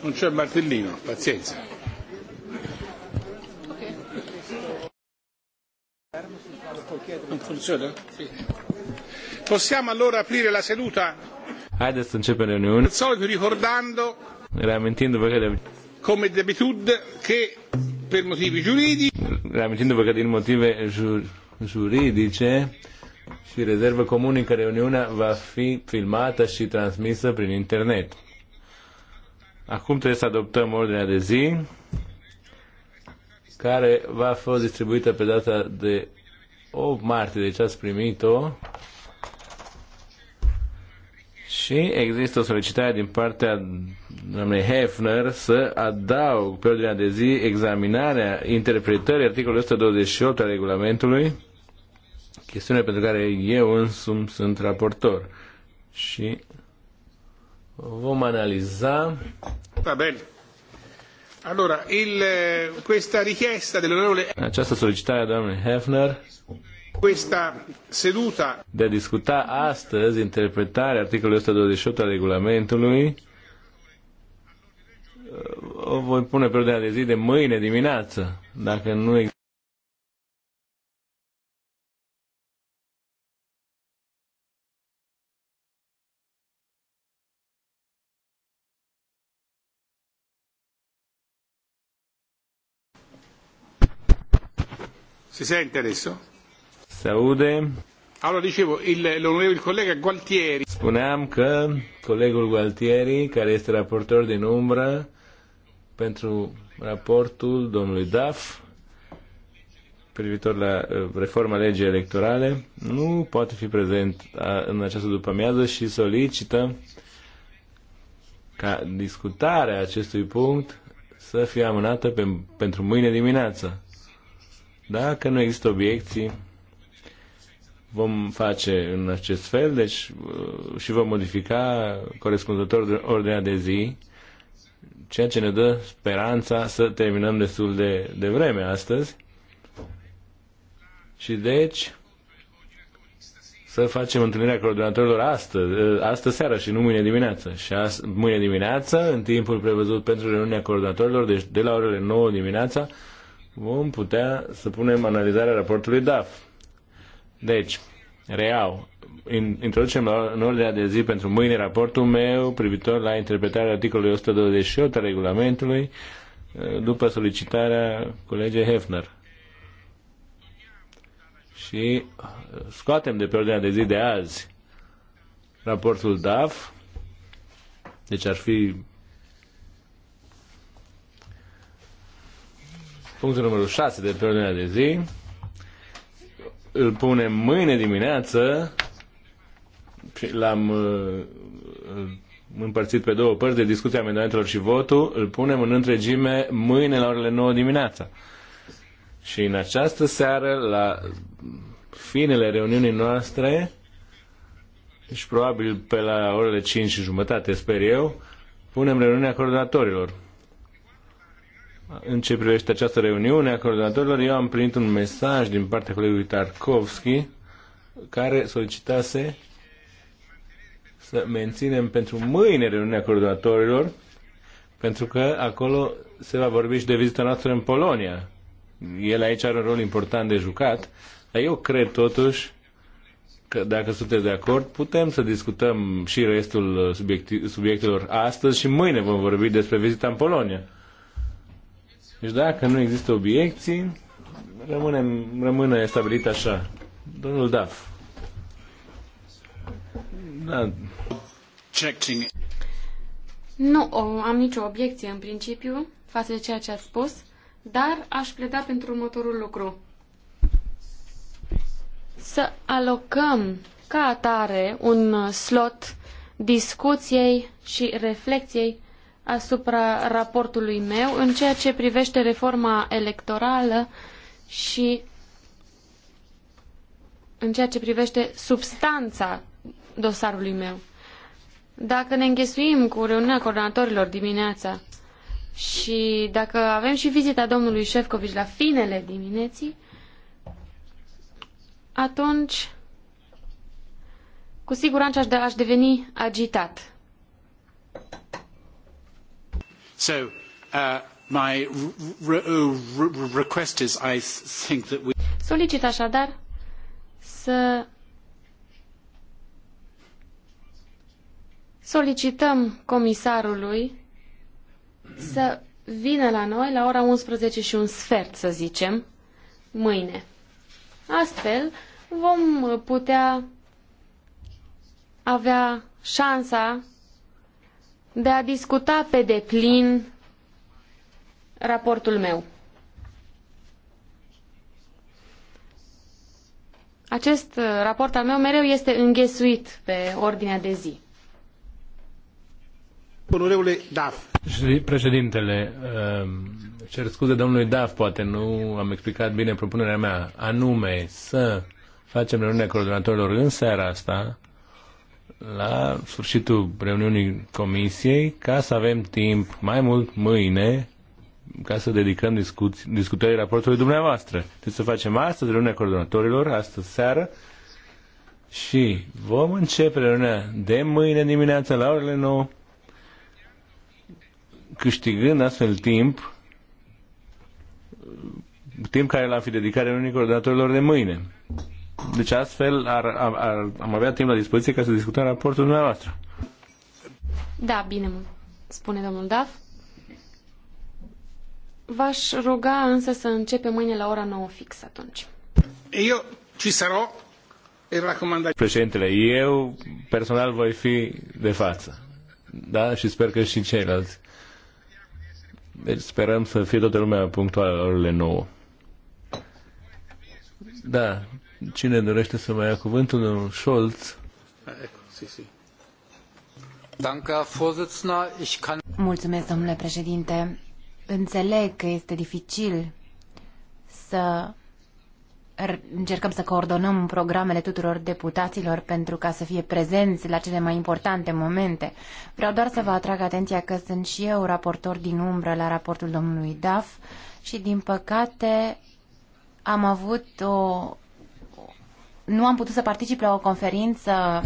Non c'è Martellino, pazienza. Non funziona? Sì. Possiamo allora aprire la seduta? Haideți să începem reuniunea. Solito ricordando Reamintindu-vă că come d'abitudine che per motivi giuridici reamintindu-vă că din motive juridice și rezervă în care reuniunea va fi filmată și transmisă prin internet. Acum trebuie să adoptăm ordinea de zi care va fi distribuită pe data de 8 martie, deci ați primit-o. Și există o solicitare din partea doamnei Hefner să adaug pe ordinea de zi examinarea interpretării articolului 128 al regulamentului chestiune pentru care eu însumi sunt raportor. Și vom analiza. Va bene. Allora, il, questa richiesta dell'onorevole... Această solicitare a doamnei Hefner questa seduta de a discuta astăzi interpretarea articolului 128 al regulamentului o voi pune pe ordinea de zi de mâine dimineață, dacă nu există Se aude? Allora dicevo, l'onorevole collega Gualtieri. Spuneam că colegul Gualtieri, care este raportor din umbră pentru raportul domnului Daf, privitor la uh, reforma legii electorale, nu poate fi prezent în această după-amiază și solicită ca discutarea acestui punct să fie amânată pe, pentru mâine dimineață. Dacă nu există obiecții, vom face în acest fel deci, uh, și vom modifica corespunzător ordinea de zi, ceea ce ne dă speranța să terminăm destul de, de vreme astăzi. Și deci să facem întâlnirea coordonatorilor astăzi, uh, astăzi seara și nu mâine dimineață. Și astăzi, mâine dimineață, în timpul prevăzut pentru reuniunea coordonatorilor, deci de la orele 9 dimineața, vom putea să punem analizarea raportului DAF. Deci, reau, introducem la, în ordinea de zi pentru mâine raportul meu privitor la interpretarea articolului 128 al regulamentului eh, după solicitarea colegei Hefner. Și eh, scoatem de pe ordinea de zi de azi raportul DAF, deci ar fi Punctul numărul 6 de pe ordinea de zi îl punem mâine dimineață și l-am uh, împărțit pe două părți de discuția amendamentelor și votul, îl punem în întregime mâine la orele 9 dimineața. Și în această seară, la finele reuniunii noastre, și deci probabil pe la orele 5 și jumătate, sper eu, punem reuniunea coordonatorilor. În ce privește această reuniune a coordonatorilor, eu am primit un mesaj din partea colegului Tarkovski care solicitase să menținem pentru mâine reuniunea coordonatorilor pentru că acolo se va vorbi și de vizita noastră în Polonia. El aici are un rol important de jucat, dar eu cred totuși că dacă sunteți de acord, putem să discutăm și restul subiectelor astăzi și mâine vom vorbi despre vizita în Polonia. Deci dacă nu există obiecții, rămâne, rămâne stabilit așa. Domnul Daf. Da. Nu am nicio obiecție în principiu față de ceea ce ați spus, dar aș pleda pentru următorul lucru. Să alocăm ca atare un slot discuției și reflexiei asupra raportului meu în ceea ce privește reforma electorală și în ceea ce privește substanța dosarului meu. Dacă ne înghesuim cu reuniunea coordonatorilor dimineața și dacă avem și vizita domnului Șefcovici la finele dimineții, atunci cu siguranță aș, de, aș deveni agitat. So, uh, my request is I think that we... Solicit aadar să solicităm comisarului să vină la noi la ora unsprezece și un sfert, să zicem, mâine. Astfel vom putea avea șansa de a discuta pe deplin raportul meu. Acest raport al meu mereu este înghesuit pe ordinea de zi. Onoreule Daf. Președintele, ehm, cer scuze domnului Daf, poate nu am explicat bine propunerea mea, anume să facem reuniunea coordonatorilor în seara asta, la sfârșitul reuniunii comisiei ca să avem timp mai mult mâine ca să dedicăm discuți, discutării raportului dumneavoastră. Deci să facem astăzi reuniunea coordonatorilor, astăzi seară, și vom începe reuniunea de mâine dimineața la orele 9, câștigând astfel timp, timp care l-am fi dedicat reuniunii coordonatorilor de mâine. Deci astfel ar, ar, ar, am avea timp la dispoziție ca să discutăm raportul dumneavoastră. Da, bine, spune domnul Daf. V-aș ruga însă să începe mâine la ora 9 fix atunci. Eu ci sarò e Președintele, eu personal voi fi de față. Da? Și sper că și ceilalți. Deci sperăm să fie toată lumea punctuală la orele 9. Da, Cine dorește să mai ia cuvântul? Domnul Scholz. Mulțumesc, domnule președinte. Înțeleg că este dificil să încercăm să coordonăm programele tuturor deputaților pentru ca să fie prezenți la cele mai importante momente. Vreau doar să vă atrag atenția că sunt și eu raportor din umbră la raportul domnului Daf și, din păcate, am avut o nu am putut să particip la o conferință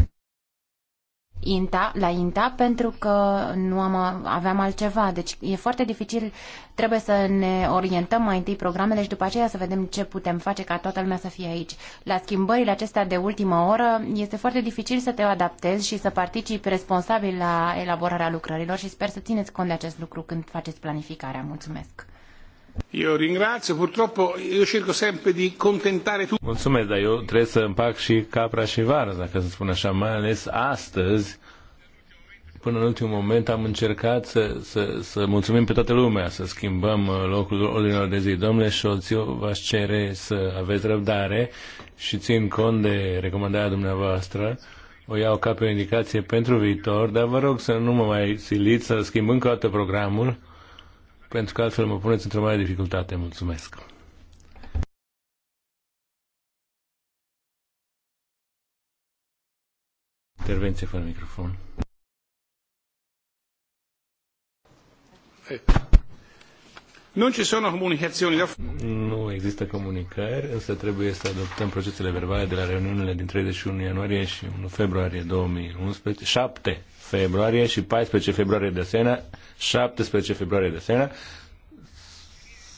INTA, la INTA pentru că nu am, aveam altceva. Deci e foarte dificil, trebuie să ne orientăm mai întâi programele și după aceea să vedem ce putem face ca toată lumea să fie aici. La schimbările acestea de ultimă oră este foarte dificil să te adaptezi și să participi responsabil la elaborarea lucrărilor și sper să țineți cont de acest lucru când faceți planificarea. Mulțumesc! Eu ringrazio, purtroppo eu cerco sempre di contentare tutti. Mulțumesc, dar eu trebuie să împac și capra și varza, dacă să spun așa, mai ales astăzi, până în ultimul moment am încercat să, să, să mulțumim pe toată lumea, să schimbăm uh, locul ordinilor de zi. Domnule eu v-aș cere să aveți răbdare și țin cont de recomandarea dumneavoastră. O iau ca pe o indicație pentru viitor, dar vă rog să nu mă mai siliți să schimb încă o dată programul pentru că altfel mă puneți într-o mare dificultate. Mulțumesc! Intervenție fără microfon. Nu ci sono comunicațiuni. Nu există comunicări, însă trebuie să adoptăm procesele verbale de la reuniunile din 31 ianuarie și 1 februarie 2011, 7 februarie și 14 februarie de asemenea, 17 februarie de seara,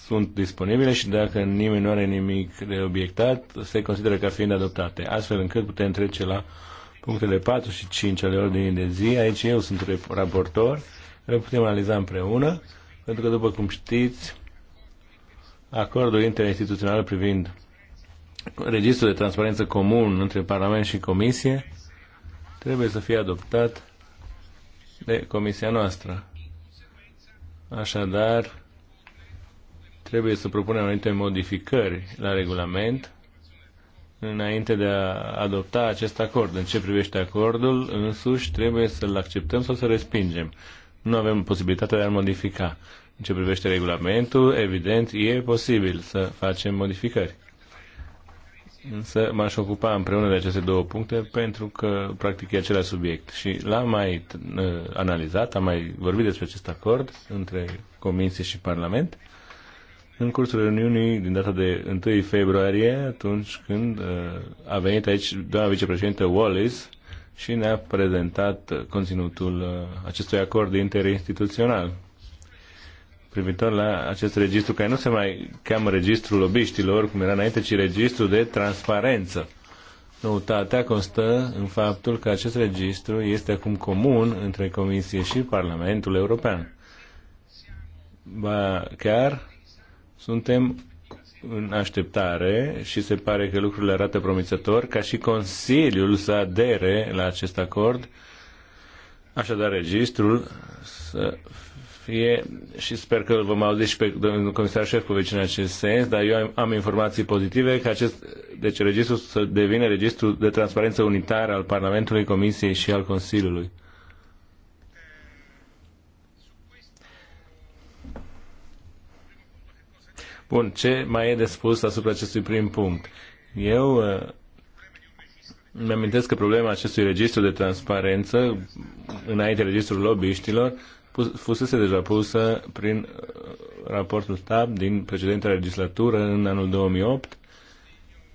sunt disponibile și dacă nimeni nu are nimic de obiectat, se consideră ca fiind adoptate, astfel încât putem trece la punctele 4 și 5 ale ordinii de zi. Aici eu sunt raportor, le putem analiza împreună, pentru că, după cum știți, acordul interinstituțional privind registrul de transparență comun între Parlament și Comisie trebuie să fie adoptat de Comisia noastră. Așadar, trebuie să propunem anumite modificări la regulament înainte de a adopta acest acord. În ce privește acordul, însuși trebuie să-l acceptăm sau să respingem. Nu avem posibilitatea de a-l modifica. În ce privește regulamentul, evident, e posibil să facem modificări. Însă m-aș ocupa împreună de aceste două puncte pentru că practic e același subiect. Și l-am mai uh, analizat, am mai vorbit despre acest acord între Comisie și Parlament în cursul reuniunii din data de 1 februarie, atunci când uh, a venit aici doamna vicepreședinte Wallis și ne-a prezentat conținutul uh, acestui acord interinstituțional privitor la acest registru, care nu se mai cheamă registrul lobiștilor, cum era înainte, ci registru de transparență. Noutatea constă în faptul că acest registru este acum comun între Comisie și Parlamentul European. Ba chiar suntem în așteptare și se pare că lucrurile arată promițător ca și Consiliul să adere la acest acord Așadar, registrul să fie, și sper că vom auzi și pe domnul comisar Șefcovici în acest sens, dar eu am, am informații pozitive că acest, deci registru să devină registru de transparență unitar al Parlamentului, Comisiei și al Consiliului. Bun, ce mai e de spus asupra acestui prim punct? Eu uh, mi amintesc că problema acestui registru de transparență, înainte registrul lobbyiștilor, pus, fusese deja pusă prin uh, raportul TAB din precedenta legislatură în anul 2008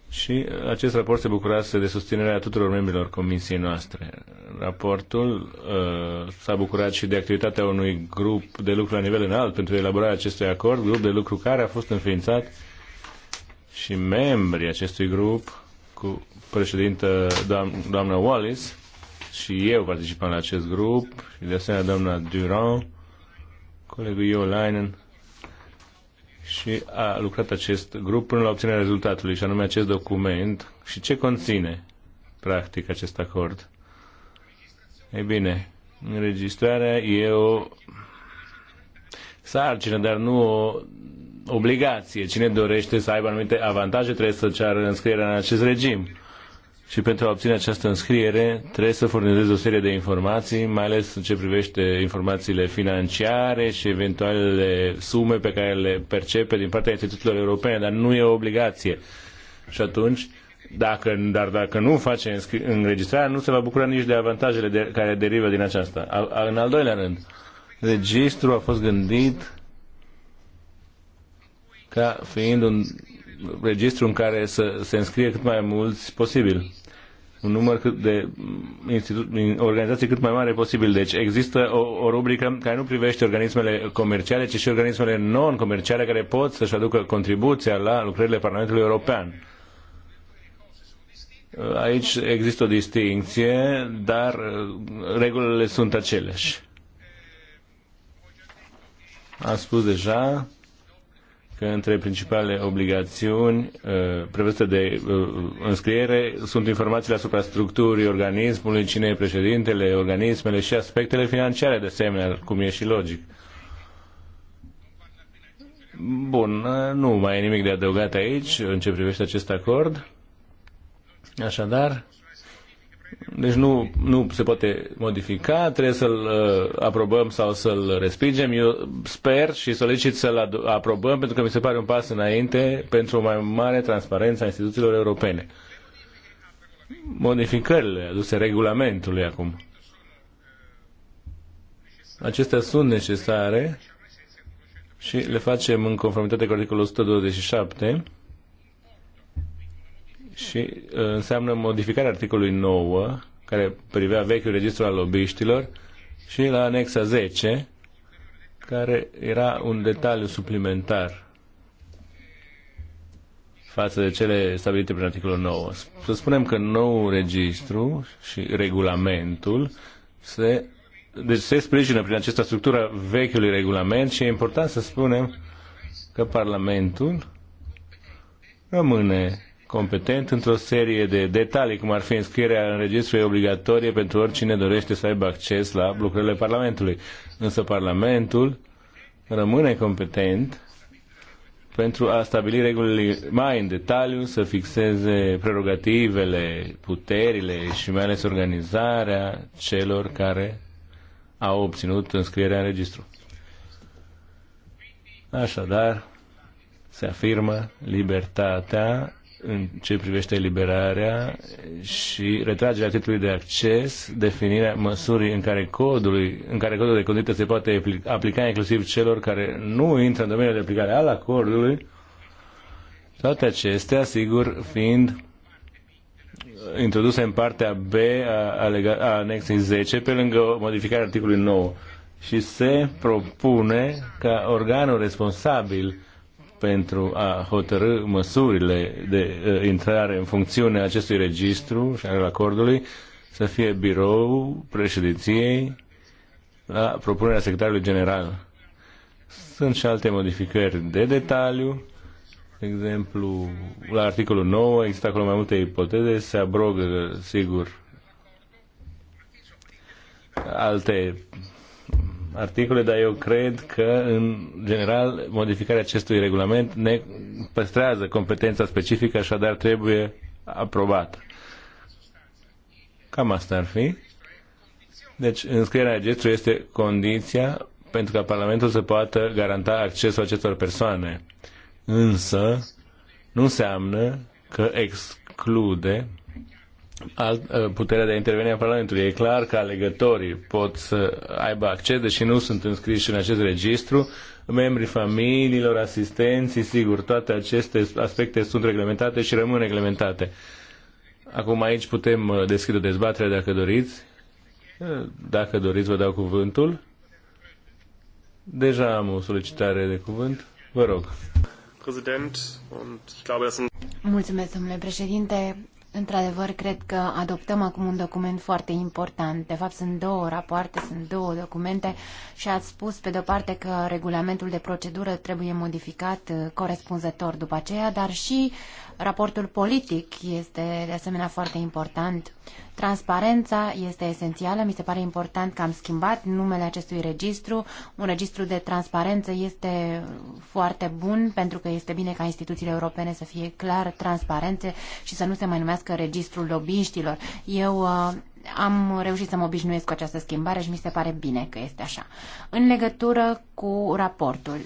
și acest raport se bucurase de susținerea tuturor membrilor comisiei noastre. Raportul uh, s-a bucurat și de activitatea unui grup de lucru la nivel înalt pentru elaborarea acestui acord, grup de lucru care a fost înființat și membrii acestui grup cu președintă doam- doamna Wallis și eu participam la acest grup și de asemenea doamna Durand, colegul Leinen, și a lucrat acest grup până la obținerea rezultatului și anume acest document și ce conține practic acest acord. Ei bine, înregistrarea e o sarcină, dar nu o obligație. Cine dorește să aibă anumite avantaje trebuie să ceară înscrierea în acest regim și pentru a obține această înscriere trebuie să furnizeze o serie de informații, mai ales în ce privește informațiile financiare și eventualele sume pe care le percepe din partea instituțiilor europene, dar nu e o obligație. Și atunci, dacă, dar dacă nu face înregistrarea, nu se va bucura nici de avantajele de, care derivă din aceasta. A, a, în al doilea rând, registrul a fost gândit ca fiind un registru în care să se înscrie cât mai mulți posibil. Un număr cât de institut, organizații cât mai mare posibil. Deci există o, o rubrică care nu privește organismele comerciale, ci și organismele non-comerciale care pot să-și aducă contribuția la lucrările Parlamentului European. Aici există o distinție, dar uh, regulile sunt aceleași. Am spus deja că între principalele obligațiuni uh, prevăzute de uh, înscriere sunt informațiile asupra structurii organismului, cine e președintele, organismele și aspectele financiare, de asemenea, cum e și logic. Bun, nu mai e nimic de adăugat aici în ce privește acest acord. Așadar, deci nu, nu se poate modifica, trebuie să-l uh, aprobăm sau să-l respingem. Eu sper și solicit să-l aprobăm pentru că mi se pare un pas înainte pentru o mai mare transparență a instituțiilor europene. Modificările aduse regulamentului acum. Acestea sunt necesare și le facem în conformitate cu articolul 127 și uh, înseamnă modificarea articolului 9, care privea vechiul registru al lobiștilor, și la anexa 10, care era un detaliu suplimentar față de cele stabilite prin articolul 9. Să spunem că nou registru și regulamentul se, deci se sprijină prin această structură vechiului regulament și e important să spunem că Parlamentul rămâne competent într-o serie de detalii, cum ar fi înscrierea în e obligatorie pentru oricine dorește să aibă acces la lucrările Parlamentului. Însă Parlamentul rămâne competent pentru a stabili regulile mai în detaliu, să fixeze prerogativele, puterile și mai ales organizarea celor care au obținut înscrierea în registru. Așadar, se afirmă libertatea în ce privește eliberarea și retragerea titlului de acces, definirea măsurii în care, codului, în care codul de conduită se poate aplica inclusiv celor care nu intră în domeniul de aplicare al acordului, toate acestea, sigur, fiind introduse în partea B a, a, a anexei 10, pe lângă modificarea articolului 9. Și se propune ca organul responsabil pentru a hotărâ măsurile de uh, intrare în funcțiune a acestui registru și al acordului să fie birou președinției la propunerea secretarului general. Sunt și alte modificări de detaliu, de exemplu, la articolul 9 există acolo mai multe ipoteze, se abrogă, sigur, alte articole, dar eu cred că, în general, modificarea acestui regulament ne păstrează competența specifică, așadar trebuie aprobată. Cam asta ar fi. Deci, înscrierea registrului este condiția pentru ca Parlamentul să poată garanta accesul acestor persoane. Însă, nu înseamnă că exclude alt, ă, puterea de a interveni a Parlamentului. E clar că alegătorii pot să aibă acces, deși nu sunt înscriși în acest registru, membrii familiilor, asistenții, sigur, toate aceste aspecte sunt reglementate și rămân reglementate. Acum aici putem ă, deschide dezbaterea dacă doriți. Ă, dacă doriți, vă dau cuvântul. Deja am o solicitare de cuvânt. Vă rog. Mulțumesc, domnule președinte. Într-adevăr, cred că adoptăm acum un document foarte important. De fapt, sunt două rapoarte, sunt două documente și ați spus, pe de-o parte, că regulamentul de procedură trebuie modificat uh, corespunzător după aceea, dar și Raportul politic este de asemenea foarte important. Transparența este esențială. Mi se pare important că am schimbat numele acestui registru. Un registru de transparență este foarte bun pentru că este bine ca instituțiile europene să fie clar transparente și să nu se mai numească registrul lobbyștilor. Eu uh, am reușit să mă obișnuiesc cu această schimbare și mi se pare bine că este așa. În legătură cu raportul,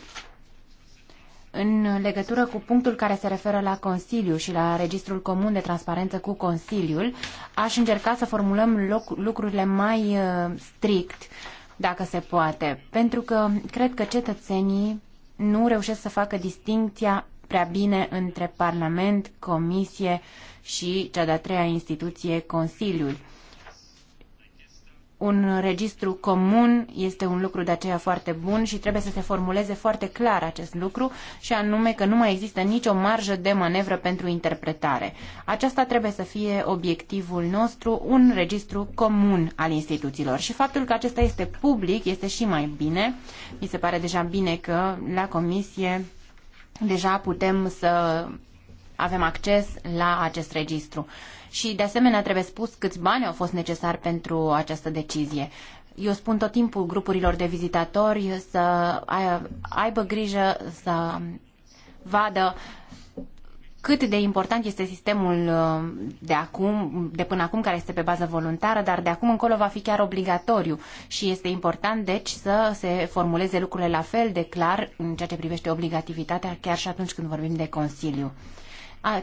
în legătură cu punctul care se referă la Consiliu și la Registrul Comun de Transparență cu Consiliul, aș încerca să formulăm lucrurile mai uh, strict, dacă se poate, pentru că cred că cetățenii nu reușesc să facă distinția prea bine între Parlament, Comisie și cea de-a treia instituție, Consiliul un registru comun este un lucru de aceea foarte bun și trebuie să se formuleze foarte clar acest lucru și anume că nu mai există nicio marjă de manevră pentru interpretare. Aceasta trebuie să fie obiectivul nostru, un registru comun al instituțiilor și faptul că acesta este public este și mai bine. Mi se pare deja bine că la comisie deja putem să avem acces la acest registru și de asemenea trebuie spus câți bani au fost necesari pentru această decizie. Eu spun tot timpul grupurilor de vizitatori să aibă grijă să vadă cât de important este sistemul uh, de acum, de până acum, care este pe bază voluntară, dar de acum încolo va fi chiar obligatoriu și este important, deci, să se formuleze lucrurile la fel de clar în ceea ce privește obligativitatea, chiar și atunci când vorbim de Consiliu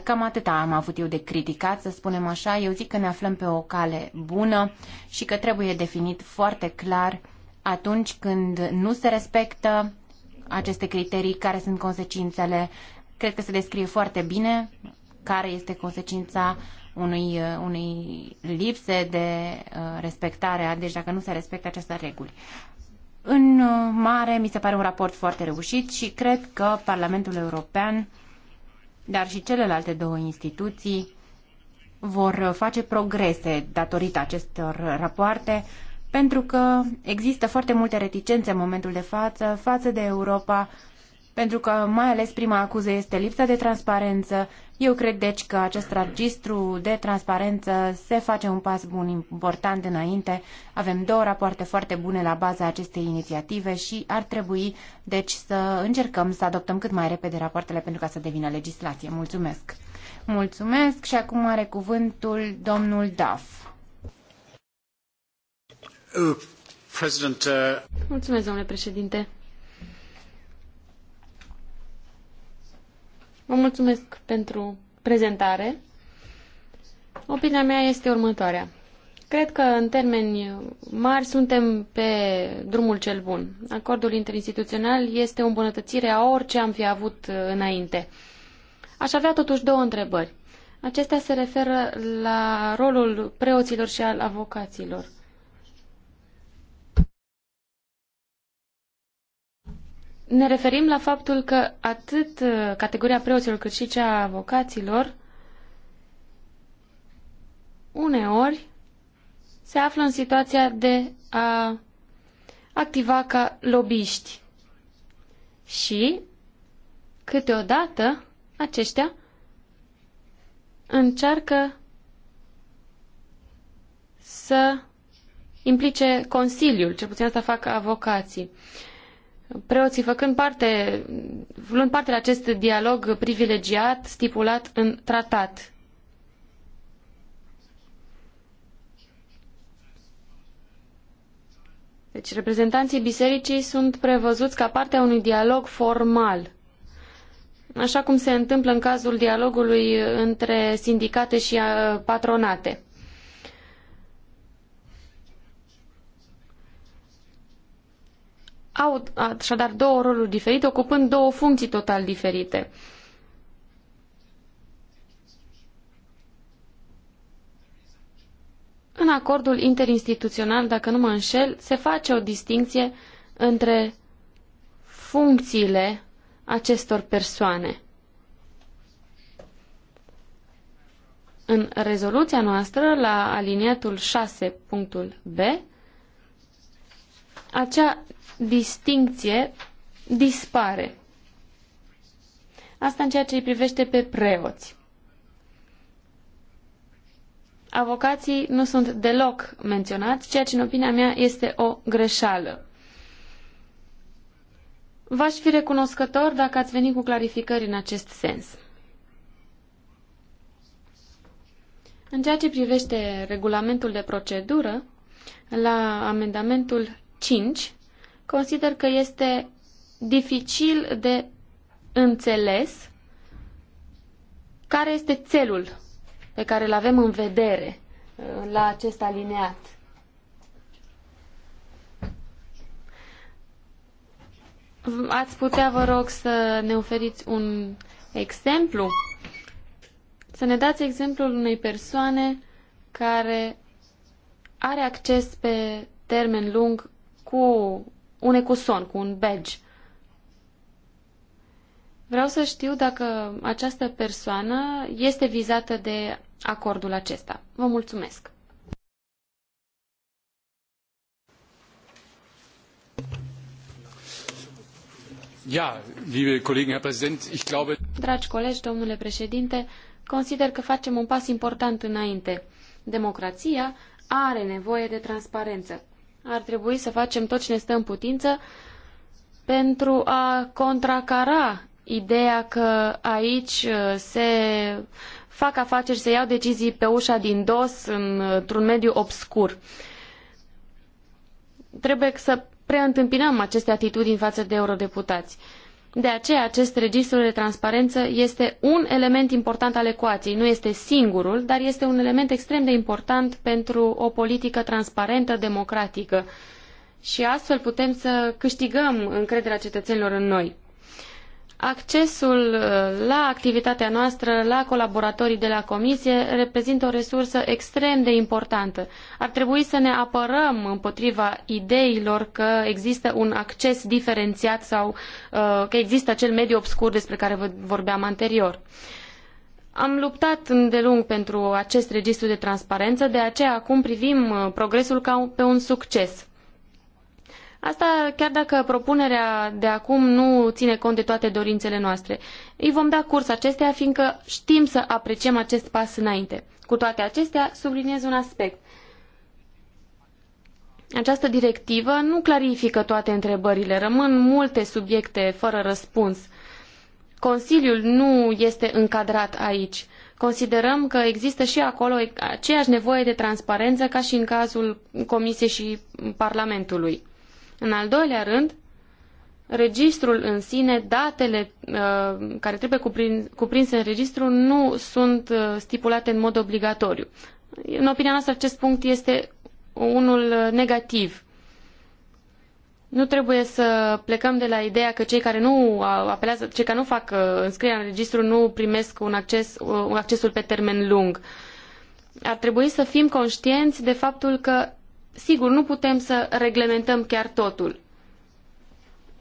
cam atâta am avut eu de criticat, să spunem așa. Eu zic că ne aflăm pe o cale bună și că trebuie definit foarte clar atunci când nu se respectă aceste criterii, care sunt consecințele. Cred că se descrie foarte bine care este consecința unui, uh, unei lipse de uh, respectare, deci dacă nu se respectă aceste reguli. În uh, mare, mi se pare un raport foarte reușit și cred că Parlamentul European dar și celelalte două instituții vor face progrese datorită acestor rapoarte, pentru că există foarte multe reticențe în momentul de față față de Europa pentru că mai ales prima acuză este lipsa de transparență. Eu cred deci că acest registru de transparență se face un pas bun important înainte. Avem două rapoarte foarte bune la baza acestei inițiative și ar trebui deci să încercăm să adoptăm cât mai repede rapoartele pentru ca să devină legislație. Mulțumesc! Mulțumesc și acum are cuvântul domnul Duff. Uh, President, uh... Mulțumesc, domnule președinte. Vă mulțumesc pentru prezentare. Opinia mea este următoarea. Cred că, în termeni mari, suntem pe drumul cel bun. Acordul interinstituțional este o îmbunătățire a orice am fi avut înainte. Aș avea totuși două întrebări. Acestea se referă la rolul preoților și al avocaților. ne referim la faptul că atât uh, categoria preoților cât și cea a avocaților uneori se află în situația de a activa ca lobiști. Și, câteodată, aceștia încearcă să implice Consiliul, cel puțin asta fac avocații. Uh, preoții făcând parte, luând parte la acest dialog privilegiat stipulat în tratat. Deci reprezentanții bisericii sunt prevăzuți ca parte a unui dialog formal, așa cum se întâmplă în cazul dialogului între sindicate și uh, patronate. au așadar două roluri diferite, ocupând două funcții total diferite. În acordul interinstituțional, dacă nu mă înșel, se face o distinție între funcțiile acestor persoane. În rezoluția noastră, la aliniatul 6.b, acea distincție dispare. Asta în ceea ce îi privește pe preoți. Avocații nu sunt deloc menționați, ceea ce în opinia mea este o greșeală. V-aș fi recunoscător dacă ați venit cu clarificări în acest sens. În ceea ce privește regulamentul de procedură, la amendamentul 5, consider că este dificil de înțeles care este țelul pe care îl avem în vedere uh, la acest alineat. Ați putea, vă rog, să ne oferiți un exemplu? Să ne dați exemplul unei persoane care are acces pe termen lung cu un ecuson cu un badge. Vreau să știu dacă această persoană este vizată de acordul acesta. Vă mulțumesc. Ja, liebe Kollegen, Herr Präsident, ich glaube... Dragi colegi, domnule președinte, consider că facem un pas important înainte. Democrația are nevoie de transparență ar trebui să facem tot ce ne stă în putință pentru a contracara ideea că aici uh, se fac afaceri, se iau decizii pe ușa din dos, într-un mediu obscur. Trebuie să preîntâmpinăm aceste atitudini față de eurodeputați. Uh, de aceea, acest registru de transparență este un element important al ecuației. Nu este singurul, dar este un element extrem de important pentru o politică transparentă, democratică. Și astfel putem să câștigăm încrederea cetățenilor în noi. Accesul uh, la activitatea noastră, la colaboratorii de la comisie, reprezintă o resursă extrem de importantă. Ar trebui să ne apărăm împotriva ideilor că există un acces diferențiat sau uh, că există acel mediu obscur despre care vorbeam anterior. Am luptat îndelung pentru acest registru de transparență, de aceea acum privim uh, progresul ca pe un succes. Asta chiar dacă propunerea de acum nu ține cont de toate dorințele noastre. Îi vom da curs acestea, fiindcă știm să apreciem acest pas înainte. Cu toate acestea, subliniez un aspect. Această directivă nu clarifică toate întrebările, rămân multe subiecte fără răspuns. Consiliul nu este încadrat aici. Considerăm că există și acolo aceeași nevoie de transparență ca și în cazul Comisiei și Parlamentului. În al doilea rând, registrul în sine, datele uh, care trebuie cuprin, cuprinse în registru nu sunt uh, stipulate în mod obligatoriu. În opinia noastră, acest punct este unul uh, negativ. Nu trebuie să plecăm de la ideea că cei care nu apelează, cei care nu fac uh, înscrierea în registru nu primesc un acces, un uh, accesul pe termen lung. Ar trebui să fim conștienți de faptul că Sigur, nu putem să reglementăm chiar totul.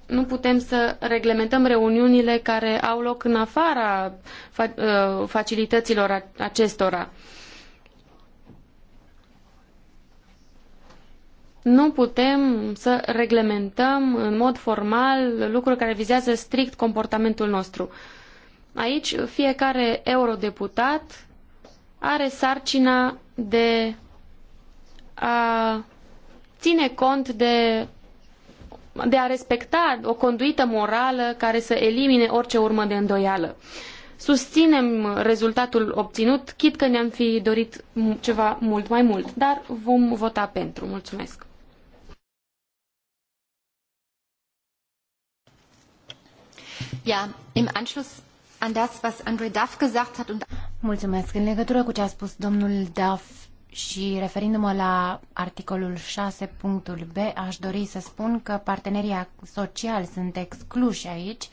Nu putem să reglementăm reuniunile care au loc în afara uh, facilităților acestora. nu putem să reglementăm în mod formal lucruri care vizează strict comportamentul nostru. Aici fiecare eurodeputat are sarcina de a ține cont de de a respecta o conduită morală care să elimine orice urmă de îndoială. Susținem rezultatul obținut, chit că ne-am fi dorit ceva mult mai mult, dar vom vota pentru. Mulțumesc! Ja, im Anschluss an das, was Duff gesagt hat und Mulțumesc. În legătură cu ce a spus domnul Duff și referindu-mă la articolul 6.b, punctul B, aș dori să spun că partenerii sociali sunt excluși aici.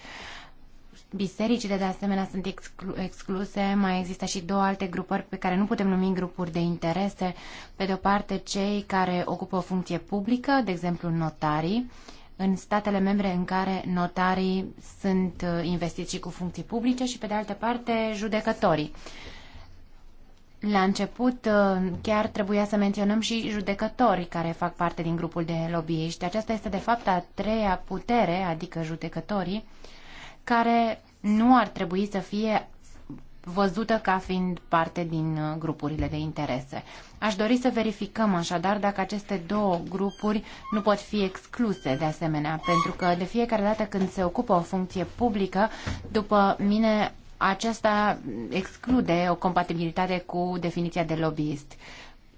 Bisericile, de asemenea, sunt exclu- excluse. Mai există și două alte grupări pe care nu putem numi grupuri de interese. Pe de o parte, cei care ocupă o funcție publică, de exemplu notarii, în statele membre în care notarii sunt uh, investiți și cu funcții publice și, pe de altă parte, judecătorii. La început uh, chiar trebuia să menționăm și judecătorii care fac parte din grupul de lobbyiști. Aceasta este de fapt a treia putere, adică judecătorii, care nu ar trebui să fie văzută ca fiind parte din uh, grupurile de interese. Aș dori să verificăm așadar dacă aceste două grupuri nu pot fi excluse de asemenea, pentru că de fiecare dată când se ocupă o funcție publică, după mine aceasta exclude o compatibilitate cu definiția de lobbyist.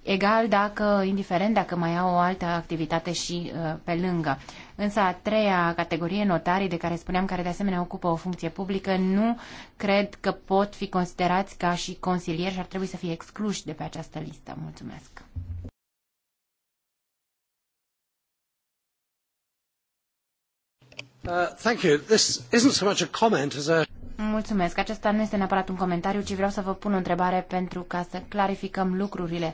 Egal dacă, indiferent dacă mai au o altă activitate și uh, pe lângă. Însă a treia categorie, notarii, de care spuneam, care de asemenea ocupă o funcție publică, nu cred că pot fi considerați ca și consilieri și ar trebui să fie excluși de pe această listă. Mulțumesc! Uh, thank you. This isn't so much a comment as a... Mulțumesc. Acesta nu este neapărat un comentariu, ci vreau să vă pun o întrebare pentru ca să clarificăm lucrurile.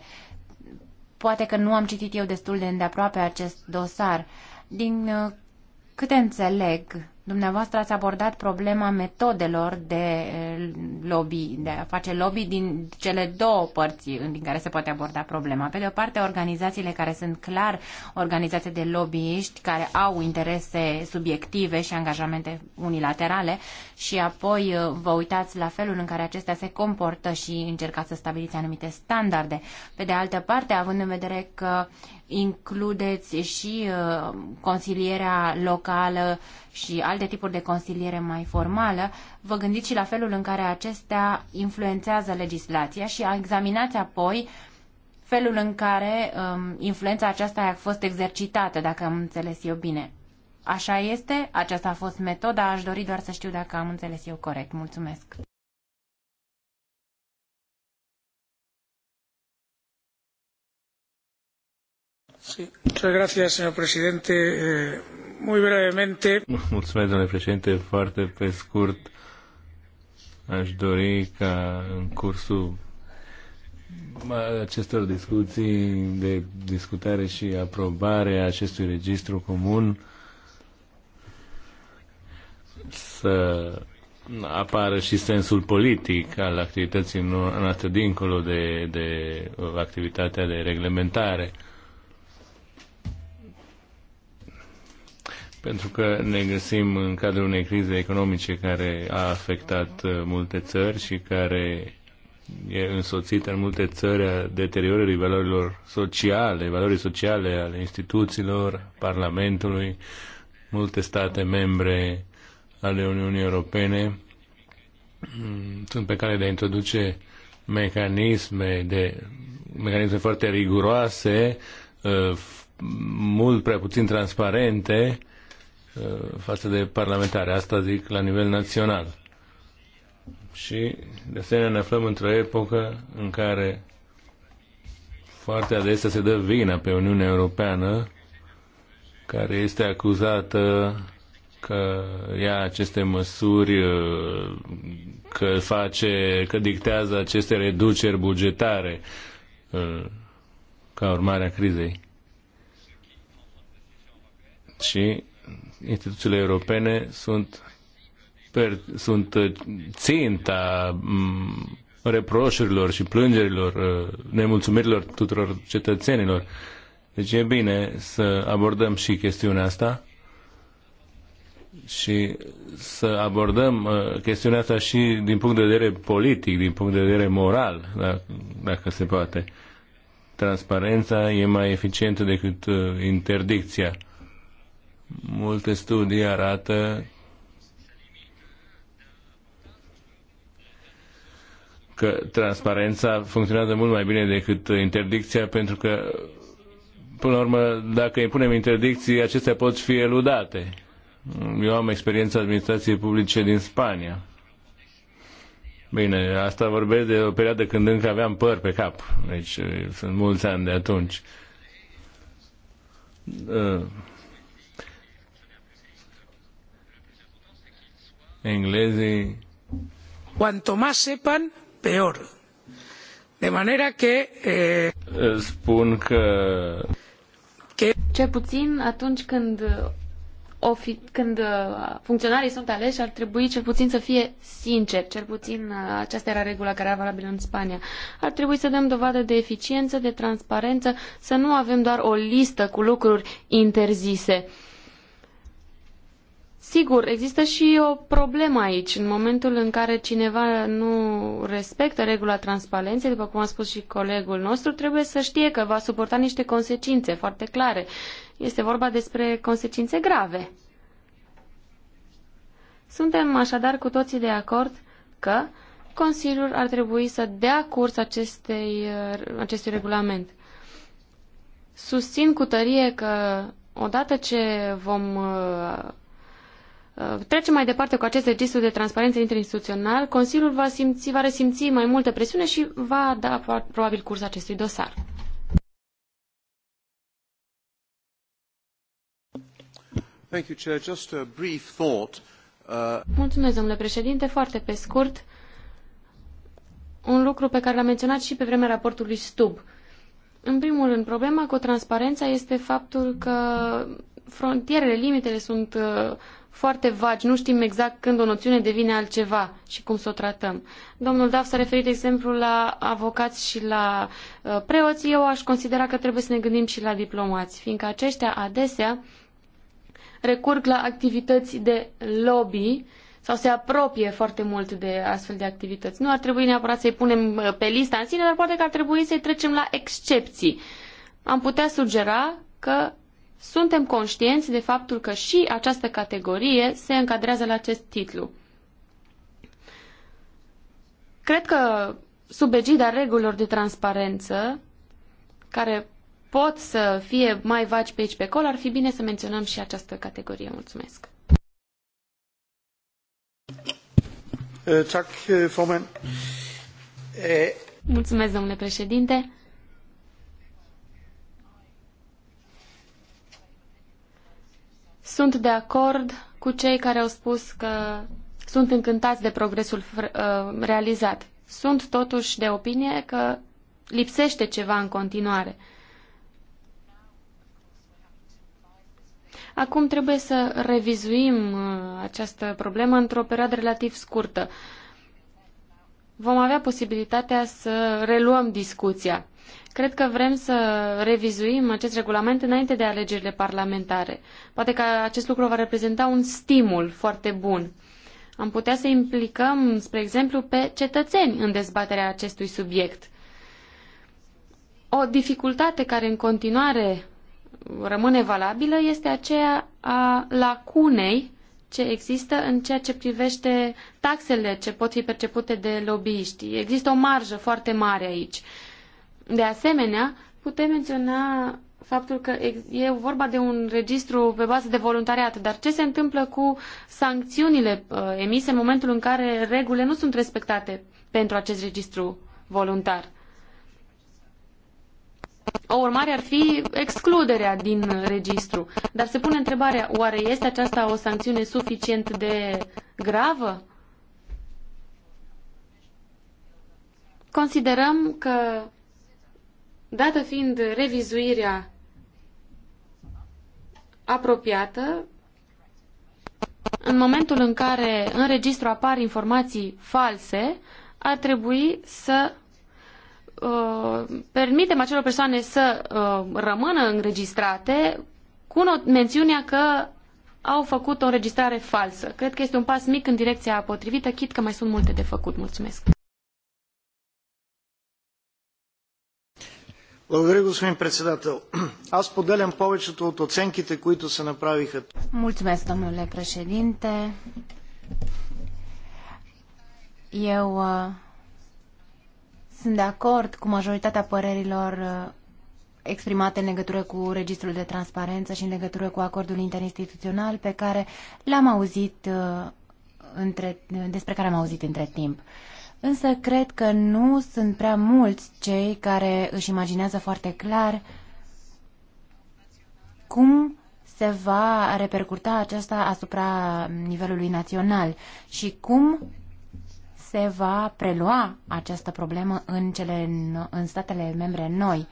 Poate că nu am citit eu destul de îndeaproape acest dosar. Din uh, câte înțeleg, Dumneavoastră ați abordat problema metodelor de eh, lobby, de a face lobby din cele două părți din care se poate aborda problema. Pe de o parte, organizațiile care sunt clar organizații de lobbyiști, care au interese subiective și angajamente unilaterale și apoi eh, vă uitați la felul în care acestea se comportă și încercați să stabiliți anumite standarde. Pe de altă parte, având în vedere că uh, includeți și uh, consilierea locală și alte tipuri de consiliere mai formală, vă gândiți și la felul în care acestea influențează legislația și examinați apoi felul în care um, influența aceasta a fost exercitată, dacă am înțeles eu bine. Așa este? Aceasta a fost metoda? Aș dori doar să știu dacă am înțeles eu corect. Mulțumesc! Eh, Mulțumesc, domnule președinte, foarte pe scurt. Aș dori ca în cursul acestor discuții de discutare și aprobare a acestui registru comun să apară și sensul politic al activității noastre dincolo de, de activitatea de reglementare. pentru că ne găsim în cadrul unei crize economice care a afectat uh, multe țări și care e însoțită în multe țări a deteriorării valorilor sociale, valorii sociale ale instituțiilor, Parlamentului, multe state membre ale Uniunii Europene mm, sunt pe care de a introduce mecanisme de mecanisme foarte riguroase, uh, mult prea puțin transparente Uh, față de parlamentare. Asta zic la nivel național. Și de asemenea ne aflăm într-o epocă în care foarte adesea se dă vina pe Uniunea Europeană care este acuzată că ia aceste măsuri, uh, că face, că dictează aceste reduceri bugetare uh, ca urmare a crizei. Și instituțiile europene sunt, per, sunt uh, ținta mm, reproșurilor și plângerilor, uh, nemulțumirilor tuturor cetățenilor. Deci e bine să abordăm și chestiunea asta și să abordăm uh, chestiunea asta și din punct de vedere politic, din punct de vedere moral, dacă, dacă se poate. Transparența e mai eficientă decât uh, interdicția. Multe studii arată că transparența funcționează mult mai bine decât interdicția, pentru că, până la urmă, dacă punem interdicții, acestea pot fi eludate. Eu am experiența administrației publice din Spania. Bine, asta vorbesc de o perioadă când încă aveam păr pe cap. Deci sunt mulți ani de atunci. englezii. Cuanto más sepan, peor. De manera que... Eh... Spun că... că... Ce puțin atunci când, ofi... când uh, funcționarii sunt aleși, ar trebui cel puțin să fie sinceri. Cel puțin uh, aceasta era regula care era valabilă în Spania. Ar trebui să dăm dovadă de eficiență, de transparență, să nu avem doar o listă cu lucruri interzise. Sigur, există și o problemă aici. În momentul în care cineva nu respectă regula transparenței, după cum a spus și colegul nostru, trebuie să știe că va suporta niște consecințe foarte clare. Este vorba despre consecințe grave. Suntem așadar cu toții de acord că Consiliul ar trebui să dea curs acestei, acestui regulament. Susțin cu tărie că odată ce vom Uh, trecem mai departe cu acest registru de transparență interinstituțional, Consiliul va, simți, va resimți mai multă presiune și va da probabil curs acestui dosar. Uh, Mulțumesc, domnule președinte. Foarte pe scurt, un lucru pe care l-am menționat și pe vremea raportului STUB. În primul rând, problema cu transparența este faptul că frontierele, limitele sunt uh, foarte vagi, nu știm exact când o noțiune devine altceva și cum să o tratăm. Domnul Daf s-a referit, de exemplu, la avocați și la uh, preoți. Eu aș considera că trebuie să ne gândim și la diplomați, fiindcă aceștia adesea recurg la activități de lobby sau se apropie foarte mult de astfel de activități. Nu ar trebui neapărat să-i punem uh, pe lista în sine, dar poate că ar trebui să-i trecem la excepții. Am putea sugera că suntem conștienți de faptul că și această categorie se încadrează la acest titlu. Cred că sub egida regulilor de transparență, care pot să fie mai vagi pe aici pe acolo, ar fi bine să menționăm și această categorie. Mulțumesc! Eh, eh, eh, Mulțumesc, domnule președinte. Sunt de acord cu cei care au spus că sunt încântați de progresul uh, realizat. Sunt totuși de opinie că lipsește ceva în continuare. Acum trebuie să revizuim uh, această problemă într-o perioadă relativ scurtă. Vom avea posibilitatea să reluăm discuția. Cred că vrem să revizuim acest regulament înainte de alegerile parlamentare. Poate că acest lucru va reprezenta un stimul foarte bun. Am putea să implicăm, spre exemplu, pe cetățeni în dezbaterea acestui subiect. O dificultate care în continuare rămâne valabilă este aceea a lacunei ce există în ceea ce privește taxele ce pot fi percepute de lobbyiști. Există o marjă foarte mare aici de asemenea, putem menționa faptul că e vorba de un registru pe bază de voluntariat, dar ce se întâmplă cu sancțiunile uh, emise în momentul în care regulile nu sunt respectate pentru acest registru voluntar? O urmare ar fi excluderea din registru. Dar se pune întrebarea, oare este aceasta o sancțiune suficient de gravă? Considerăm că Dată fiind revizuirea apropiată, în momentul în care în registru apar informații false, ar trebui să uh, permitem acelor persoane să uh, rămână înregistrate cu mențiunea că au făcut o înregistrare falsă. Cred că este un pas mic în direcția potrivită, chit că mai sunt multe de făcut. Mulțumesc! Благодаря, господин председател. Аз поделям повечето от оценките, които се направиха. Mulțumesc, domnule președinte. Eu uh, sunt de acord cu majoritatea părerilor uh, exprimate în legătură cu registrul de transparență și în legătură cu acordul interinstituțional pe care l-am auzit uh, între, despre care am auzit între timp. Uh, însă cred că nu sunt prea mulți cei care își imaginează foarte clar cum se va repercuta aceasta asupra nivelului național și cum se va prelua această problemă în, cele, în statele membre noi.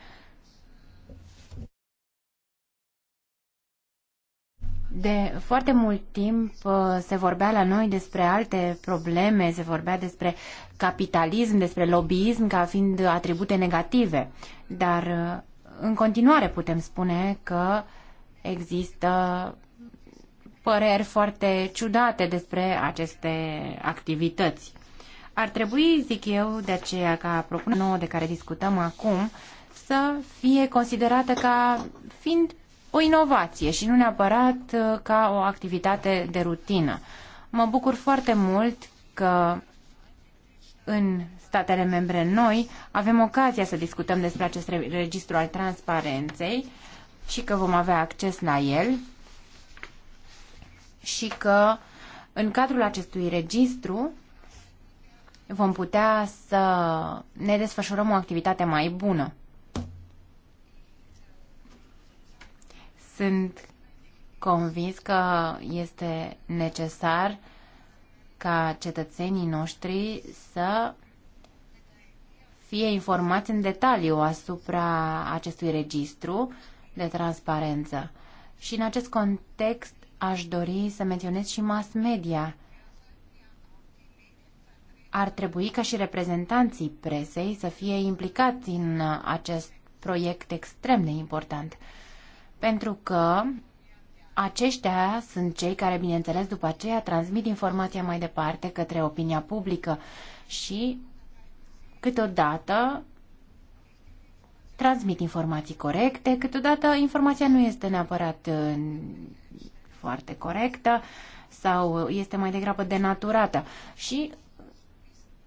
De foarte mult timp uh, se vorbea la noi despre alte probleme, se vorbea despre capitalism, despre lobbyism ca fiind atribute negative, dar uh, în continuare putem spune că există păreri foarte ciudate despre aceste activități. Ar trebui, zic eu, de aceea ca propunerea nouă de care discutăm acum, să fie considerată ca fiind o inovație și nu neapărat uh, ca o activitate de rutină. Mă bucur foarte mult că în statele membre noi avem ocazia să discutăm despre acest registru al transparenței și că vom avea acces la el și că în cadrul acestui registru vom putea să ne desfășurăm o activitate mai bună. Sunt convins că este necesar ca cetățenii noștri să fie informați în detaliu asupra acestui registru de transparență. Și în acest context aș dori să menționez și mass media. Ar trebui ca și reprezentanții presei să fie implicați în acest proiect extrem de important pentru că aceștia sunt cei care, bineînțeles, după aceea transmit informația mai departe către opinia publică și, câteodată, transmit informații corecte, câteodată informația nu este neapărat uh, foarte corectă sau este mai degrabă denaturată. Și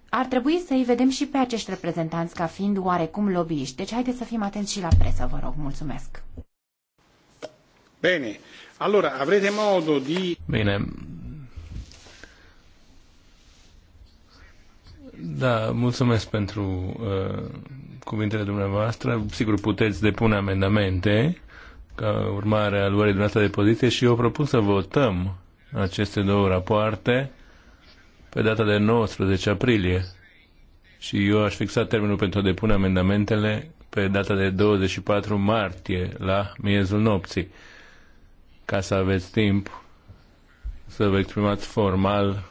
ar trebui să-i vedem și pe acești reprezentanți ca fiind oarecum lobbyiști. Deci haideți să fim atenți și la presă, vă rog. Mulțumesc! Bene, allora avrete modo di... Bine. Da, mulțumesc pentru uh, cuvintele dumneavoastră. Sigur, puteți depune amendamente ca urmare a luării dumneavoastră de poziție și eu propun să votăm aceste două rapoarte pe data de 19 aprilie. Și eu aș fixa termenul pentru a depune amendamentele pe data de 24 martie la miezul nopții ca să aveți timp să vă exprimați formal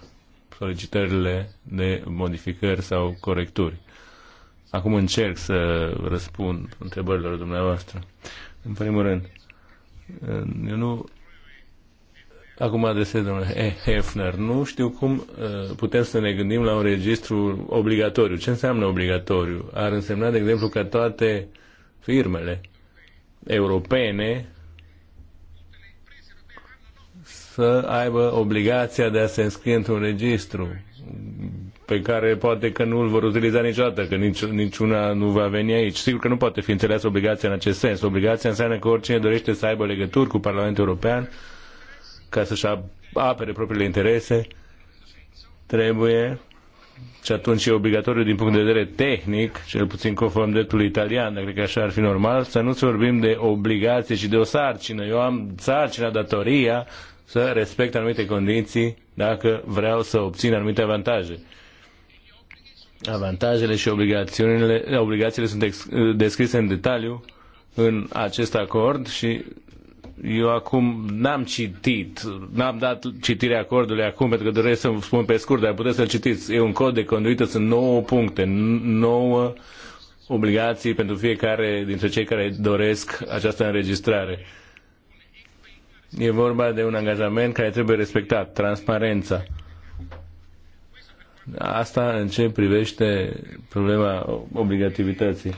solicitările de modificări sau corecturi. Acum încerc să răspund întrebărilor dumneavoastră. În primul rând, eu nu... Acum adresez domnul Hefner. Nu știu cum uh, putem să ne gândim la un registru obligatoriu. Ce înseamnă obligatoriu? Ar însemna, de exemplu, că toate firmele europene să aibă obligația de a se înscrie într-un registru pe care poate că nu îl vor utiliza niciodată, că nici, niciuna nu va veni aici. Sigur că nu poate fi înțeleasă obligația în acest sens. Obligația înseamnă că oricine dorește să aibă legături cu Parlamentul European ca să-și apere propriile interese, trebuie și atunci e obligatoriu din punct de vedere tehnic, cel puțin conform dreptului italian, dar cred că așa ar fi normal, să nu vorbim de obligație și de o sarcină. Eu am sarcina, datoria să respect anumite condiții dacă vreau să obțin anumite avantaje. Avantajele și obligațiunile, obligațiile sunt descrise în detaliu în acest acord și eu acum n-am citit, n-am dat citirea acordului acum pentru că doresc să spun pe scurt, dar puteți să-l citiți. E un cod de conduită, sunt 9 puncte, 9 obligații pentru fiecare dintre cei care doresc această înregistrare. E vorba de un angajament care trebuie respectat, transparența. Asta în ce privește problema obligativității.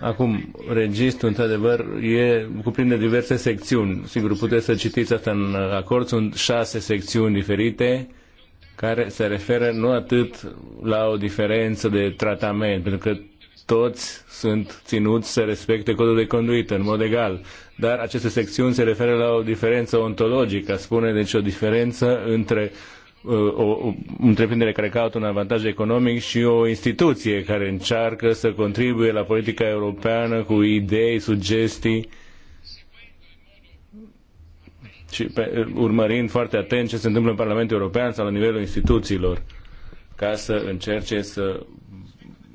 Acum, registrul, într-adevăr, e, cuprinde diverse secțiuni. Sigur, puteți să citiți asta în acord. Sunt șase secțiuni diferite care se referă nu atât la o diferență de tratament, pentru că toți sunt ținuți să respecte codul de conduită în mod egal. Dar aceste secțiuni se referă la o diferență ontologică, spune deci o diferență între uh, o, o întreprindere care caută un avantaj economic și o instituție care încearcă să contribuie la politica europeană cu idei, sugestii și pe, urmărind foarte atent ce se întâmplă în Parlamentul European sau la nivelul instituțiilor ca să încerce să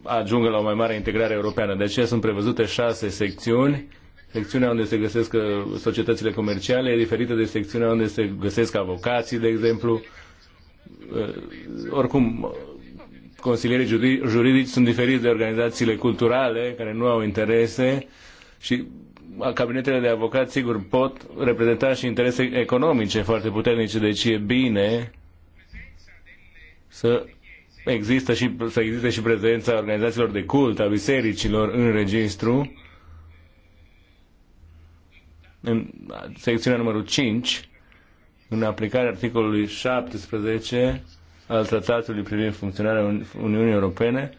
ajungă la o mai mare integrare europeană. De aceea sunt prevăzute șase secțiuni. Secțiunea unde se găsesc uh, societățile comerciale e diferită de secțiunea unde se găsesc avocații, de exemplu. Uh, oricum, consilierii juridici sunt diferiți de organizațiile culturale care nu au interese și cabinetele de avocați, sigur, pot reprezenta și interese economice foarte puternice, deci e bine să există și, să existe și prezența organizațiilor de cult, a bisericilor în registru. În secțiunea numărul 5, în aplicarea articolului 17 al tratatului privind funcționarea Uniunii Europene,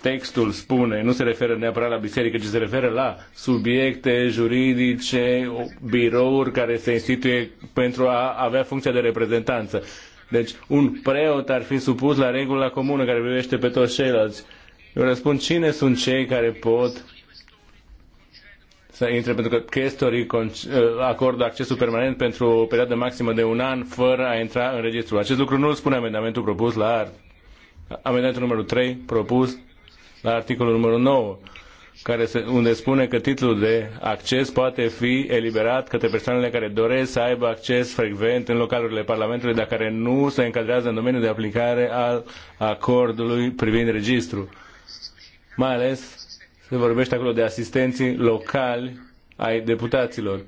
textul spune, nu se referă neapărat la biserică, ci se referă la subiecte juridice, birouri care se instituie pentru a avea funcția de reprezentanță. Deci un preot ar fi supus la regula comună care privește pe toți ceilalți. Eu răspund cine sunt cei care pot să intre, pentru că chestorii ă, acordă accesul permanent pentru o perioadă maximă de un an fără a intra în registru. Acest lucru nu îl spune amendamentul propus la amendamentul numărul 3 propus la articolul numărul 9, care se, unde spune că titlul de acces poate fi eliberat către persoanele care doresc să aibă acces frecvent în localurile Parlamentului, dacă care nu se încadrează în domeniul de aplicare al acordului privind registru. Mai ales se vorbește acolo de asistenții locali ai deputaților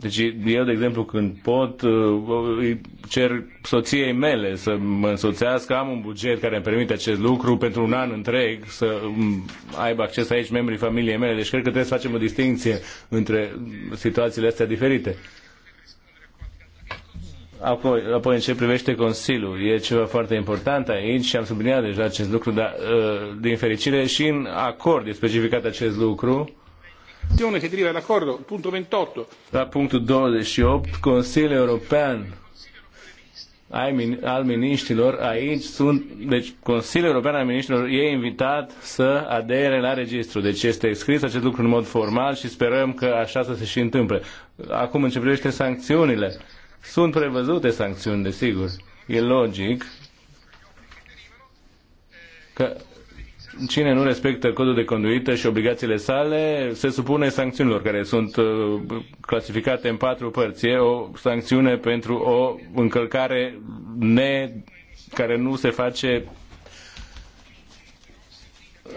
deci eu, de exemplu, când pot, uh, îi cer soției mele să mă însoțească, am un buget care îmi permite acest lucru pentru un an întreg, să um, aibă acces aici membrii familiei mele. Deci cred că trebuie să facem o distinție între situațiile astea diferite. Apoi, apoi în ce privește Consiliul, e ceva foarte important aici și am subliniat deja acest lucru, dar uh, din fericire și în acord e specificat acest lucru Che deriva dall'accordo, punto 28. La da punctul 28, Consiliul European al miniștilor aici sunt, deci Consiliul European al Miniștilor e invitat să adere la registru. Deci este scris acest lucru în mod formal și sperăm că așa să se și întâmple. Acum în ce privește sancțiunile, sunt prevăzute sancțiuni, desigur. E logic că cine nu respectă codul de conduită și obligațiile sale se supune sancțiunilor care sunt uh, clasificate în patru părți. E o sancțiune pentru o încălcare ne, care nu se face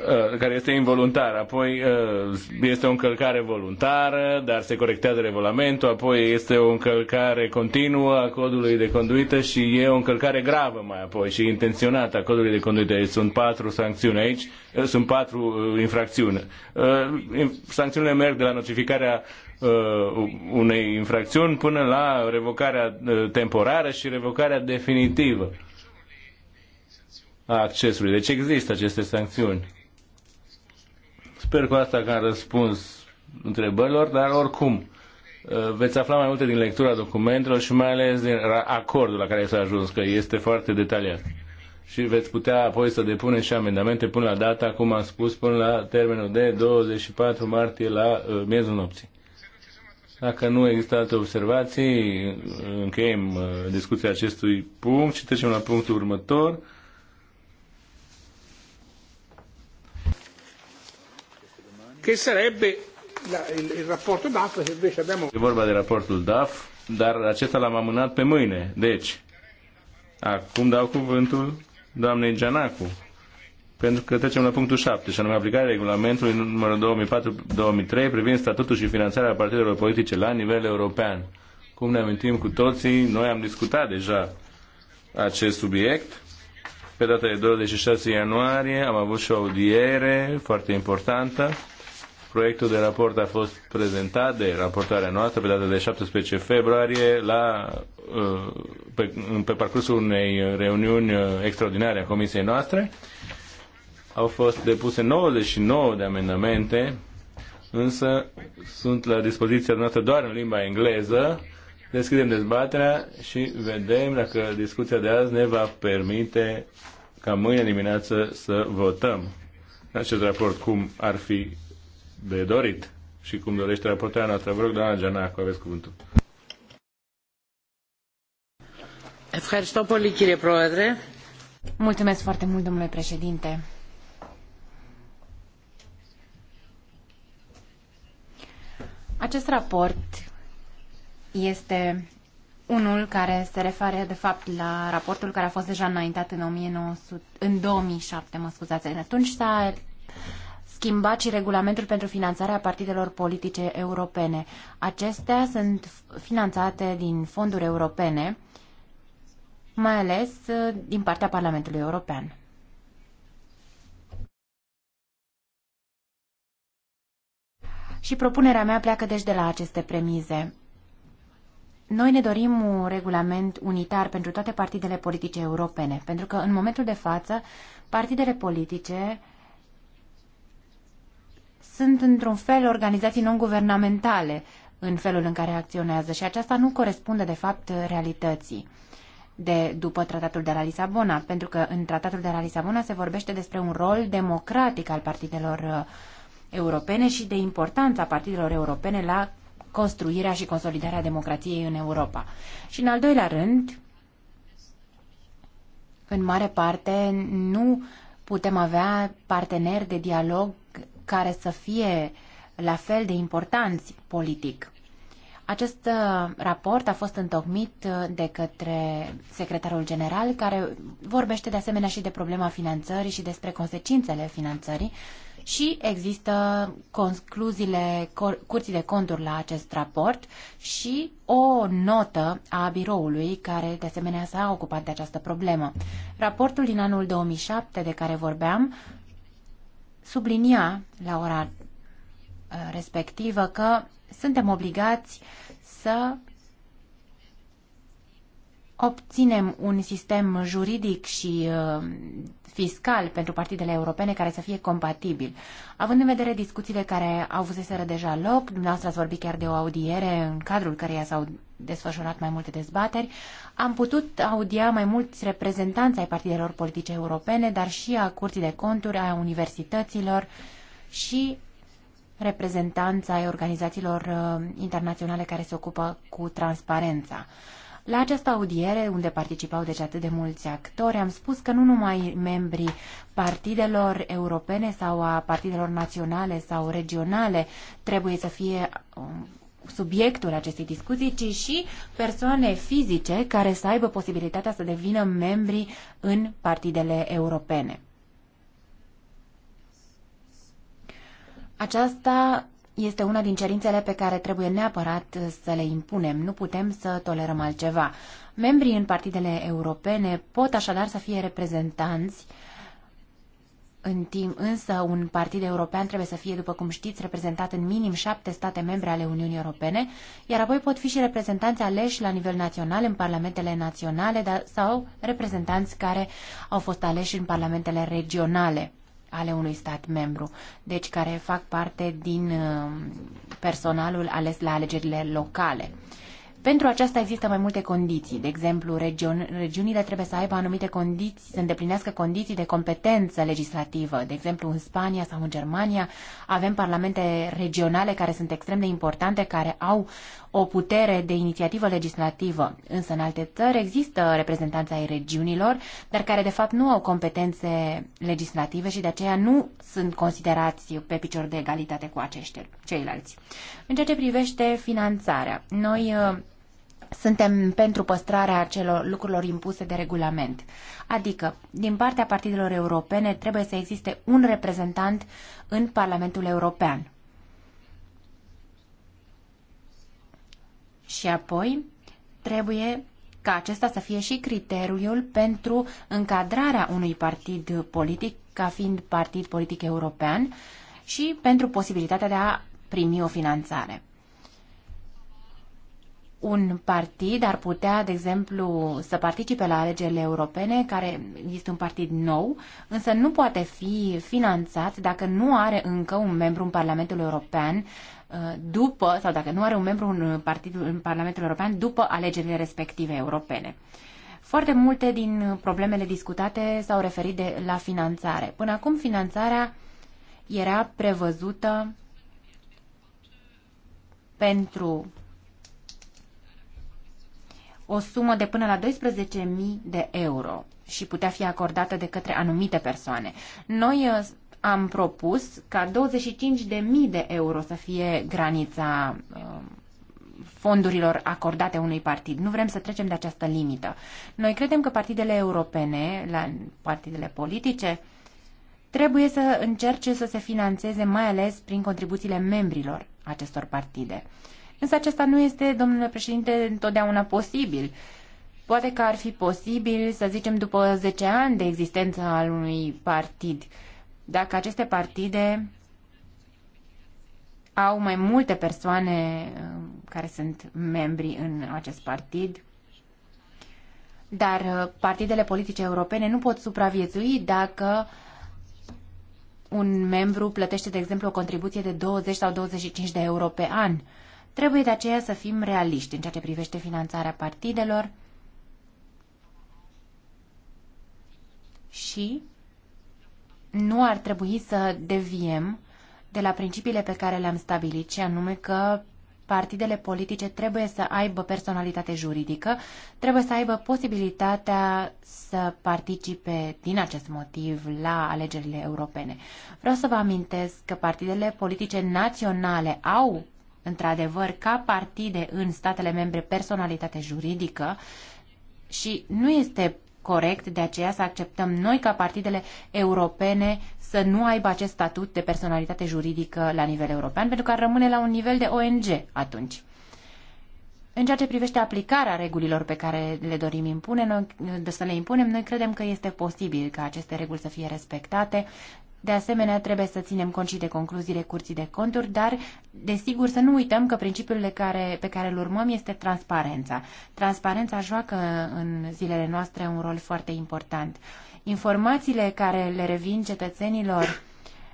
Uh, care este involuntar, apoi uh, este o încălcare voluntară, dar se corectează regulamentul, apoi este o încălcare continuă a codului de conduită și e o încălcare gravă mai apoi și intenționată a codului de conduită. Deci sunt patru sancțiuni aici, uh, sunt patru infracțiuni. Sancțiunile merg de la notificarea unei infracțiuni până la revocarea temporară și revocarea definitivă a accesului. Deci există aceste sancțiuni. Sper cu asta că am răspuns întrebărilor, dar oricum uh, veți afla mai multe din lectura documentelor și mai ales din acordul la care s-a ajuns, că este foarte detaliat. Și veți putea apoi să depuneți și amendamente până la data, cum am spus, până la termenul de 24 martie la uh, miezul nopții. Dacă nu există alte observații, încheiem uh, discuția acestui punct și trecem la punctul următor. che sarebbe la, il, il rapporto DAF invece abbiamo... E vorba de raportul DAF, dar acesta l-am amânat pe mâine. Deci, acum dau cuvântul doamnei Gianacu. Pentru că trecem la punctul 7, și anume aplicarea regulamentului numărul 2004-2003 privind statutul și finanțarea partidelor politice la nivel european. Cum ne amintim cu toții, noi am discutat deja acest subiect. Pe data de 26 ianuarie am avut și o audiere foarte importantă Proiectul de raport a fost prezentat de raportarea noastră pe data de 17 februarie la, uh, pe, pe parcursul unei reuniuni uh, extraordinare a comisiei noastre. Au fost depuse 99 de amendamente, însă sunt la dispoziția noastră doar în limba engleză. Deschidem dezbaterea și vedem dacă discuția de azi ne va permite ca mâine dimineață să votăm acest raport cum ar fi de dorit și cum dorește raportarea noastră. Vă rog, doamna Gianacu, aveți cuvântul. Mulțumesc foarte mult, domnule președinte. Acest raport este unul care se referă de fapt la raportul care a fost deja înaintat în, 1900, în 2007, mă scuzați. Atunci s-a schimbat și regulamentul pentru finanțarea partidelor politice europene. Acestea sunt finanțate din fonduri europene, mai ales uh, din partea Parlamentului European. Și propunerea mea pleacă deci de la aceste premize. Noi ne dorim un regulament unitar pentru toate partidele politice europene, pentru că în momentul de față partidele politice uh, sunt într-un fel organizații non-guvernamentale în felul în care acționează și aceasta nu corespunde de fapt realității de după tratatul de la Lisabona, pentru că în tratatul de la Lisabona se vorbește despre un rol democratic al partidelor uh, europene și de importanța partidelor europene la construirea și consolidarea democrației în Europa. Și în al doilea rând, în mare parte, nu putem avea parteneri de dialog care să fie la fel de importanți politic. Acest uh, raport a fost întocmit uh, de către secretarul general, care vorbește de asemenea și de problema finanțării și despre consecințele finanțării și există concluziile Curții de Conturi la acest raport și o notă a biroului care de asemenea s-a ocupat de această problemă. Raportul din anul 2007 de care vorbeam sublinia la ora uh, respectivă că suntem obligați să obținem un sistem juridic și uh, fiscal pentru partidele europene care să fie compatibil. Având în vedere discuțiile care au fuseseră deja loc, dumneavoastră ați vorbit chiar de o audiere în cadrul căreia s-au desfășurat mai multe dezbateri, am putut audia mai mulți reprezentanți ai partidelor politice europene, dar și a curții de conturi, a universităților și reprezentanța ai organizațiilor uh, internaționale care se ocupă cu transparența. Uh, la această audiere, unde participau deci atât de mulți actori, am spus că nu numai membrii partidelor europene sau a partidelor naționale sau regionale trebuie să fie um, subiectul acestei discuții, ci și persoane fizice care să aibă posibilitatea să devină membri în partidele europene. Aceasta este una din cerințele pe care trebuie neapărat uh, să le impunem. Nu putem să tolerăm altceva. Membrii în partidele europene pot așadar să fie reprezentanți în timp, însă un partid european trebuie să fie, după cum știți, reprezentat în minim șapte state membre ale Uniunii Europene, iar apoi pot fi și reprezentanți aleși la nivel național în parlamentele naționale sau reprezentanți care au fost aleși în parlamentele regionale ale unui stat membru, deci care fac parte din uh, personalul ales la alegerile locale. Pentru aceasta există mai multe condiții. De exemplu, region, regiunile trebuie să aibă anumite condiții, să îndeplinească condiții de competență legislativă. De exemplu, în Spania sau în Germania avem parlamente regionale care sunt extrem de importante, care au o putere de inițiativă legislativă. Însă în alte țări există reprezentanța ai regiunilor, dar care de fapt nu au competențe legislative și de aceea nu sunt considerați pe picior de egalitate cu aceștia, ceilalți. În ceea ce privește finanțarea, noi suntem pentru păstrarea acelor lucrurilor impuse de regulament. Adică, din partea partidelor europene trebuie să existe un reprezentant în Parlamentul European. Și apoi trebuie ca acesta să fie și criteriul pentru încadrarea unui partid politic ca fiind partid politic european și pentru posibilitatea de a primi o finanțare un partid ar putea, de exemplu, să participe la alegerile europene, care este un partid nou, însă nu poate fi finanțat dacă nu are încă un membru în Parlamentul European uh, după, sau dacă nu are un membru în, partidul, în Parlamentul European după alegerile respective europene. Foarte multe din problemele discutate s-au referit de, la finanțare. Până acum finanțarea era prevăzută pentru o sumă de până la 12.000 de euro și putea fi acordată de către anumite persoane. Noi uh, am propus ca 25.000 de euro să fie granița uh, fondurilor acordate unui partid. Nu vrem să trecem de această limită. Noi credem că partidele europene, la partidele politice, trebuie să încerce să se financeze mai ales prin contribuțiile membrilor acestor partide. Însă acesta nu este, domnule președinte, întotdeauna posibil. Poate că ar fi posibil, să zicem, după 10 ani de existență al unui partid, dacă aceste partide au mai multe persoane uh, care sunt membri în acest partid, dar uh, partidele politice europene nu pot supraviețui dacă un membru plătește, de exemplu, o contribuție de 20 sau 25 de euro pe an. Trebuie de aceea să fim realiști în ceea ce privește finanțarea partidelor și nu ar trebui să deviem de la principiile pe care le-am stabilit, și anume că partidele politice trebuie să aibă personalitate juridică, trebuie să aibă posibilitatea să participe din acest motiv la alegerile europene. Vreau să vă amintesc că partidele politice naționale au într-adevăr, ca partide în statele membre personalitate juridică și nu este corect, de aceea să acceptăm noi ca partidele europene să nu aibă acest statut de personalitate juridică la nivel european, pentru că ar rămâne la un nivel de ONG atunci. În ceea ce privește aplicarea regulilor pe care le dorim impune, noi, să le impunem, noi credem că este posibil ca aceste reguli să fie respectate de asemenea, trebuie să ținem cont și de concluziile curții de conturi, dar, desigur, să nu uităm că principiul care, pe care îl urmăm este transparența. Transparența joacă în zilele noastre un rol foarte important. Informațiile care le revin cetățenilor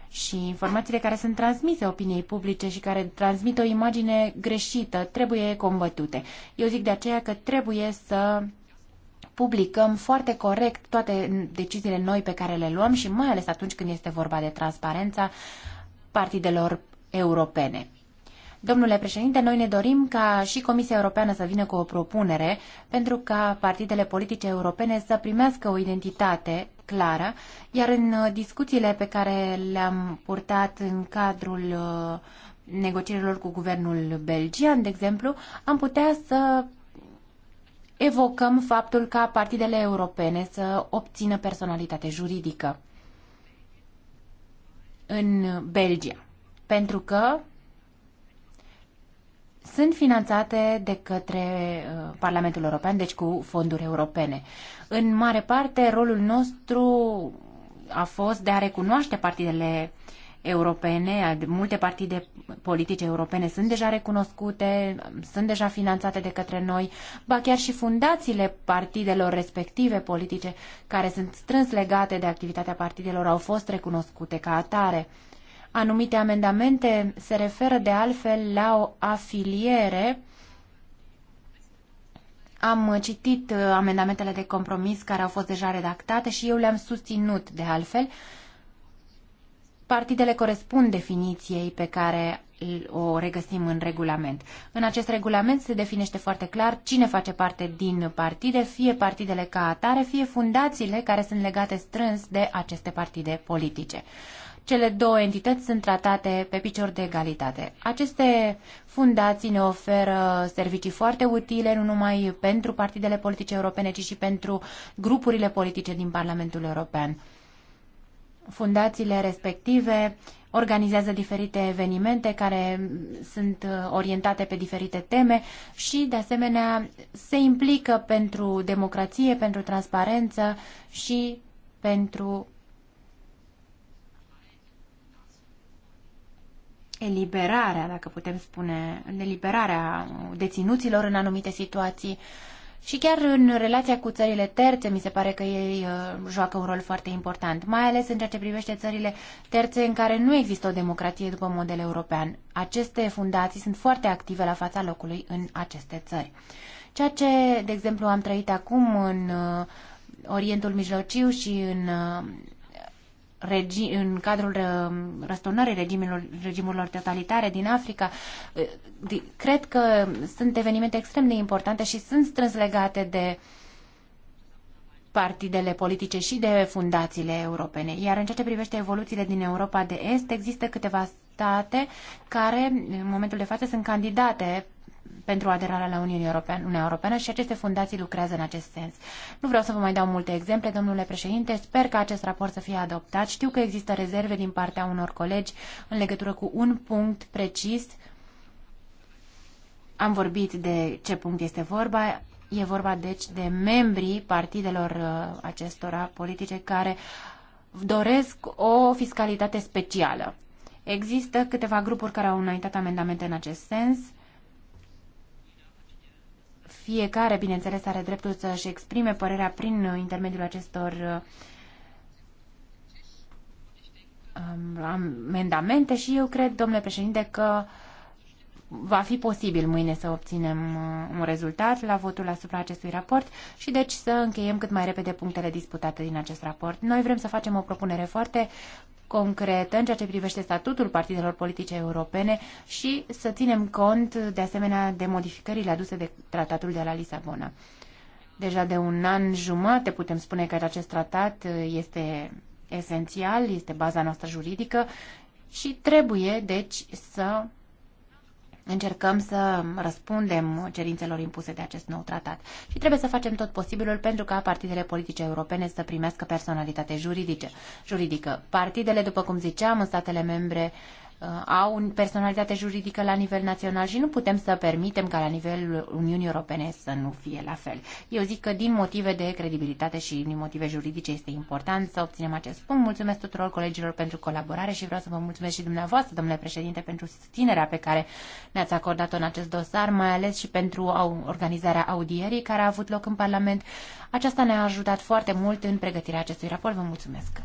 și informațiile care sunt transmise opiniei publice și care transmit o imagine greșită trebuie combătute. Eu zic de aceea că trebuie să publicăm foarte corect toate deciziile noi pe care le luăm și mai ales atunci când este vorba de transparența partidelor europene. Domnule președinte, noi ne dorim ca și Comisia Europeană să vină cu o propunere pentru ca partidele politice europene să primească o identitate clară, iar în uh, discuțiile pe care le-am purtat în cadrul uh, negocierilor cu guvernul belgian, de exemplu, am putea să evocăm faptul ca partidele europene să obțină personalitate juridică în Belgia, pentru că sunt finanțate de către uh, Parlamentul European, deci cu fonduri europene. În mare parte, rolul nostru a fost de a recunoaște partidele uh, europene, multe partide politice europene sunt deja recunoscute, sunt deja finanțate de către noi, ba chiar și fundațiile partidelor respective politice care sunt strâns legate de activitatea partidelor au fost recunoscute ca atare. Anumite amendamente se referă de altfel la o afiliere am citit uh, amendamentele de compromis care au fost deja redactate și eu le-am susținut de altfel Partidele corespund definiției pe care o regăsim în regulament. În acest regulament se definește foarte clar cine face parte din partide, fie partidele ca atare, fie fundațiile care sunt legate strâns de aceste partide politice. Cele două entități sunt tratate pe picior de egalitate. Aceste fundații ne oferă servicii foarte utile, nu numai pentru partidele politice europene, ci și pentru grupurile politice din Parlamentul European fundațiile respective organizează diferite evenimente care sunt uh, orientate pe diferite teme și, de asemenea, se implică pentru democrație, pentru transparență și pentru eliberarea, dacă putem spune, eliberarea deținuților în anumite situații. Uh, și chiar în relația cu țările terțe, mi se pare că ei uh, joacă un rol foarte important, mai ales în ceea ce privește țările terțe în care nu există o democrație după model european. Aceste fundații sunt foarte active la fața locului în aceste țări. Ceea ce, de exemplu, am trăit acum în uh, Orientul Mijlociu și în uh, regi, în cadrul um, răstornării regimilor, regimurilor totalitare din Africa. Uh, cred că sunt evenimente extrem de importante și sunt strâns legate de partidele politice și de fundațiile europene. Iar în ceea ce privește evoluțiile din Europa de Est, există câteva state care, în momentul de față, sunt candidate pentru aderarea la Uniunea Europeană, Uniunea Europeană și aceste fundații lucrează în acest sens. Nu vreau să vă mai dau multe exemple, domnule președinte, sper că acest raport să fie adoptat. Știu că există rezerve din partea unor colegi în legătură cu un punct precis. Am vorbit de ce punct este vorba. E vorba, deci, de membrii partidelor uh, acestora politice care doresc o fiscalitate specială. Există câteva grupuri care au înaintat amendamente în acest sens fiecare, bineînțeles, are dreptul să-și exprime părerea prin intermediul acestor um, amendamente și eu cred, domnule președinte, că uh, va fi posibil mâine să obținem uh, un rezultat la votul asupra acestui raport și deci să încheiem cât mai repede punctele disputate din acest raport. Noi vrem să facem o propunere foarte concretă în ceea ce privește statutul partidelor politice europene și să ținem cont de asemenea de modificările aduse de tratatul de la Lisabona. Deja de un an jumate putem spune că acest tratat uh, este esențial, este baza noastră juridică și trebuie deci să încercăm să răspundem cerințelor impuse de acest nou tratat. Și trebuie să facem tot posibilul pentru ca partidele politice europene să primească personalitate juridice, juridică. Partidele, după cum ziceam, în statele membre Uh, au un personalitate juridică la nivel național și nu putem să permitem ca la nivelul Uniunii Europene să nu fie la fel. Eu zic că din motive de credibilitate și din motive juridice este important să obținem acest punct. Mulțumesc tuturor colegilor pentru colaborare și vreau să vă mulțumesc și dumneavoastră, domnule președinte, pentru susținerea pe care ne-ați acordat-o în acest dosar, mai ales și pentru organizarea audierii care a avut loc în Parlament. Aceasta ne-a ajutat foarte mult în pregătirea acestui raport. Vă mulțumesc!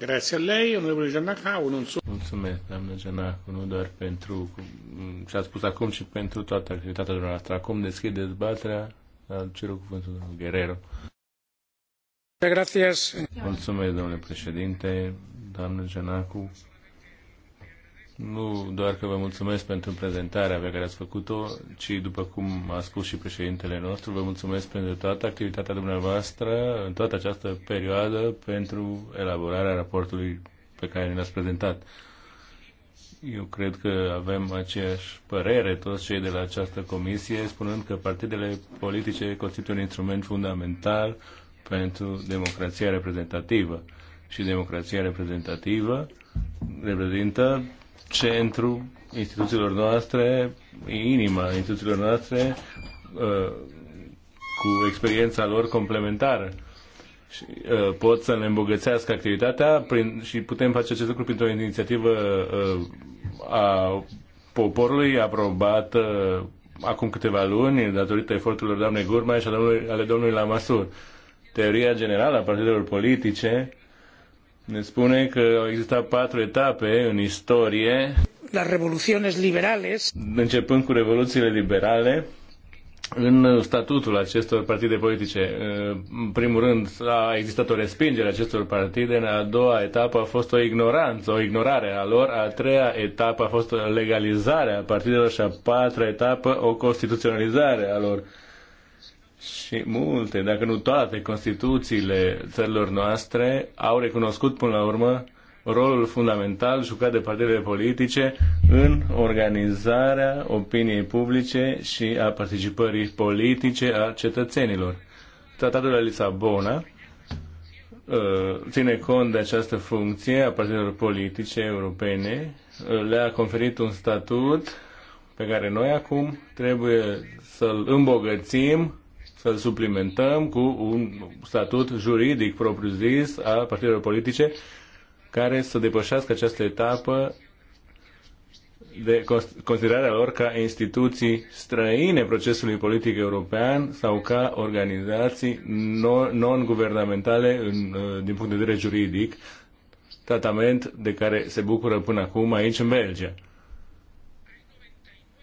Grazie a lei, onorevole Giannacau. Non so... Mulțumesc, doamnă Giannacu, nu doar pentru ce a spus acum, ci pentru toată activitatea dumneavoastră. Acum deschid dezbaterea, cer cuvântul domnului Guerrero. Mulțumesc, domnule președinte, doamnă Giannacu. Nu doar că vă mulțumesc pentru prezentarea pe care ați făcut-o, ci, după cum a spus și președintele nostru, vă mulțumesc pentru toată activitatea dumneavoastră în toată această perioadă pentru elaborarea raportului pe care ne l-ați prezentat. Eu cred că avem aceeași părere toți cei de la această comisie, spunând că partidele politice constituie un instrument fundamental pentru democrația reprezentativă. Și democrația reprezentativă reprezintă centru instituțiilor noastre, inima instituțiilor noastre, uh, cu experiența lor complementară. Și, uh, pot să ne îmbogățească activitatea prin, și putem face acest lucru printr-o inițiativă uh, a poporului aprobată acum câteva luni datorită eforturilor doamnei Gurma și ale domnului Lamasur. Teoria generală a partidelor politice ne spune că au existat patru etape în istorie. Las revoluciones liberales. Începând cu revoluțiile liberale, în statutul acestor partide politice, în primul rând, a existat o respingere a acestor partide, în a doua etapă a fost o ignoranță, o ignorare a lor, a treia etapă a fost legalizarea partidelor și a patra etapă o constituționalizare a lor. Și multe, dacă nu toate, constituțiile țărilor noastre au recunoscut până la urmă rolul fundamental jucat de partidele politice în organizarea opiniei publice și a participării politice a cetățenilor. Tratatul de la Lisabona uh, ține cont de această funcție a partidelor politice europene, uh, le-a conferit un statut pe care noi acum trebuie să-l îmbogățim să suplimentăm cu un statut juridic propriu-zis a partidelor politice care să depășească această etapă de considerarea lor ca instituții străine procesului politic european sau ca organizații non-guvernamentale uh, din punct de vedere juridic, tratament de care se bucură până acum aici în Belgia.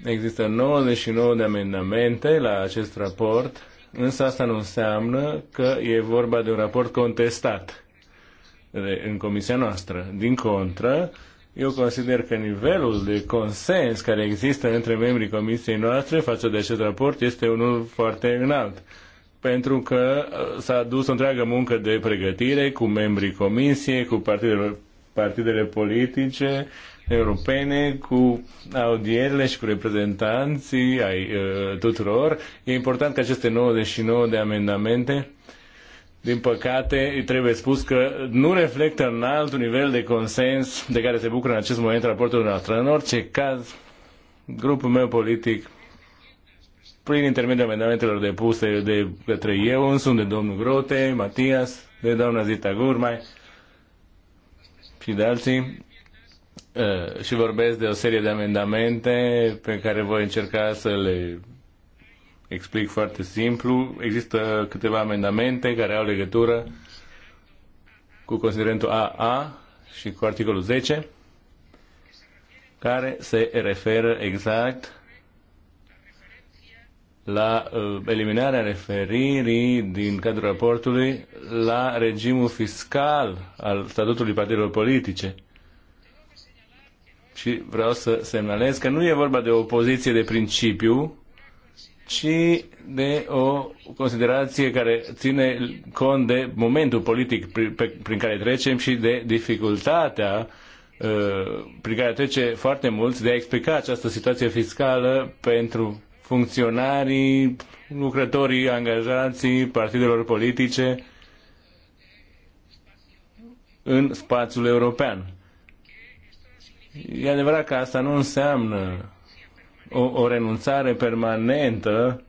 Există 99 de amendamente la acest raport însă asta nu înseamnă că e vorba de un raport contestat în comisia noastră. Din contră, eu consider că nivelul de consens care există între membrii comisiei noastre față de acest raport este unul foarte înalt pentru că uh, s-a dus o întreagă muncă de pregătire cu membrii comisiei, cu partidele, partidele politice, europene cu audierile și cu reprezentanții ai uh, tuturor. E important că aceste 99 de amendamente din păcate, trebuie spus că nu reflectă în alt nivel de consens de care se bucură în acest moment raportul noastră. În orice caz, grupul meu politic, prin intermediul amendamentelor depuse de către eu însumi, de domnul Grote, Matias, de doamna Zita Gurmai și de alții, Eh, și vorbesc de o serie de amendamente pe care voi încerca să le explic foarte simplu. Există câteva amendamente care au legătură cu considerentul AA și cu articolul 10, care se referă exact la eh, eliminarea referirii din cadrul raportului la regimul fiscal al statutului partidelor politice și vreau să semnalez că nu e vorba de o poziție de principiu, ci de o considerație care ține cont de momentul politic prin care trecem și de dificultatea uh, prin care trece foarte mulți de a explica această situație fiscală pentru funcționarii, lucrătorii, angajații partidelor politice în spațiul european. E adevărat că asta nu înseamnă o, o renunțare permanentă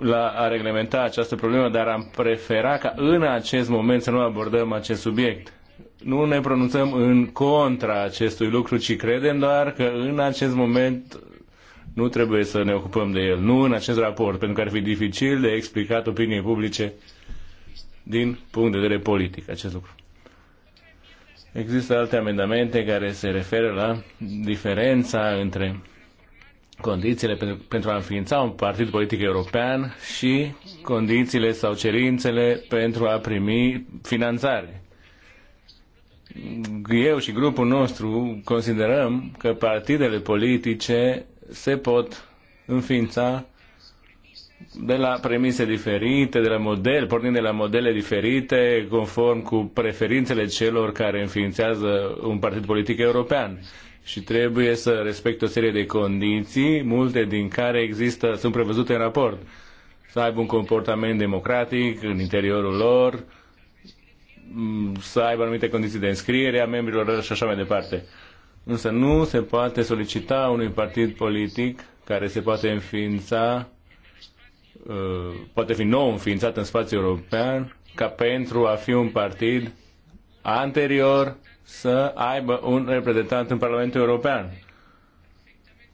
la a reglementa această problemă, dar am prefera ca în acest moment să nu abordăm acest subiect. Nu ne pronunțăm în contra acestui lucru, ci credem doar că în acest moment nu trebuie să ne ocupăm de el, nu în acest raport, pentru că ar fi dificil de explicat opiniei publice din punct de vedere politic acest lucru. Există alte amendamente care se referă la diferența între condițiile pentru, pentru a înființa un partid politic european și condițiile sau cerințele pentru a primi finanțare. Eu și grupul nostru considerăm că partidele politice se pot înființa de la premise diferite, de la model, pornind de la modele diferite, conform cu preferințele celor care înființează un partid politic european. Și trebuie să respecte o serie de condiții, multe din care există, sunt prevăzute în raport. Să aibă un comportament democratic în interiorul lor, să aibă anumite condiții de înscriere a membrilor și așa mai departe. Însă nu se poate solicita unui partid politic care se poate înființa Uh, poate fi nou înființat în spațiul european ca pentru a fi un partid anterior să aibă un reprezentant în Parlamentul European.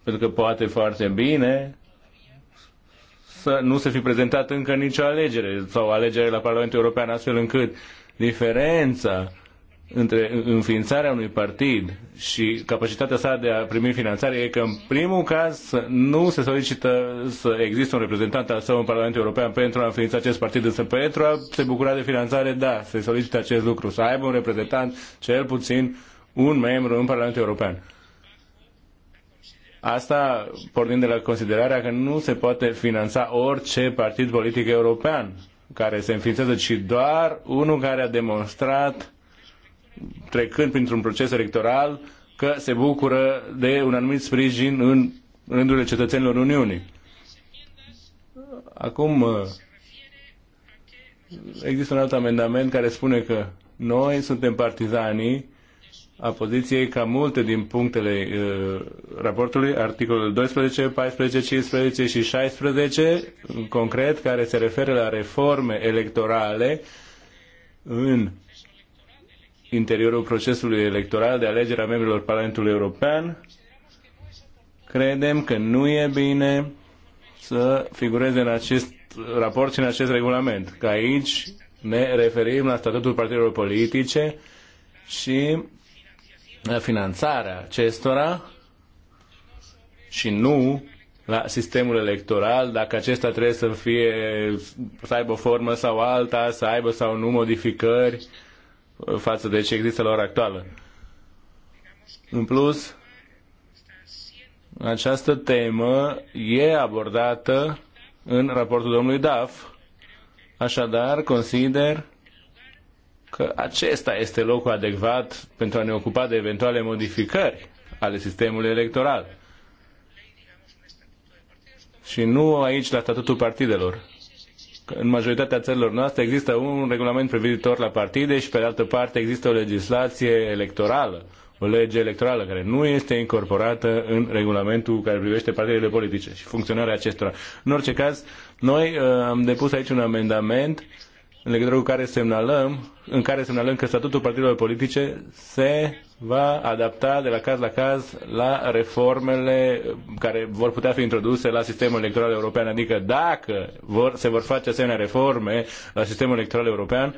Pentru că poate foarte bine să nu se fi prezentat încă nicio alegere sau alegere la Parlamentul European, astfel încât diferența între înființarea unui partid și capacitatea sa de a primi finanțare e că în primul caz nu se solicită să existe un reprezentant al său în Parlamentul European pentru a înființa acest partid, însă pentru a se bucura de finanțare, da, se solicită acest lucru, să aibă un reprezentant, cel puțin un membru în Parlamentul European. Asta pornind de la considerarea că nu se poate finanța orice partid politic european care se înființează, ci doar unul care a demonstrat trecând printr-un proces electoral, că se bucură de un anumit sprijin în rândurile cetățenilor Uniunii. Acum uh, există un alt amendament care spune că noi suntem partizanii a poziției ca multe din punctele uh, raportului, articolul 12, 14, 15 și 16, în concret, care se referă la reforme electorale în interiorul procesului electoral de alegere a membrilor Parlamentului European, credem că nu e bine să figureze în acest raport și în acest regulament. Că aici ne referim la statutul partidelor politice și la finanțarea acestora și nu la sistemul electoral, dacă acesta trebuie să fie, să aibă o formă sau alta, să aibă sau nu modificări față de ce există la ora actuală. În plus, această temă e abordată în raportul domnului Daf. Așadar, consider că acesta este locul adecvat pentru a ne ocupa de eventuale modificări ale sistemului electoral. Și nu aici la statutul partidelor în majoritatea țărilor noastre există un regulament privitor la partide și pe de altă parte există o legislație electorală, o lege electorală care nu este incorporată în regulamentul care privește partidele politice și funcționarea acestora. În orice caz, noi uh, am depus aici un amendament în legătură cu care semnalăm, în care semnalăm că statutul partidelor politice se va adapta de la caz la caz la reformele care vor putea fi introduse la sistemul electoral european. Adică dacă vor, se vor face asemenea reforme la sistemul electoral european,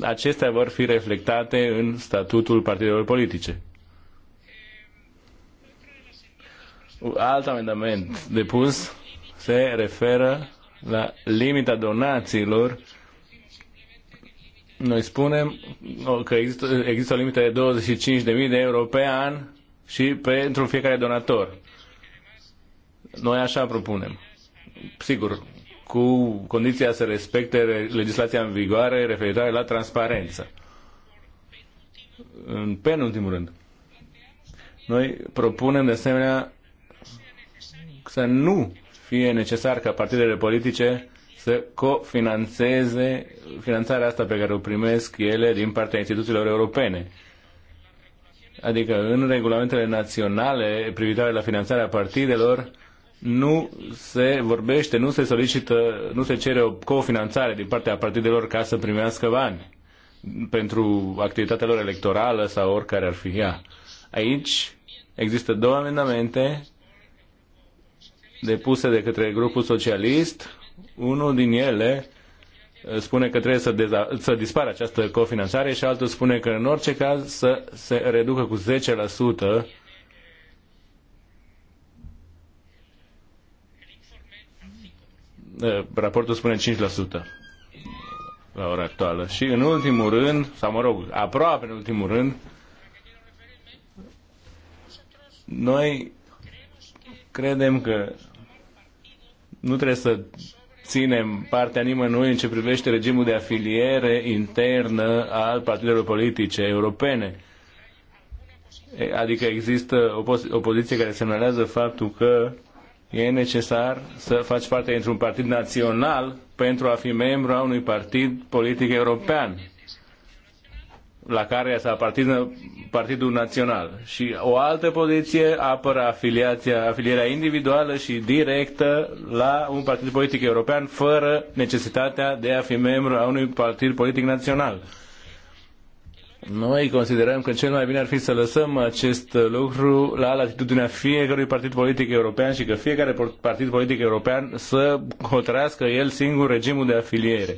acestea vor fi reflectate în statutul partidelor politice. Alt amendament depus se referă la limita donațiilor noi spunem că există, există o limită de 25.000 de euro pe an și pentru fiecare donator. Noi așa propunem. Sigur, cu condiția să respecte legislația în vigoare referitoare la transparență. În penultimul rând, noi propunem de asemenea să nu fie necesar ca partidele politice să cofinanțeze finanțarea asta pe care o primesc ele din partea instituțiilor europene. Adică în regulamentele naționale privitoare la finanțarea partidelor nu se vorbește, nu se solicită, nu se cere o cofinanțare din partea partidelor ca să primească bani pentru activitatea lor electorală sau oricare ar fi ea. Aici există două amendamente depuse de către grupul socialist unul din ele uh, spune că trebuie să, deza- să dispară această cofinanțare și altul spune că în orice caz să se reducă cu 10% uh, raportul spune 5% la ora actuală. Și în ultimul rând, sau mă rog, aproape în ultimul rând, noi credem că nu trebuie să ținem partea nimănui în ce privește regimul de afiliere internă al partidelor politice europene. Adică există o, o poziție care semnalează faptul că e necesar să faci parte dintr-un partid național pentru a fi membru a unui partid politic european la care să aparțină Partidul Național. Și o altă poziție apără afiliația, afilierea individuală și directă la un partid politic european fără necesitatea de a fi membru a unui partid politic național. Noi considerăm că cel mai bine ar fi să lăsăm acest lucru la latitudinea fiecărui partid politic european și că fiecare partid politic european să hotărească el singur regimul de afiliere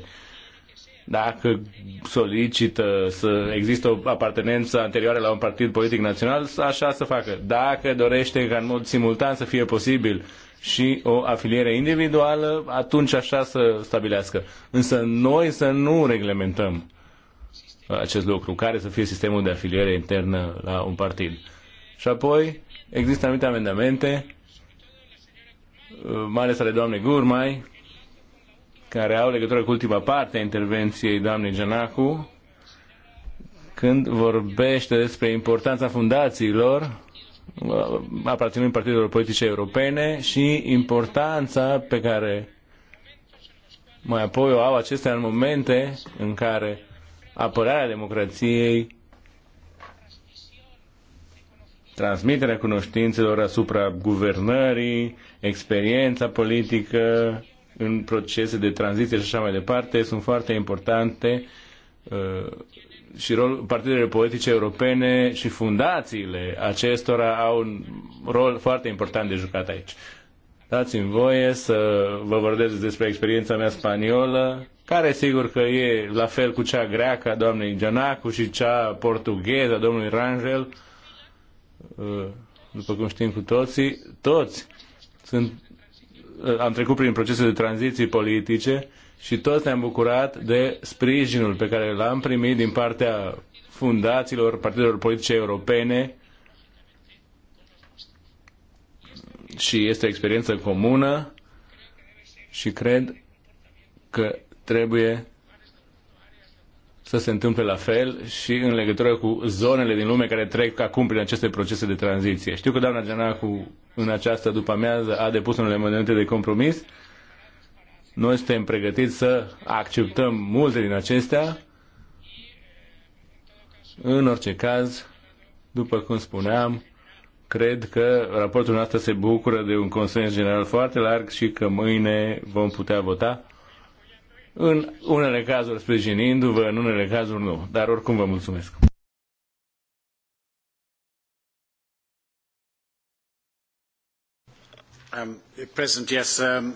dacă solicită să există o apartenență anterioară la un partid politic național, așa să facă. Dacă dorește ca în mod simultan să fie posibil și o afiliere individuală, atunci așa să stabilească. Însă noi să nu reglementăm acest lucru, care să fie sistemul de afiliere internă la un partid. Și apoi există anumite amendamente, uh, mai ales ale doamnei Gurmai, care au legătură cu ultima parte a intervenției doamnei Janacu, când vorbește despre importanța fundațiilor aparținând partidelor politice europene și importanța pe care mai apoi o au acestea în momente în care apărarea democrației, transmiterea cunoștințelor asupra guvernării, experiența politică, în procese de tranziție și așa mai departe sunt foarte importante uh, și rol, partidele politice europene și fundațiile acestora au un rol foarte important de jucat aici. Dați-mi voie să vă vorbesc despre experiența mea spaniolă, care sigur că e la fel cu cea greacă a doamnei Gianacu și cea portugheză a domnului Rangel, uh, după cum știm cu toții, toți sunt am trecut prin procese de tranziții politice și toți ne-am bucurat de sprijinul pe care l-am primit din partea fundațiilor, partidelor politice europene și este o experiență comună și cred că trebuie să se întâmple la fel și în legătură cu zonele din lume care trec acum prin aceste procese de tranziție. Știu că doamna Gianacu în această după amiază a depus unele element de compromis. Noi suntem pregătiți să acceptăm multe din acestea. În orice caz, după cum spuneam, cred că raportul nostru se bucură de un consens general foarte larg și că mâine vom putea vota în unele cazuri sprijinindu-vă, în unele cazuri nu. Dar oricum vă mulțumesc. Um, um,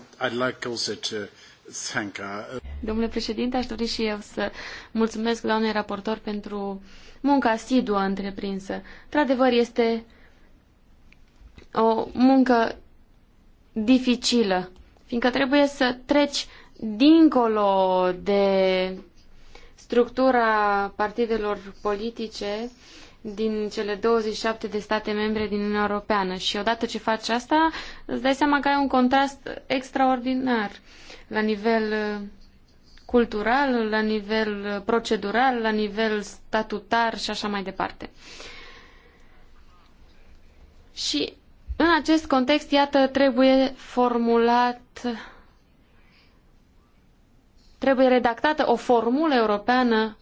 uh, Domnule președinte, aș dori și eu să mulțumesc doamnei raportor pentru munca asiduă întreprinsă. Într-adevăr, este o muncă dificilă, fiindcă trebuie să treci dincolo de structura partidelor politice din cele 27 de state membre din Uniunea Europeană. Și odată ce faci asta, îți dai seama că ai un contrast extraordinar la nivel uh, cultural, la nivel uh, procedural, la nivel statutar și așa mai departe. Și în acest context, iată, trebuie formulat trebuie redactată o formulă europeană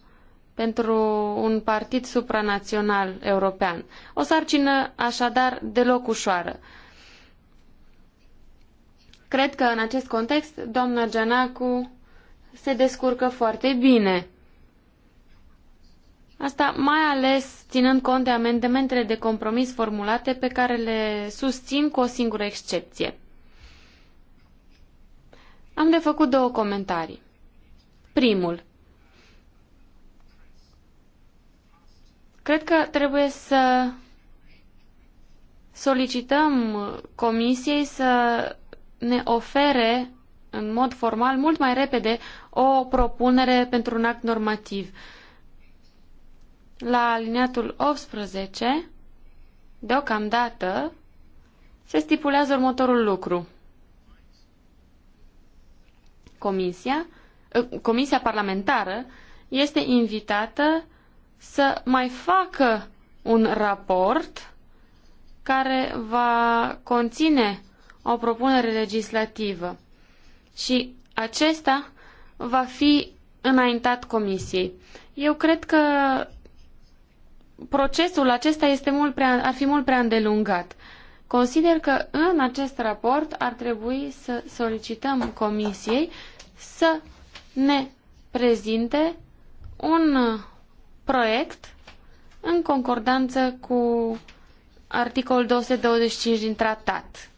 pentru un partid supranațional european. O sarcină așadar deloc ușoară. Cred că în acest context doamna Gianacu se descurcă foarte bine. Asta mai ales ținând cont de amendamentele de compromis formulate pe care le susțin cu o singură excepție. Am de făcut două comentarii. Primul. Cred că trebuie să solicităm Comisiei să ne ofere în mod formal mult mai repede o propunere pentru un act normativ. La alineatul 18, deocamdată, se stipulează următorul lucru. Comisia Comisia Parlamentară este invitată să mai facă un raport care va conține o propunere legislativă și acesta va fi înaintat Comisiei. Eu cred că procesul acesta este mult prea, ar fi mult prea îndelungat. Consider că în acest raport ar trebui să solicităm Comisiei să ne prezinte un proiect în concordanță cu articolul 225 din tratat.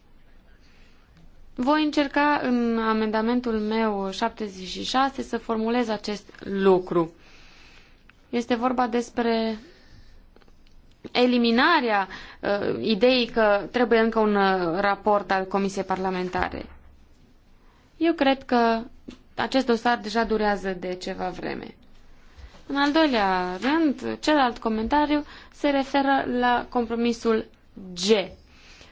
Voi încerca în amendamentul meu 76 să formulez acest lucru. Este vorba despre eliminarea uh, ideii că trebuie încă un uh, raport al Comisiei Parlamentare. Eu cred că acest dosar deja durează de ceva vreme. În al doilea rând, celălalt comentariu se referă la compromisul G,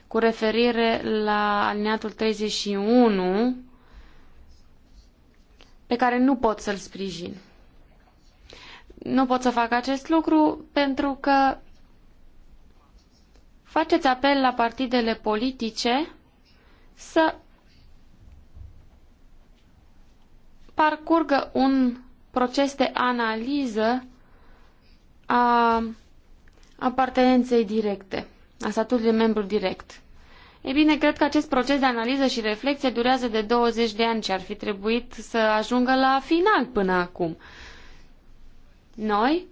cu referire la alineatul 31, pe care nu pot să-l sprijin. Nu pot să fac acest lucru pentru că faceți apel la partidele politice să parcurgă un proces de analiză a apartenenței directe, a statului de membru direct. Ei bine, cred că acest proces de analiză și reflexie durează de 20 de ani și ar fi trebuit să ajungă la final până acum. Noi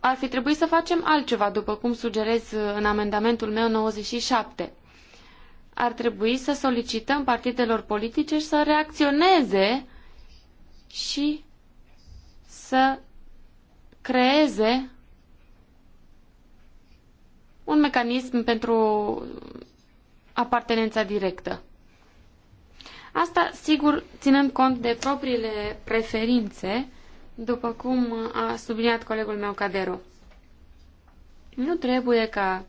ar fi trebuit să facem altceva, după cum sugerez în amendamentul meu 97 ar trebui să solicităm partidelor politice să reacționeze și să creeze un mecanism pentru apartenența directă. Asta, sigur, ținând cont de propriile preferințe, după cum a subliniat colegul meu Cadero. Nu trebuie ca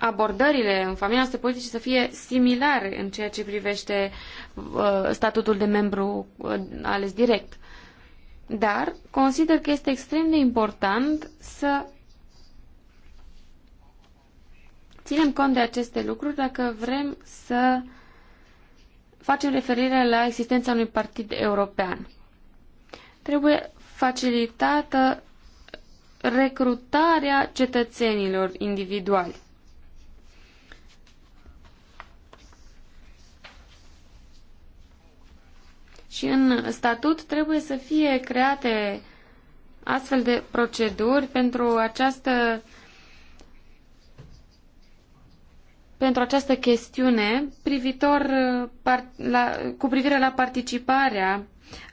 abordările în familia noastră politice să fie similare în ceea ce privește uh, statutul de membru uh, ales direct. Dar consider că este extrem de important să ținem cont de aceste lucruri dacă vrem să facem referire la existența unui partid european. Trebuie facilitată recrutarea cetățenilor individuali. Și în statut trebuie să fie create astfel de proceduri pentru această pentru această chestiune privitor uh, la, cu privire la participarea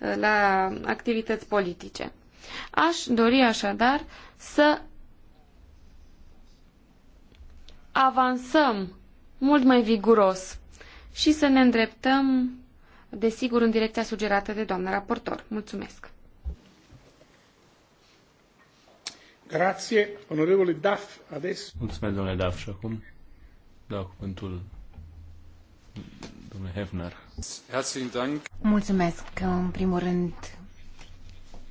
uh, la activități politice. Aș dori așadar să avansăm mult mai viguros și să ne îndreptăm desigur în direcția sugerată de doamna raportor. Mulțumesc! Grazie, onorevole Daf, adesso. Mulțumesc, domnule Daf, și acum dau cuvântul domnule Hefner. Mulțumesc, în primul rând,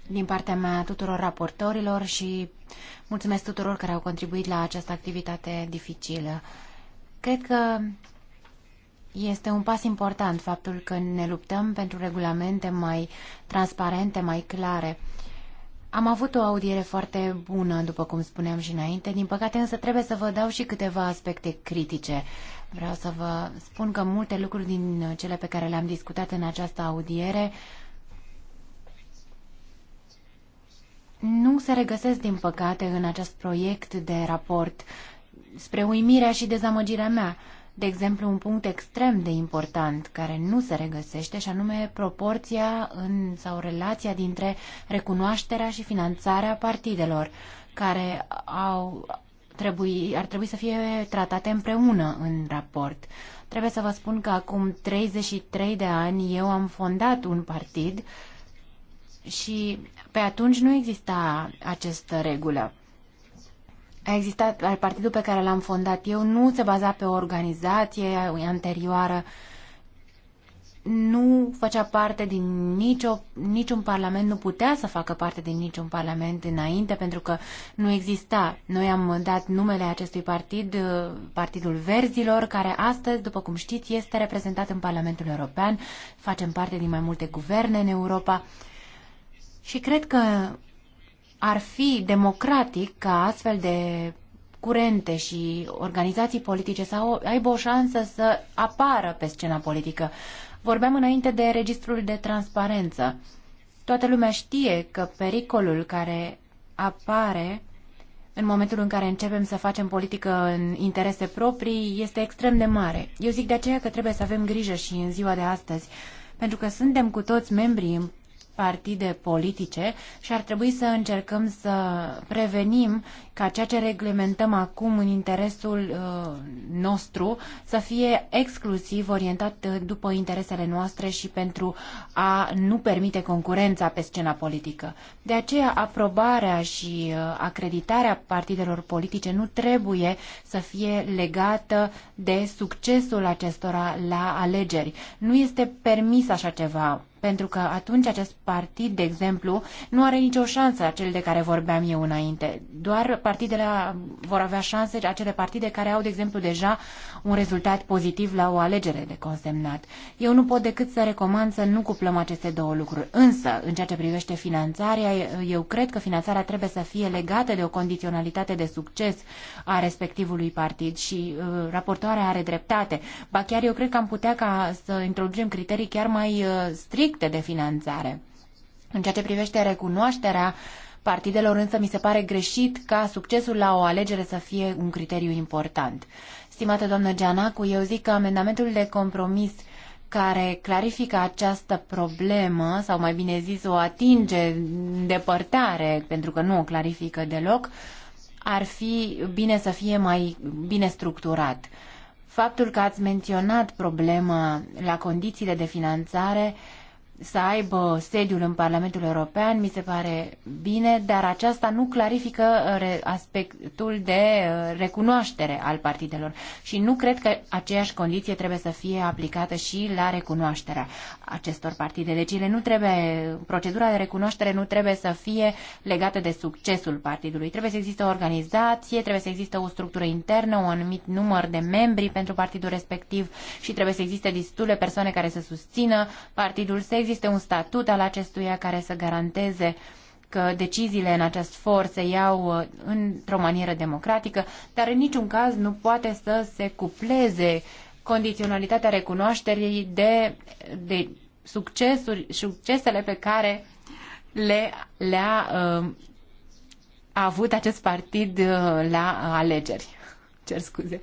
din partea mea tuturor raportorilor și mulțumesc tuturor care au contribuit la această activitate dificilă. Cred că este un pas important faptul că ne luptăm pentru regulamente mai transparente, mai clare. Am avut o audiere foarte bună, după cum spuneam și înainte. Din păcate însă trebuie să vă dau și câteva aspecte critice. Vreau să vă spun că multe lucruri din cele pe care le-am discutat în această audiere nu se regăsesc, din păcate, în acest proiect de raport, spre uimirea și dezamăgirea mea de exemplu, un punct extrem de important care nu se regăsește, și anume proporția în, sau relația dintre recunoașterea și finanțarea partidelor, care au, trebui, ar trebui să fie tratate împreună în raport. Trebuie să vă spun că acum 33 de ani eu am fondat un partid și pe atunci nu exista această regulă a existat, partidul pe care l-am fondat eu nu se baza pe o organizație anterioară, nu făcea parte din nicio, niciun parlament, nu putea să facă parte din niciun parlament înainte, pentru că nu exista. Noi am dat numele acestui partid, uh, Partidul Verzilor, care astăzi, după cum știți, este reprezentat în Parlamentul European, facem parte din mai multe guverne în Europa. Și cred că ar fi democratic ca astfel de curente și organizații politice să aibă o șansă să apară pe scena politică. Vorbeam înainte de registrul de transparență. Toată lumea știe că pericolul care apare în momentul în care începem să facem politică în interese proprii este extrem de mare. Eu zic de aceea că trebuie să avem grijă și în ziua de astăzi, pentru că suntem cu toți membrii partide politice și ar trebui să încercăm să prevenim ca ceea ce reglementăm acum în interesul uh, nostru să fie exclusiv orientat uh, după interesele noastre și pentru a nu permite concurența pe scena politică. De aceea, aprobarea și uh, acreditarea partidelor politice nu trebuie să fie legată de succesul acestora la alegeri. Nu este permis așa ceva pentru că atunci acest partid, de exemplu, nu are nicio șansă cel de care vorbeam eu înainte. Doar partidele vor avea șanse acele partide care au, de exemplu, deja un rezultat pozitiv la o alegere de consemnat. Eu nu pot decât să recomand să nu cuplăm aceste două lucruri. Însă, în ceea ce privește finanțarea, eu cred că finanțarea trebuie să fie legată de o condiționalitate de succes a respectivului partid și uh, raportoarea are dreptate. Ba chiar eu cred că am putea ca să introducem criterii chiar mai uh, stricte de finanțare. În ceea ce privește recunoașterea partidelor, însă mi se pare greșit ca succesul la o alegere să fie un criteriu important. Stimată doamnă Gianacu, eu zic că amendamentul de compromis care clarifică această problemă, sau mai bine zis o atinge, depărtare, pentru că nu o clarifică deloc, ar fi bine să fie mai bine structurat. Faptul că ați menționat problema la condițiile de finanțare să aibă sediul în Parlamentul European, mi se pare bine, dar aceasta nu clarifică uh, aspectul de uh, recunoaștere al partidelor și nu cred că aceeași condiție trebuie să fie aplicată și la recunoașterea acestor partide. Deci ele nu trebuie, procedura de recunoaștere nu trebuie să fie legată de succesul partidului. Trebuie să existe o organizație, trebuie să existe o structură internă, un anumit număr de membri pentru partidul respectiv și trebuie să existe destule persoane care să susțină partidul, să existe un statut al acestuia care să garanteze că deciziile în acest for se iau uh, într-o manieră democratică, dar în niciun caz nu poate să se cupleze condiționalitatea recunoașterii de, de succesuri, succesele pe care le, le-a uh, avut acest partid uh, la alegeri. Cer scuze.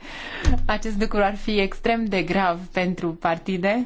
Acest lucru ar fi extrem de grav pentru partide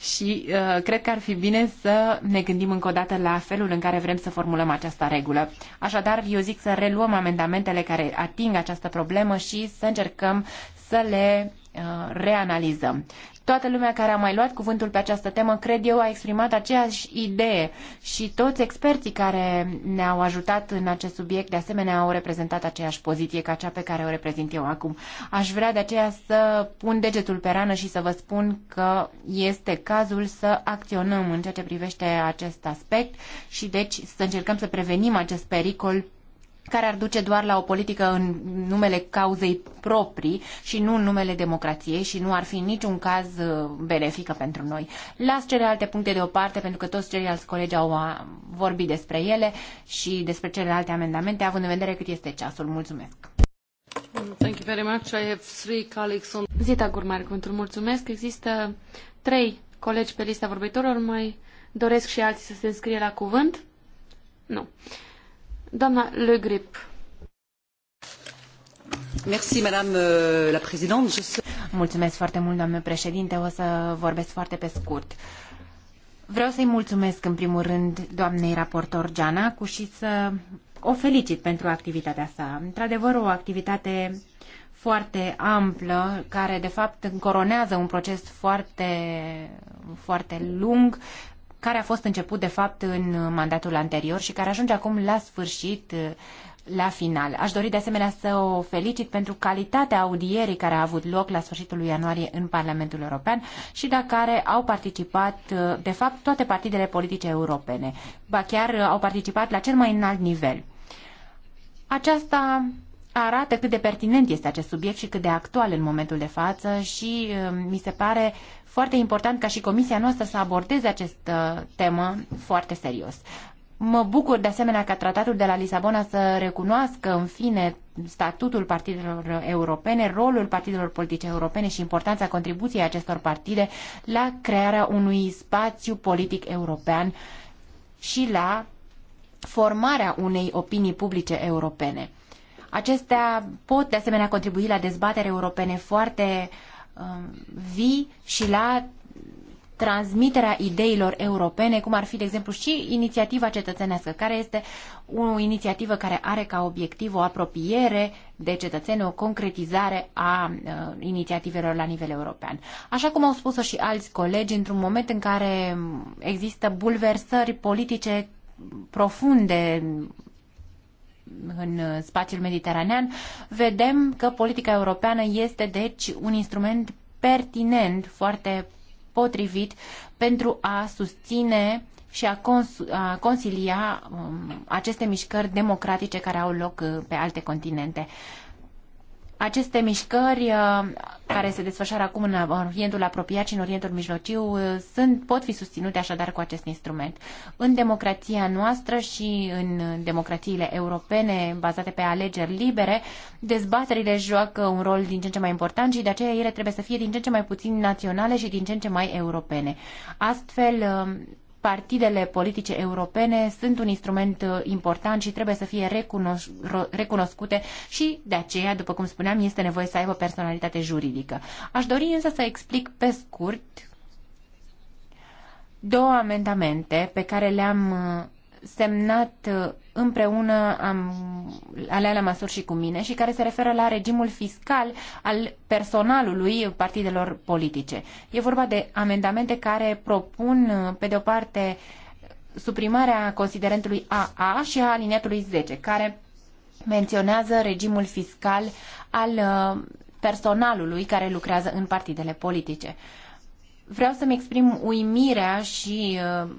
și uh, cred că ar fi bine să ne gândim încă o dată la felul în care vrem să formulăm această regulă. Așadar, eu zic să reluăm amendamentele care ating această problemă și să încercăm să le uh, reanalizăm. Toată lumea care a mai luat cuvântul pe această temă, cred eu, a exprimat aceeași idee și toți experții care ne-au ajutat în acest subiect, de asemenea, au reprezentat aceeași poziție ca cea pe care o reprezint eu acum. Aș vrea de aceea să pun degetul pe rană și să vă spun că este cazul să acționăm în ceea ce privește acest aspect și deci să încercăm să prevenim acest pericol care ar duce doar la o politică în numele cauzei proprii și nu în numele democrației și nu ar fi în niciun caz uh, benefică pentru noi. Las celelalte puncte deoparte pentru că toți ceilalți colegi au vorbit despre ele și despre celelalte amendamente, având în vedere cât este ceasul. Mulțumesc! Zita Gurmar, pentru mulțumesc. Există trei colegi pe lista vorbitorilor. Mai doresc și alții să se înscrie la cuvânt? Nu. Doamna Le euh, Mulțumesc foarte mult, doamnă președinte. O să vorbesc foarte pe scurt. Vreau să-i mulțumesc în primul rând doamnei raportor Gianacu și să o felicit pentru activitatea sa. Într-adevăr, o activitate foarte amplă, care de fapt încoronează un proces foarte, foarte lung care a fost început de fapt în mandatul anterior și care ajunge acum la sfârșit la final. Aș dori de asemenea să o felicit pentru calitatea audierii care a avut loc la sfârșitul lui ianuarie în Parlamentul European și la care au participat, de fapt, toate partidele politice europene. Ba chiar au participat la cel mai înalt nivel. Aceasta arată cât de pertinent este acest subiect și cât de actual în momentul de față și uh, mi se pare foarte important ca și comisia noastră să abordeze acest uh, temă foarte serios. Mă bucur de asemenea ca tratatul de la Lisabona să recunoască în fine statutul partidelor europene, rolul partidelor politice europene și importanța contribuției acestor partide la crearea unui spațiu politic european și la formarea unei opinii publice europene. Acestea pot de asemenea contribui la dezbatere europene foarte uh, vii și la transmiterea ideilor europene, cum ar fi, de exemplu, și inițiativa cetățenească, care este o inițiativă care are ca obiectiv o apropiere de cetățeni, o concretizare a uh, inițiativelor la nivel european. Așa cum au spus-o și alți colegi, într-un moment în care există bulversări politice profunde în uh, spațiul mediteranean, vedem că politica europeană este deci un instrument pertinent, foarte potrivit pentru a susține și a, cons- a consilia um, aceste mișcări democratice care au loc uh, pe alte continente. Aceste mișcări uh, care se desfășoară acum în Orientul apropiat și în Orientul mijlociu uh, sunt, pot fi susținute așadar cu acest instrument. În democrația noastră și în democrațiile europene bazate pe alegeri libere, dezbaterile joacă un rol din ce în ce mai important și de aceea ele trebuie să fie din ce în ce mai puțin naționale și din ce în ce mai europene. Astfel, uh, partidele politice europene sunt un instrument uh, important și trebuie să fie recunoș- recunoscute și de aceea, după cum spuneam, este nevoie să aibă personalitate juridică. Aș dori însă să explic pe scurt două amendamente pe care le-am uh, semnat uh, împreună am, Alea la măsuri și cu mine și care se referă la regimul fiscal al personalului partidelor politice. E vorba de amendamente care propun, pe de o parte, suprimarea considerentului AA și a aliniatului 10, care menționează regimul fiscal al uh, personalului care lucrează în partidele politice vreau să-mi exprim uimirea și uh,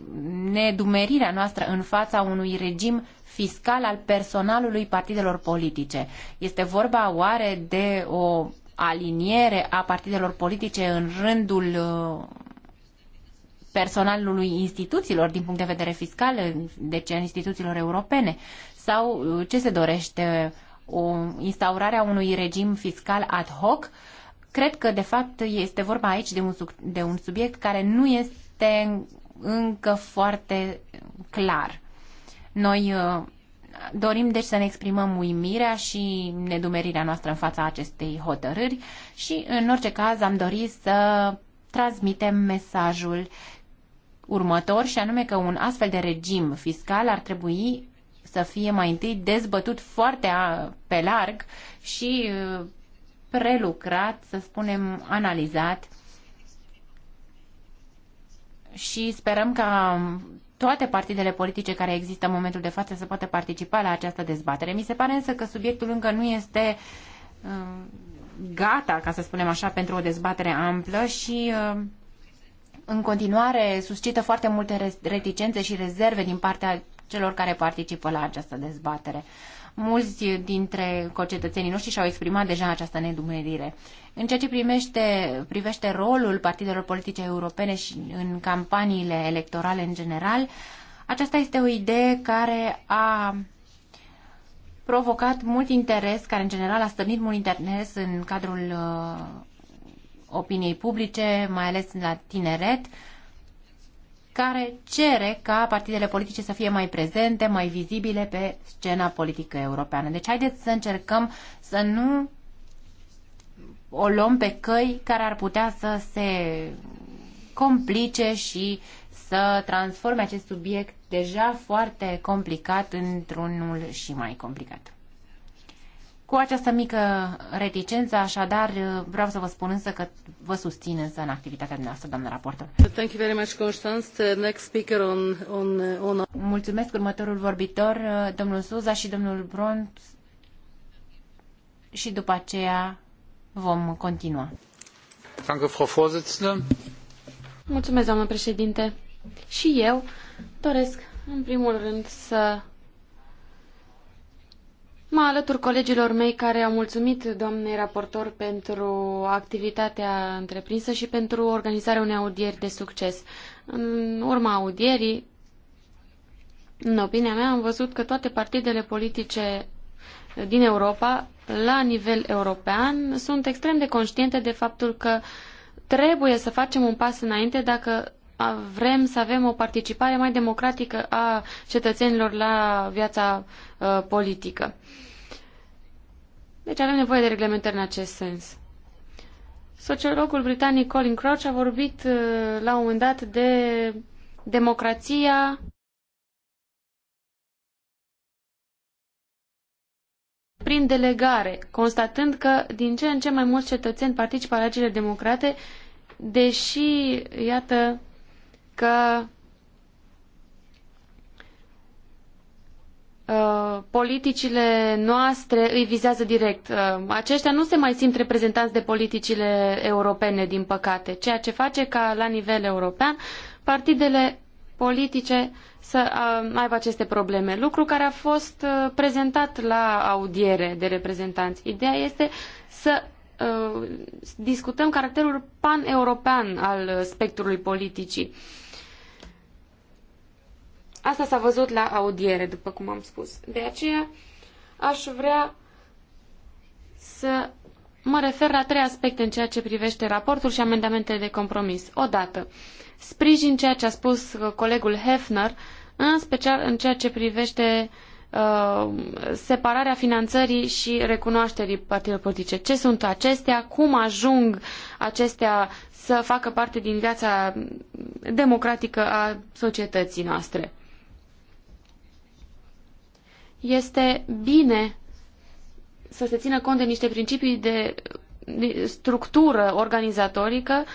nedumerirea noastră în fața unui regim fiscal al personalului partidelor politice. Este vorba oare de o aliniere a partidelor politice în rândul uh, personalului instituțiilor din punct de vedere fiscal, deci în instituțiilor europene? Sau uh, ce se dorește? O instaurarea unui regim fiscal ad hoc? Cred că, de fapt, este vorba aici de un, de un subiect care nu este încă foarte clar. Noi uh, dorim deci să ne exprimăm uimirea și nedumerirea noastră în fața acestei hotărâri și în orice caz am dorit să transmitem mesajul următor și anume că un astfel de regim fiscal ar trebui să fie mai întâi dezbătut foarte pe larg și uh, prelucrat, să spunem, analizat și sperăm ca toate partidele politice care există în momentul de față să poată participa la această dezbatere. Mi se pare însă că subiectul încă nu este um, gata, ca să spunem așa, pentru o dezbatere amplă și um, în continuare suscită foarte multe reticențe și rezerve din partea celor care participă la această dezbatere. Mulți dintre concetățenii noștri și-au exprimat deja această nedumerire. În ceea ce primește, privește rolul partidelor politice europene și în campaniile electorale în general, aceasta este o idee care a provocat mult interes, care în general a stârnit mult interes în cadrul uh, opiniei publice, mai ales la tineret. Uh, care cere ca partidele politice să fie mai prezente, mai vizibile pe scena politică europeană. Deci haideți să încercăm să nu o luăm pe căi care ar putea să se complice și să transforme acest subiect deja foarte complicat într-unul și mai complicat. Cu această mică reticență, așadar, vreau să vă spun însă că vă susțin însă în activitatea noastră, doamnă raportor. Thank you very much, Constance. Next speaker on, on, on... Mulțumesc următorul vorbitor, domnul Suza și domnul Bront și după aceea vom continua. Danke, Frau Vorsitzende. Mulțumesc, doamnă președinte. Și eu doresc, în primul rând, să Mă alătur colegilor mei care au mulțumit doamnei raportor pentru activitatea întreprinsă și pentru organizarea unei audieri de succes. În urma audierii, în opinia mea, am văzut că toate partidele politice din Europa, la nivel european, sunt extrem de conștiente de faptul că trebuie să facem un pas înainte dacă vrem să avem o participare mai democratică a cetățenilor la viața uh, politică. Deci avem nevoie de reglementări în acest sens. Sociologul britanic Colin Crouch a vorbit uh, la un moment dat de democrația prin delegare, constatând că din ce în ce mai mulți cetățeni participă la alegerile democrate, deși, iată, că uh, politicile noastre îi vizează direct. Uh, aceștia nu se mai simt reprezentanți de politicile europene, din păcate, ceea ce face ca, la nivel european, partidele politice să uh, aibă aceste probleme, lucru care a fost prezentat la audiere de reprezentanți. Ideea este să discutăm caracterul pan-european al spectrului politicii. Asta s-a văzut la audiere, după cum am spus. De aceea aș vrea să mă refer la trei aspecte în ceea ce privește raportul și amendamentele de compromis. Odată, sprijin ceea ce a spus colegul Hefner, în special în ceea ce privește uh, separarea finanțării și recunoașterii partidelor politice. Ce sunt acestea? Cum ajung acestea să facă parte din viața democratică a societății noastre? este bine să se țină cont de niște principii de structură organizatorică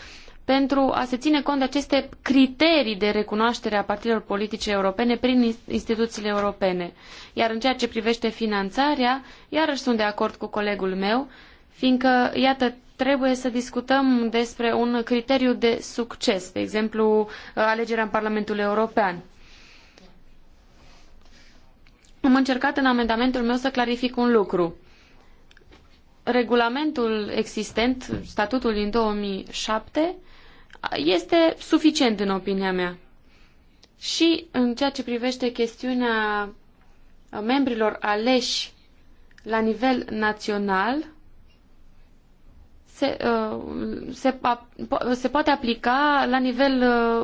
pentru a se ține cont de aceste criterii de recunoaștere a partidelor politice europene prin instituțiile europene. Iar în ceea ce privește finanțarea, iarăși sunt de acord cu colegul meu, fiindcă, iată, trebuie să discutăm despre un criteriu de succes, de exemplu, alegerea în Parlamentul European am încercat în amendamentul meu să clarific un lucru. Regulamentul existent, statutul din 2007, este suficient în opinia mea. Și în ceea ce privește chestiunea membrilor aleși la nivel național, se, uh, se, se poate aplica la nivel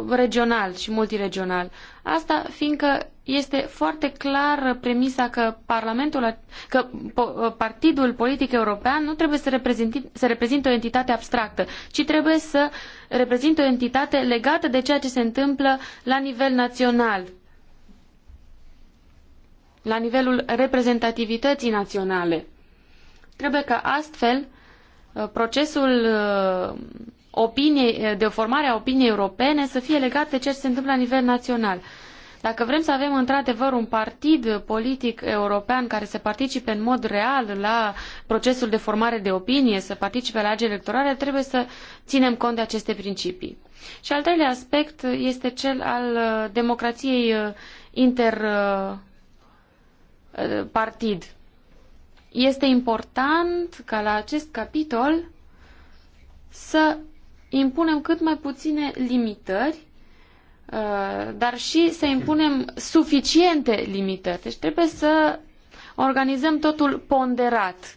uh, regional și multiregional. Asta fiindcă este foarte clar premisa că Parlamentul, că uh, Partidul Politic European nu trebuie să, reprezinte, să reprezinte o entitate abstractă, ci trebuie să reprezinte o entitate legată de ceea ce se întâmplă la nivel național, la nivelul reprezentativității naționale. Trebuie ca astfel Uh, procesul uh, opiniei, uh, de formare a opiniei europene să fie legat de ceea ce se întâmplă la nivel național. Dacă vrem să avem într-adevăr un partid politic european care să participe în mod real la procesul de formare de opinie, să participe la alegerile electorale, trebuie să ținem cont de aceste principii. Și al treilea aspect este cel al democrației interpartid. Este important ca la acest capitol să impunem cât mai puține limitări, uh, dar și să impunem suficiente limitări. Deci trebuie să organizăm totul ponderat.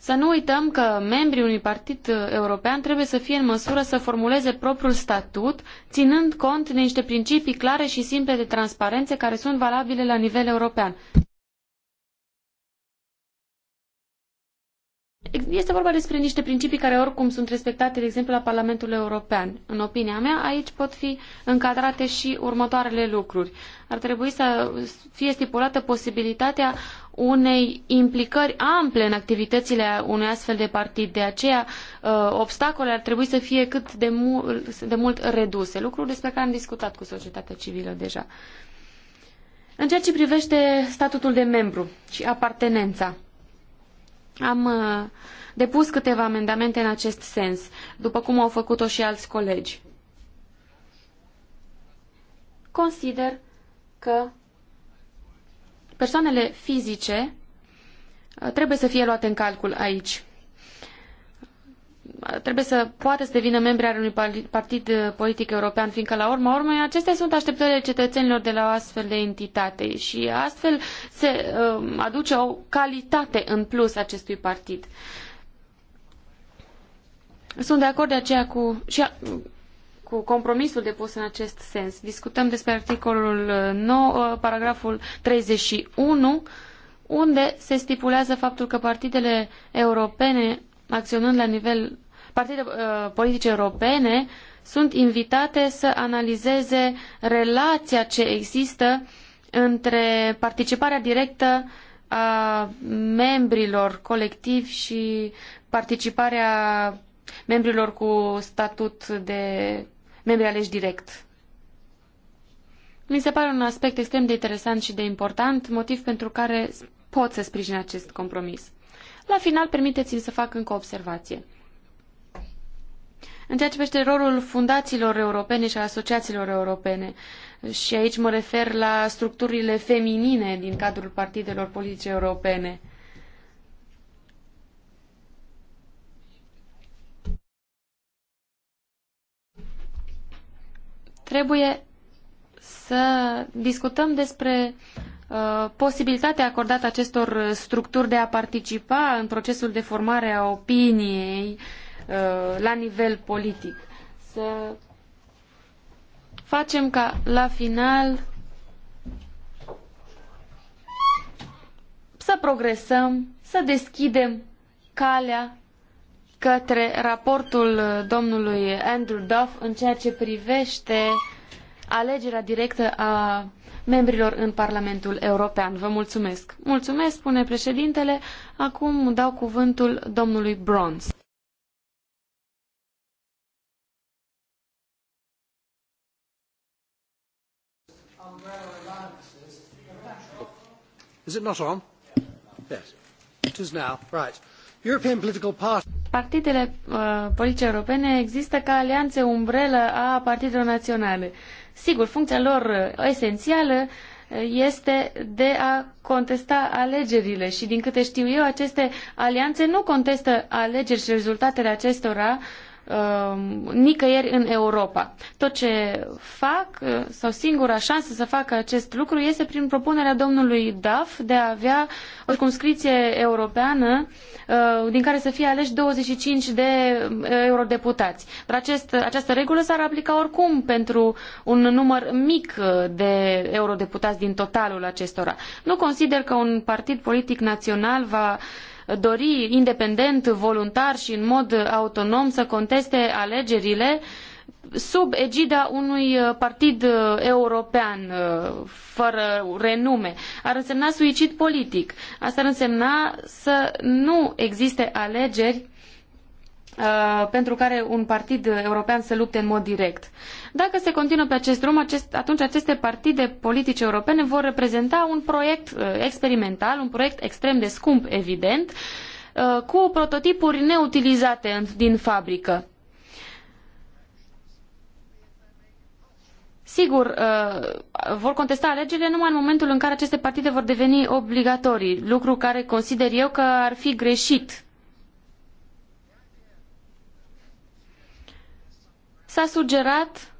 Să nu uităm că membrii unui partid uh, european trebuie să fie în măsură să formuleze propriul statut, ținând cont de niște principii clare și simple de transparență care sunt valabile la nivel european. Este vorba despre niște principii care oricum sunt respectate, de exemplu, la Parlamentul European. În opinia mea, aici pot fi încadrate și următoarele lucruri. Ar trebui să fie stipulată posibilitatea unei implicări ample în activitățile unui astfel de partid. De aceea, uh, obstacolele ar trebui să fie cât de mult, de mult reduse, lucru despre care am discutat cu societatea civilă deja. În ceea ce privește statutul de membru și apartenența, am uh, depus câteva amendamente în acest sens, după cum au făcut-o și alți colegi. Consider că Persoanele fizice uh, trebuie să fie luate în calcul aici. Uh, trebuie să poată să devină membri al unui partid uh, politic european, fiindcă la urma urmei acestea sunt așteptările cetățenilor de la o astfel de entitate și astfel se aduce o calitate în plus acestui partid. Sunt de acord de aceea cu... Și cu compromisul depus în acest sens. Discutăm despre articolul 9, uh, paragraful 31, unde se stipulează faptul că partidele europene, acționând la nivel partide uh, politice europene, sunt invitate să analizeze relația ce există între participarea directă a membrilor colectivi și participarea membrilor cu statut de membri aleși direct. Mi se pare un aspect extrem de interesant și de important, motiv pentru care pot să sprijin acest compromis. La final, permiteți-mi să fac încă o observație. În ceea ce privește rolul fundațiilor europene și a asociațiilor europene, și aici mă refer la structurile feminine din cadrul partidelor politice europene, trebuie să discutăm despre uh, posibilitatea acordată acestor structuri de a participa în procesul de formare a opiniei uh, la nivel politic. Să facem ca la final să progresăm, să deschidem calea către raportul domnului Andrew Duff în ceea ce privește alegerea directă a membrilor în Parlamentul European. Vă mulțumesc. Mulțumesc, spune președintele. Acum dau cuvântul domnului Bronze. Is it not on? Yes. It is now. Right. Partidele uh, politice europene există ca alianțe umbrelă a partidelor naționale. Sigur, funcția lor uh, esențială uh, este de a contesta alegerile și din câte știu eu, aceste alianțe nu contestă alegeri și rezultatele acestora uh, Um, nicăieri în Europa. Tot ce fac, uh, sau singura șansă să facă acest lucru, este prin propunerea domnului Duff de a avea o circumscriție europeană uh, din care să fie aleși 25 de uh, eurodeputați. Dar acest, această regulă s-ar aplica oricum pentru un număr mic de eurodeputați din totalul acestora. Nu consider că un partid politic național va dori independent, voluntar și în mod autonom să conteste alegerile sub egida unui uh, partid uh, european uh, fără renume. Ar însemna suicid politic. Asta ar însemna să nu existe alegeri Uh, pentru care un partid european să lupte în mod direct. Dacă se continuă pe acest drum, acest, atunci aceste partide politice europene vor reprezenta un proiect uh, experimental, un proiect extrem de scump, evident, uh, cu prototipuri neutilizate din fabrică. Sigur, vor contesta alegerile numai în momentul în care aceste partide vor deveni obligatorii, lucru care consider eu că ar fi greșit s-a sugerat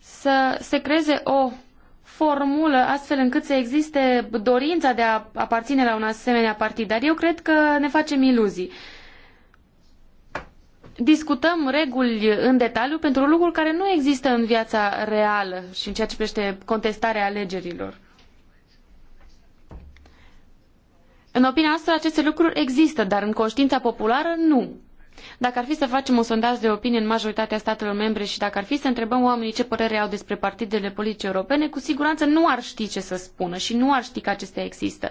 să se creeze o formulă astfel încât să existe dorința de a aparține la un asemenea partid, dar eu cred că ne facem iluzii. Discutăm reguli în detaliu pentru lucruri care nu există în viața reală și în ceea ce privește contestarea alegerilor. În opinia noastră, aceste lucruri există, dar în conștiința populară nu. Dacă ar fi să facem un sondaj de opinie în majoritatea statelor membre și dacă ar fi să întrebăm oamenii ce părere au despre partidele politice europene, cu siguranță nu ar ști ce să spună și nu ar ști că acestea există.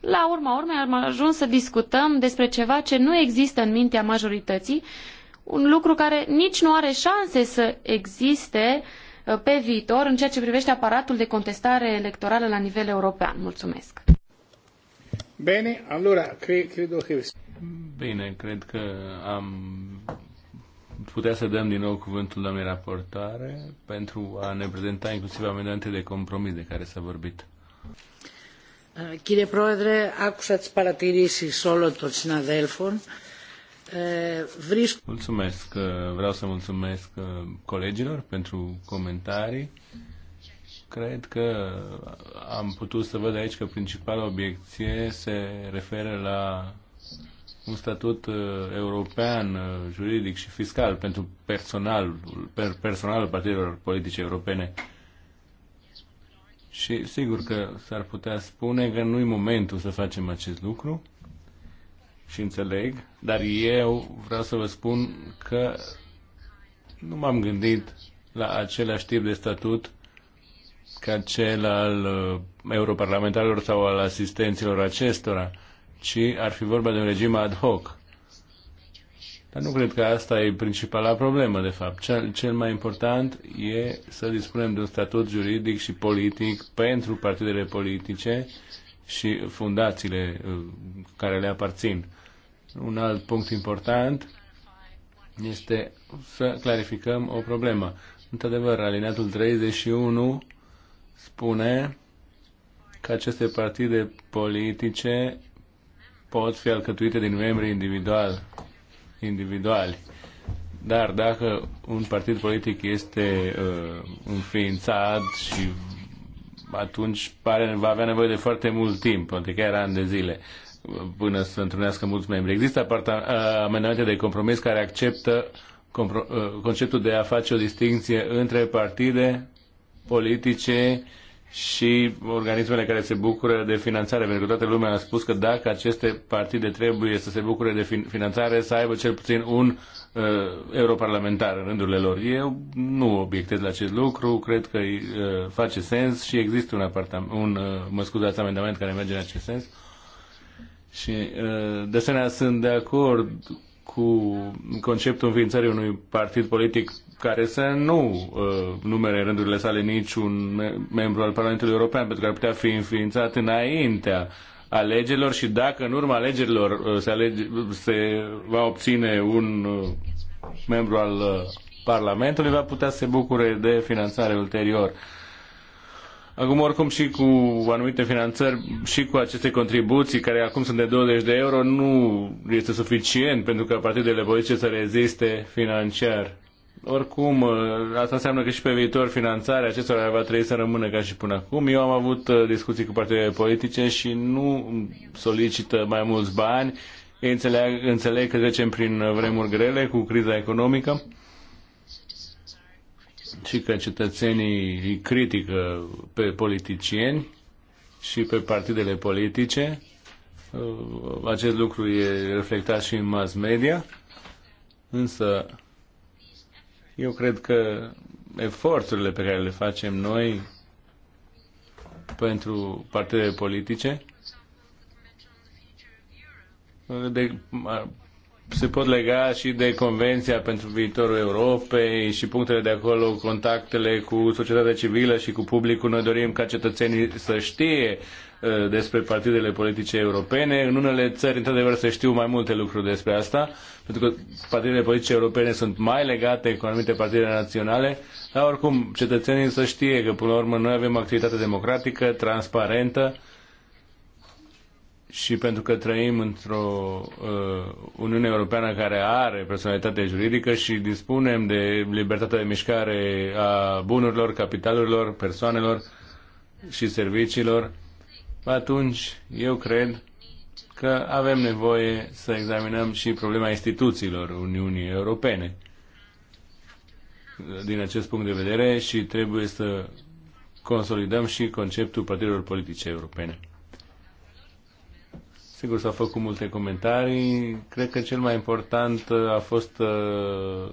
La urma urmei am ajuns să discutăm despre ceva ce nu există în mintea majorității, un lucru care nici nu are șanse să existe uh, pe viitor în ceea ce privește aparatul de contestare electorală la nivel european. Mulțumesc! Bine, allora, cre credo che Bine, cred că am putea să dăm din nou cuvântul doamnei raportoare pentru a ne prezenta inclusiv amendamente de compromis de care s-a vorbit. Κύριε Πρόεδρε, άκουσα τις παρατηρήσεις όλων των συναδέλφων. Mulțumesc, eh, vreau să mulțumesc eh, colegilor pentru comentarii. Cred că am putut să văd aici că principala obiecție se referă la un statut uh, european, uh, juridic și fiscal pentru personal, per, personalul partidelor politice europene. Și sigur că s-ar putea spune că nu-i momentul să facem acest lucru și înțeleg, dar eu vreau să vă spun că nu m-am gândit la același tip de statut ca cel al uh, europarlamentarilor sau al asistenților acestora. Uh, ci ar fi vorba de un regim ad hoc. Dar nu cred că asta e principala problemă, de fapt. Cel, cel mai important e să dispunem de un statut juridic și politic pentru partidele politice și fundațiile uh, care le aparțin. Un alt punct important este să clarificăm o problemă. Într-adevăr, alineatul 31 spune că aceste partide politice pot fi alcătuite din membri individual, individuali. Dar dacă un partid politic este uh, înființat și atunci pare, va avea nevoie de foarte mult timp, poate chiar ani de zile, până să întrunească mulți membri. Există aparta, uh, amendamente de compromis care acceptă compro, uh, conceptul de a face o distinție între partide politice și organismele care se bucură de finanțare, pentru că toată lumea a spus că dacă aceste partide trebuie să se bucure de finanțare, să aibă cel puțin un uh, europarlamentar în rândurile lor. Eu nu obiectez la acest lucru, cred că uh, face sens și există un, apartam- un uh, mă scuzați, amendament care merge în acest sens. Și uh, de asemenea sunt de acord cu conceptul înființării unui partid politic care să nu uh, numere în rândurile sale niciun membru al Parlamentului European, pentru că ar putea fi înființat înaintea alegerilor și dacă în urma alegerilor uh, se, alege, se va obține un uh, membru al uh, Parlamentului, va putea să se bucure de finanțare ulterior. Acum, oricum, și cu anumite finanțări, și cu aceste contribuții, care acum sunt de 20 de euro, nu este suficient pentru că partidele politice să reziste financiar. Oricum, ă, asta înseamnă că și pe viitor finanțarea acestor va trebui să rămână ca și până acum. Eu am avut ă, discuții cu partidele politice și nu solicită mai mulți bani. Ei înțeleg, înțeleg că trecem prin vremuri grele cu criza economică și că cetățenii îi critică pe politicieni și pe partidele politice. Ă, acest lucru e reflectat și în mass media, însă eu cred că eforturile pe care le facem noi pentru partidele politice de, se pot lega și de Convenția pentru viitorul Europei și punctele de acolo, contactele cu societatea civilă și cu publicul. Noi dorim ca cetățenii să știe uh, despre partidele politice europene. În unele țări, într-adevăr, se știu mai multe lucruri despre asta, pentru că partidele politice europene sunt mai legate cu anumite partide naționale, dar oricum cetățenii să știe că, până la urmă, noi avem activitate democratică, transparentă, și pentru că trăim într-o uh, Uniune Europeană care are personalitate juridică și dispunem de libertatea de mișcare a bunurilor, capitalurilor, persoanelor și serviciilor, atunci eu cred că avem nevoie să examinăm și problema instituțiilor Uniunii Europene din acest punct de vedere și trebuie să consolidăm și conceptul partidelor politice europene. Sigur, s-au făcut multe comentarii. Cred că cel mai important uh, a fost, uh,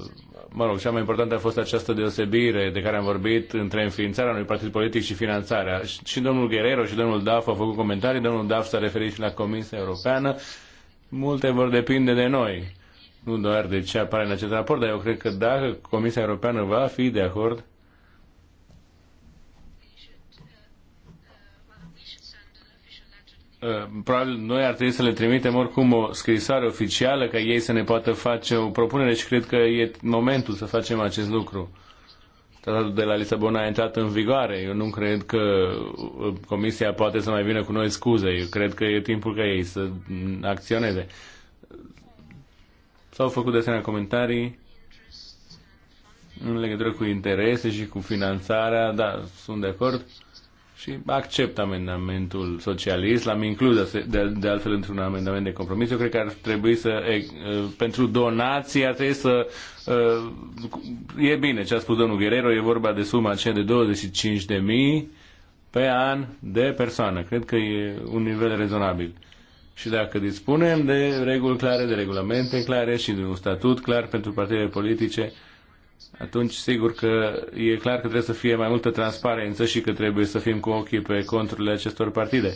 mă rog, cea mai importantă a fost această deosebire de care am vorbit între înființarea unui partid politic și finanțarea. Și domnul Guerrero și domnul Daf au făcut comentarii, domnul Daf s-a referit și la Comisia Europeană. Multe vor depinde de noi, nu doar de ce apare în acest raport, dar eu cred că dacă Comisia Europeană va fi de acord Eh, probabil noi ar trebui să le trimitem oricum o scrisoare oficială ca ei să ne poată face o propunere și cred că e momentul să facem acest lucru. Tratatul de la Lisabona a intrat în vigoare. Eu nu cred că uh, Comisia poate să mai vină cu noi scuze. Eu cred că e timpul ca ei să acționeze. S-au făcut de asemenea comentarii în legătură cu interese și cu finanțarea. Da, sunt de acord. Uh, și accept amendamentul socialist, l-am inclus de, de altfel într-un amendament de compromis. Eu cred că ar trebui să, pentru donații, ar trebui să. E bine ce a spus domnul Guerrero, e vorba de suma aceea de 25.000 pe an de persoană. Cred că e un nivel rezonabil. Și dacă dispunem de reguli clare, de regulamente clare și de un statut clar pentru partidele politice, atunci sigur că e clar că trebuie să fie mai multă transparență și că trebuie să fim cu ochii pe conturile acestor partide.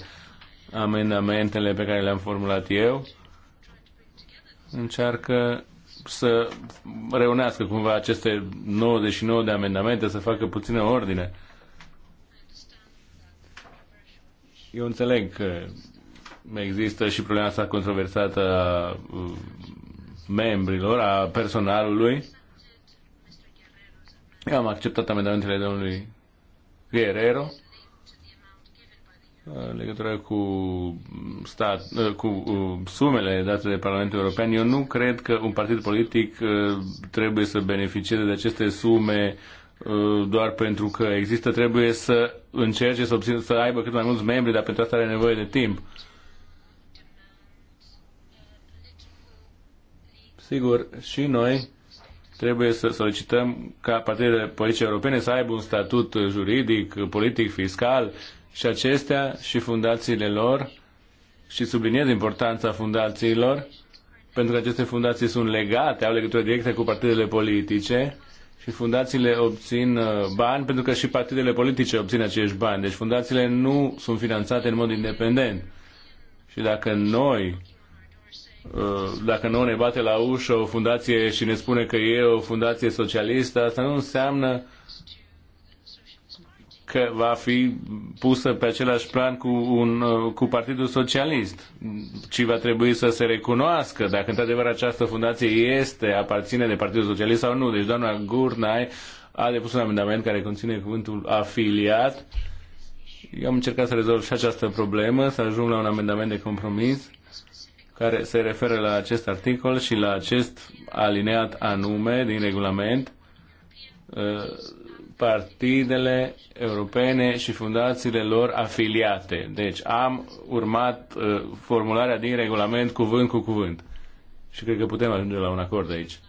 Amendamentele pe care le-am formulat eu încearcă să reunească cumva aceste 99 de amendamente, să facă puțină ordine. Eu înțeleg că există și problema asta controversată a membrilor, a personalului, eu am acceptat amendamentele domnului Guerrero uh, în legătură cu, stat, uh, cu uh, sumele date de Parlamentul European. Eu nu cred că un partid politic trebuie să beneficieze de aceste sume doar pentru că există, trebuie să încerce să, obțin, să aibă cât mai mulți membri, dar pentru asta are nevoie de timp. Sigur, și noi trebuie să solicităm ca partidele politice europene să aibă un statut juridic, politic, fiscal și acestea și fundațiile lor și subliniez importanța fundațiilor pentru că aceste fundații sunt legate, au legătură directă cu partidele politice și fundațiile obțin uh, bani pentru că și partidele politice obțin acești bani. Deci fundațiile nu sunt finanțate în mod independent. Și dacă noi Uh, dacă nu ne bate la ușă o fundație și ne spune că e o fundație socialistă, asta nu înseamnă că va fi pusă pe același plan cu, un, uh, cu Partidul Socialist, ci va trebui să se recunoască dacă într-adevăr această fundație este, aparține de Partidul Socialist sau nu. Deci doamna Gurnai a depus un amendament care conține cuvântul afiliat. Eu am încercat să rezolv și această problemă, să ajung la un amendament de compromis care se referă la acest articol și la acest alineat anume din regulament uh, partidele europene și fundațiile lor afiliate. Deci am urmat uh, formularea din regulament cuvânt cu cuvânt. Și cred că putem ajunge la un acord aici.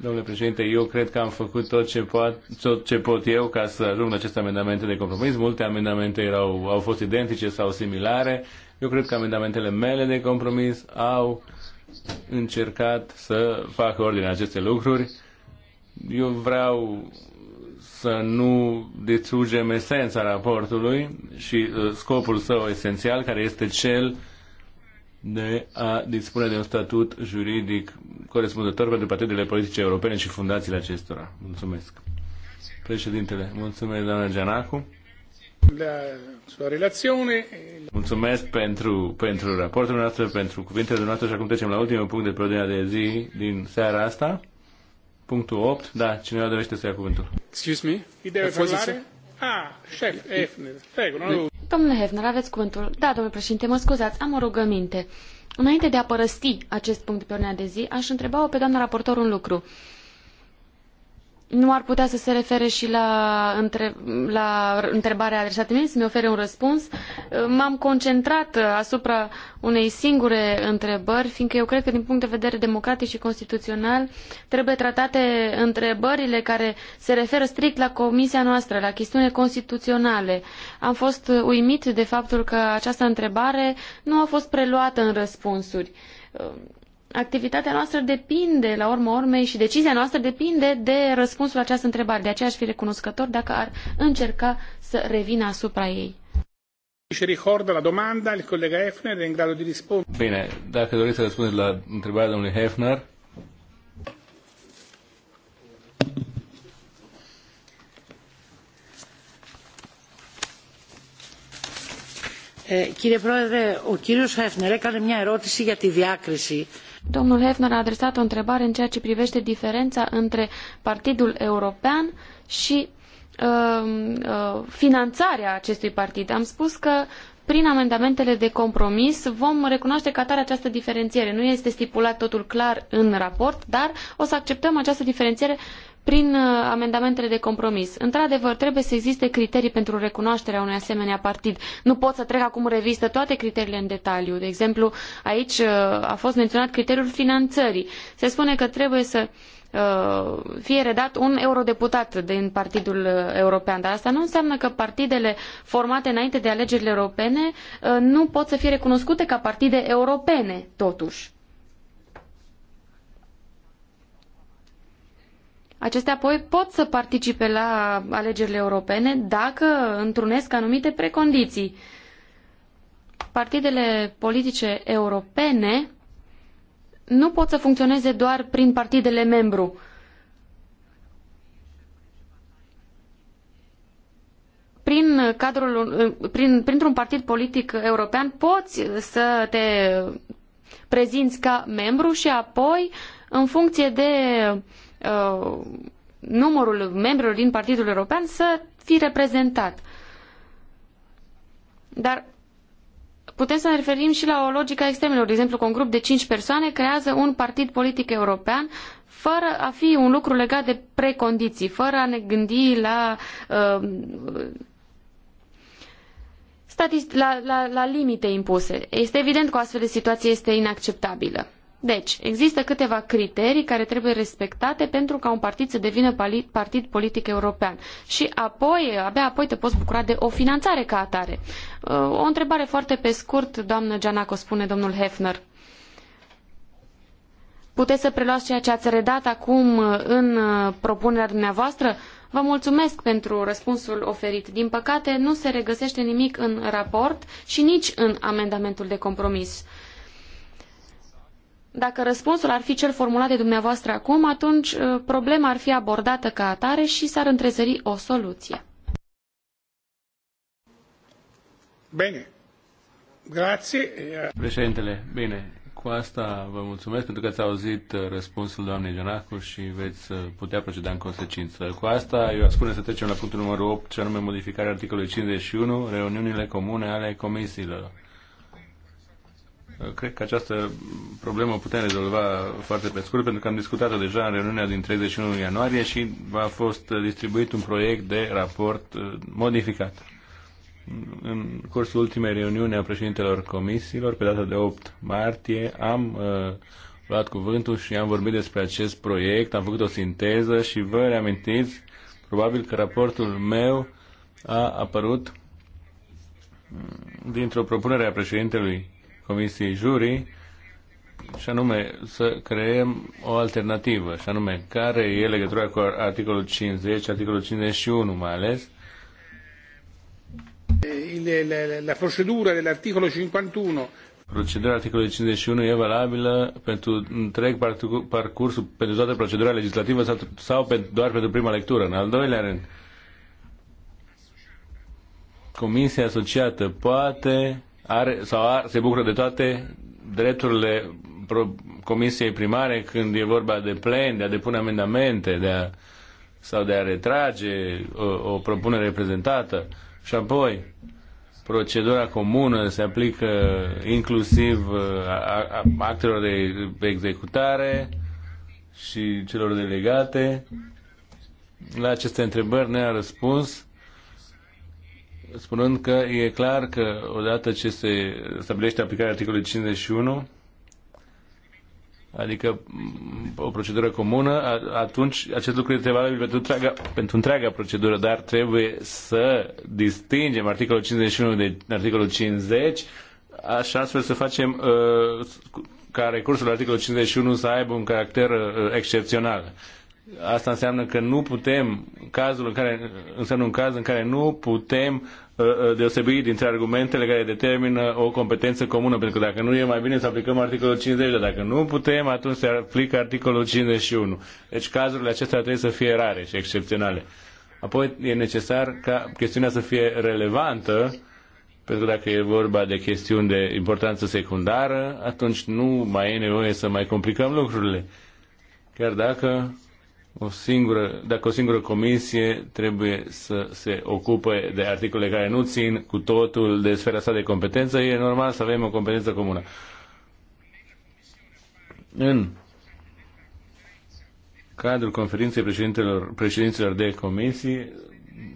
Domnule președinte, eu cred că am făcut tot ce, pot, tot ce pot eu ca să ajung la aceste amendamente de compromis. Multe amendamente erau, au fost identice sau similare eu cred că amendamentele mele de compromis au încercat să facă ordine aceste lucruri. Eu vreau să nu distrugem esența raportului și uh, scopul său esențial, care este cel de a dispune de un statut juridic corespunzător pentru partidele politice europene și fundațiile acestora. Mulțumesc. Președintele, mulțumesc, doamna Gianacu sua relazione. Mulțumesc pentru, pentru raportul nostru, pentru cuvintele noastre și acum trecem la ultimul punct de pe de zi din seara asta. Punctul 8, da, cineva dorește să ia cuvântul. Excuse me? Idee parlare? Ah, șef, Hefner, Domnule Hefner, aveți cuvântul. Da, domnule președinte, mă scuzați, am o rugăminte. Înainte de a părăsti acest punct pe ordinea de zi, aș întreba-o pe doamna raportor un lucru nu ar putea să se refere și la, între, la întrebarea adresată mie, să mi ofere un răspuns. M-am concentrat asupra unei singure întrebări, fiindcă eu cred că din punct de vedere democratic și constituțional trebuie tratate întrebările care se referă strict la comisia noastră, la chestiune constituționale. Am fost uimit de faptul că această întrebare nu a fost preluată în răspunsuri activitatea noastră depinde, la urmă urmei, și decizia noastră depinde de răspunsul la această întrebare. De aceea aș fi recunoscător dacă ar încerca să revină asupra ei. Și ricordă la domanda, il colega Hefner e în grado de răspunde. Bine, dacă doriți să răspundeți la întrebarea domnului Hefner. Eh, κύριε Πρόεδρε, ο κύριος Χέφνερ έκανε μια ερώτηση για τη διάκριση Domnul Hefner a adresat o întrebare în ceea ce privește diferența între Partidul European și uh, uh, finanțarea acestui partid. Am spus că prin amendamentele de compromis vom recunoaște ca atare această diferențiere. Nu este stipulat totul clar în raport, dar o să acceptăm această diferențiere prin uh, amendamentele de compromis. Într-adevăr, trebuie să existe criterii pentru recunoașterea unui asemenea partid. Nu pot să trec acum în revistă toate criteriile în detaliu. De exemplu, aici uh, a fost menționat criteriul finanțării. Se spune că trebuie să uh, fie redat un eurodeputat din Partidul European. Dar asta nu înseamnă că partidele formate înainte de alegerile europene nu pot să fie recunoscute ca partide europene, totuși. Acestea apoi pot să participe la alegerile europene dacă întrunesc anumite precondiții. Partidele politice europene nu pot să funcționeze doar prin partidele membru. Prin cadrul, prin, printr-un partid politic european poți să te prezinți ca membru și apoi, în funcție de Uh, numărul membrilor din Partidul European să fi reprezentat. Dar putem să ne referim și la o logică a extremelor. De exemplu, că un grup de cinci persoane creează un partid politic european fără a fi un lucru legat de precondiții, fără a ne gândi la, uh, la, la, la limite impuse. Este evident că o astfel de situație este inacceptabilă. Deci, există câteva criterii care trebuie respectate pentru ca un partid să devină partid politic european. Și apoi, abia apoi te poți bucura de o finanțare ca atare. Uh, o întrebare foarte pe scurt, doamnă Gianaco, spune domnul Hefner. Puteți să preluați ceea ce ați redat acum în uh, propunerea dumneavoastră? Vă mulțumesc pentru răspunsul oferit. Din păcate, nu se regăsește nimic în raport și nici în amendamentul de compromis. Dacă răspunsul ar fi cel formulat de dumneavoastră acum, atunci uh, problema ar fi abordată ca atare și s-ar întrezări o soluție. Bine. Grazie. Președintele, bine. Cu asta vă mulțumesc pentru că ați auzit uh, răspunsul doamnei Gianacu și veți uh, putea proceda în consecință. Cu asta eu aș spune să trecem la punctul numărul 8, ce anume modificarea articolului 51, reuniunile comune ale comisiilor. Cred că această problemă putem rezolva foarte pe scurt, pentru că am discutat-o deja în reuniunea din 31 ianuarie și a fost distribuit un proiect de raport uh, modificat. În cursul ultimei reuniuni a președintelor comisiilor, pe data de 8 martie, am uh, luat cuvântul și am vorbit despre acest proiect, am făcut o sinteză și vă reamintiți, probabil că raportul meu a apărut uh, dintr-o propunere a președintelui Comisiei Jurii, și anume să creăm o alternativă, și anume care e legătura cu articolul 50, articolul 51 mai ales. Eh, la procedură dell'articolo 51 Procedura articolului 51 e valabilă pentru întreg parcursul, pentru toată procedura legislativă sau, sau pe, doar pentru prima lectură. În al doilea rând, comisia asociată poate are, sau are, se bucură de toate drepturile Comisiei Primare când e vorba de plen, de a depune amendamente, de a, sau de a retrage o, o propunere reprezentată Și apoi, procedura comună se aplică inclusiv uh, actelor de executare și celor delegate. La aceste întrebări ne-a răspuns spunând că e clar că odată ce se stabilește aplicarea articolului 51, adică mm, o procedură comună, atunci acest lucru este valabil pentru întreaga, pentru întreaga procedură, dar trebuie să distingem articolul 51 de articolul 50, așa astfel să facem uh, ca recursul articolul 51 să aibă un caracter uh, excepțional asta înseamnă că nu putem, cazul în care, înseamnă un caz în care nu putem uh, uh, deosebi dintre argumentele care determină o competență comună, pentru că dacă nu e mai bine să aplicăm articolul 50, dacă nu putem, atunci se aplică articolul 51. Deci cazurile acestea trebuie să fie rare și excepționale. Apoi e necesar ca chestiunea să fie relevantă, pentru că dacă e vorba de chestiuni de importanță secundară, atunci nu mai e nevoie să mai complicăm lucrurile. Chiar dacă o singură, dacă o singură comisie trebuie să se ocupe de articole care nu țin cu totul de sfera sa de competență, e normal să avem o competență comună. În cadrul conferinței președintelor, președinților de comisii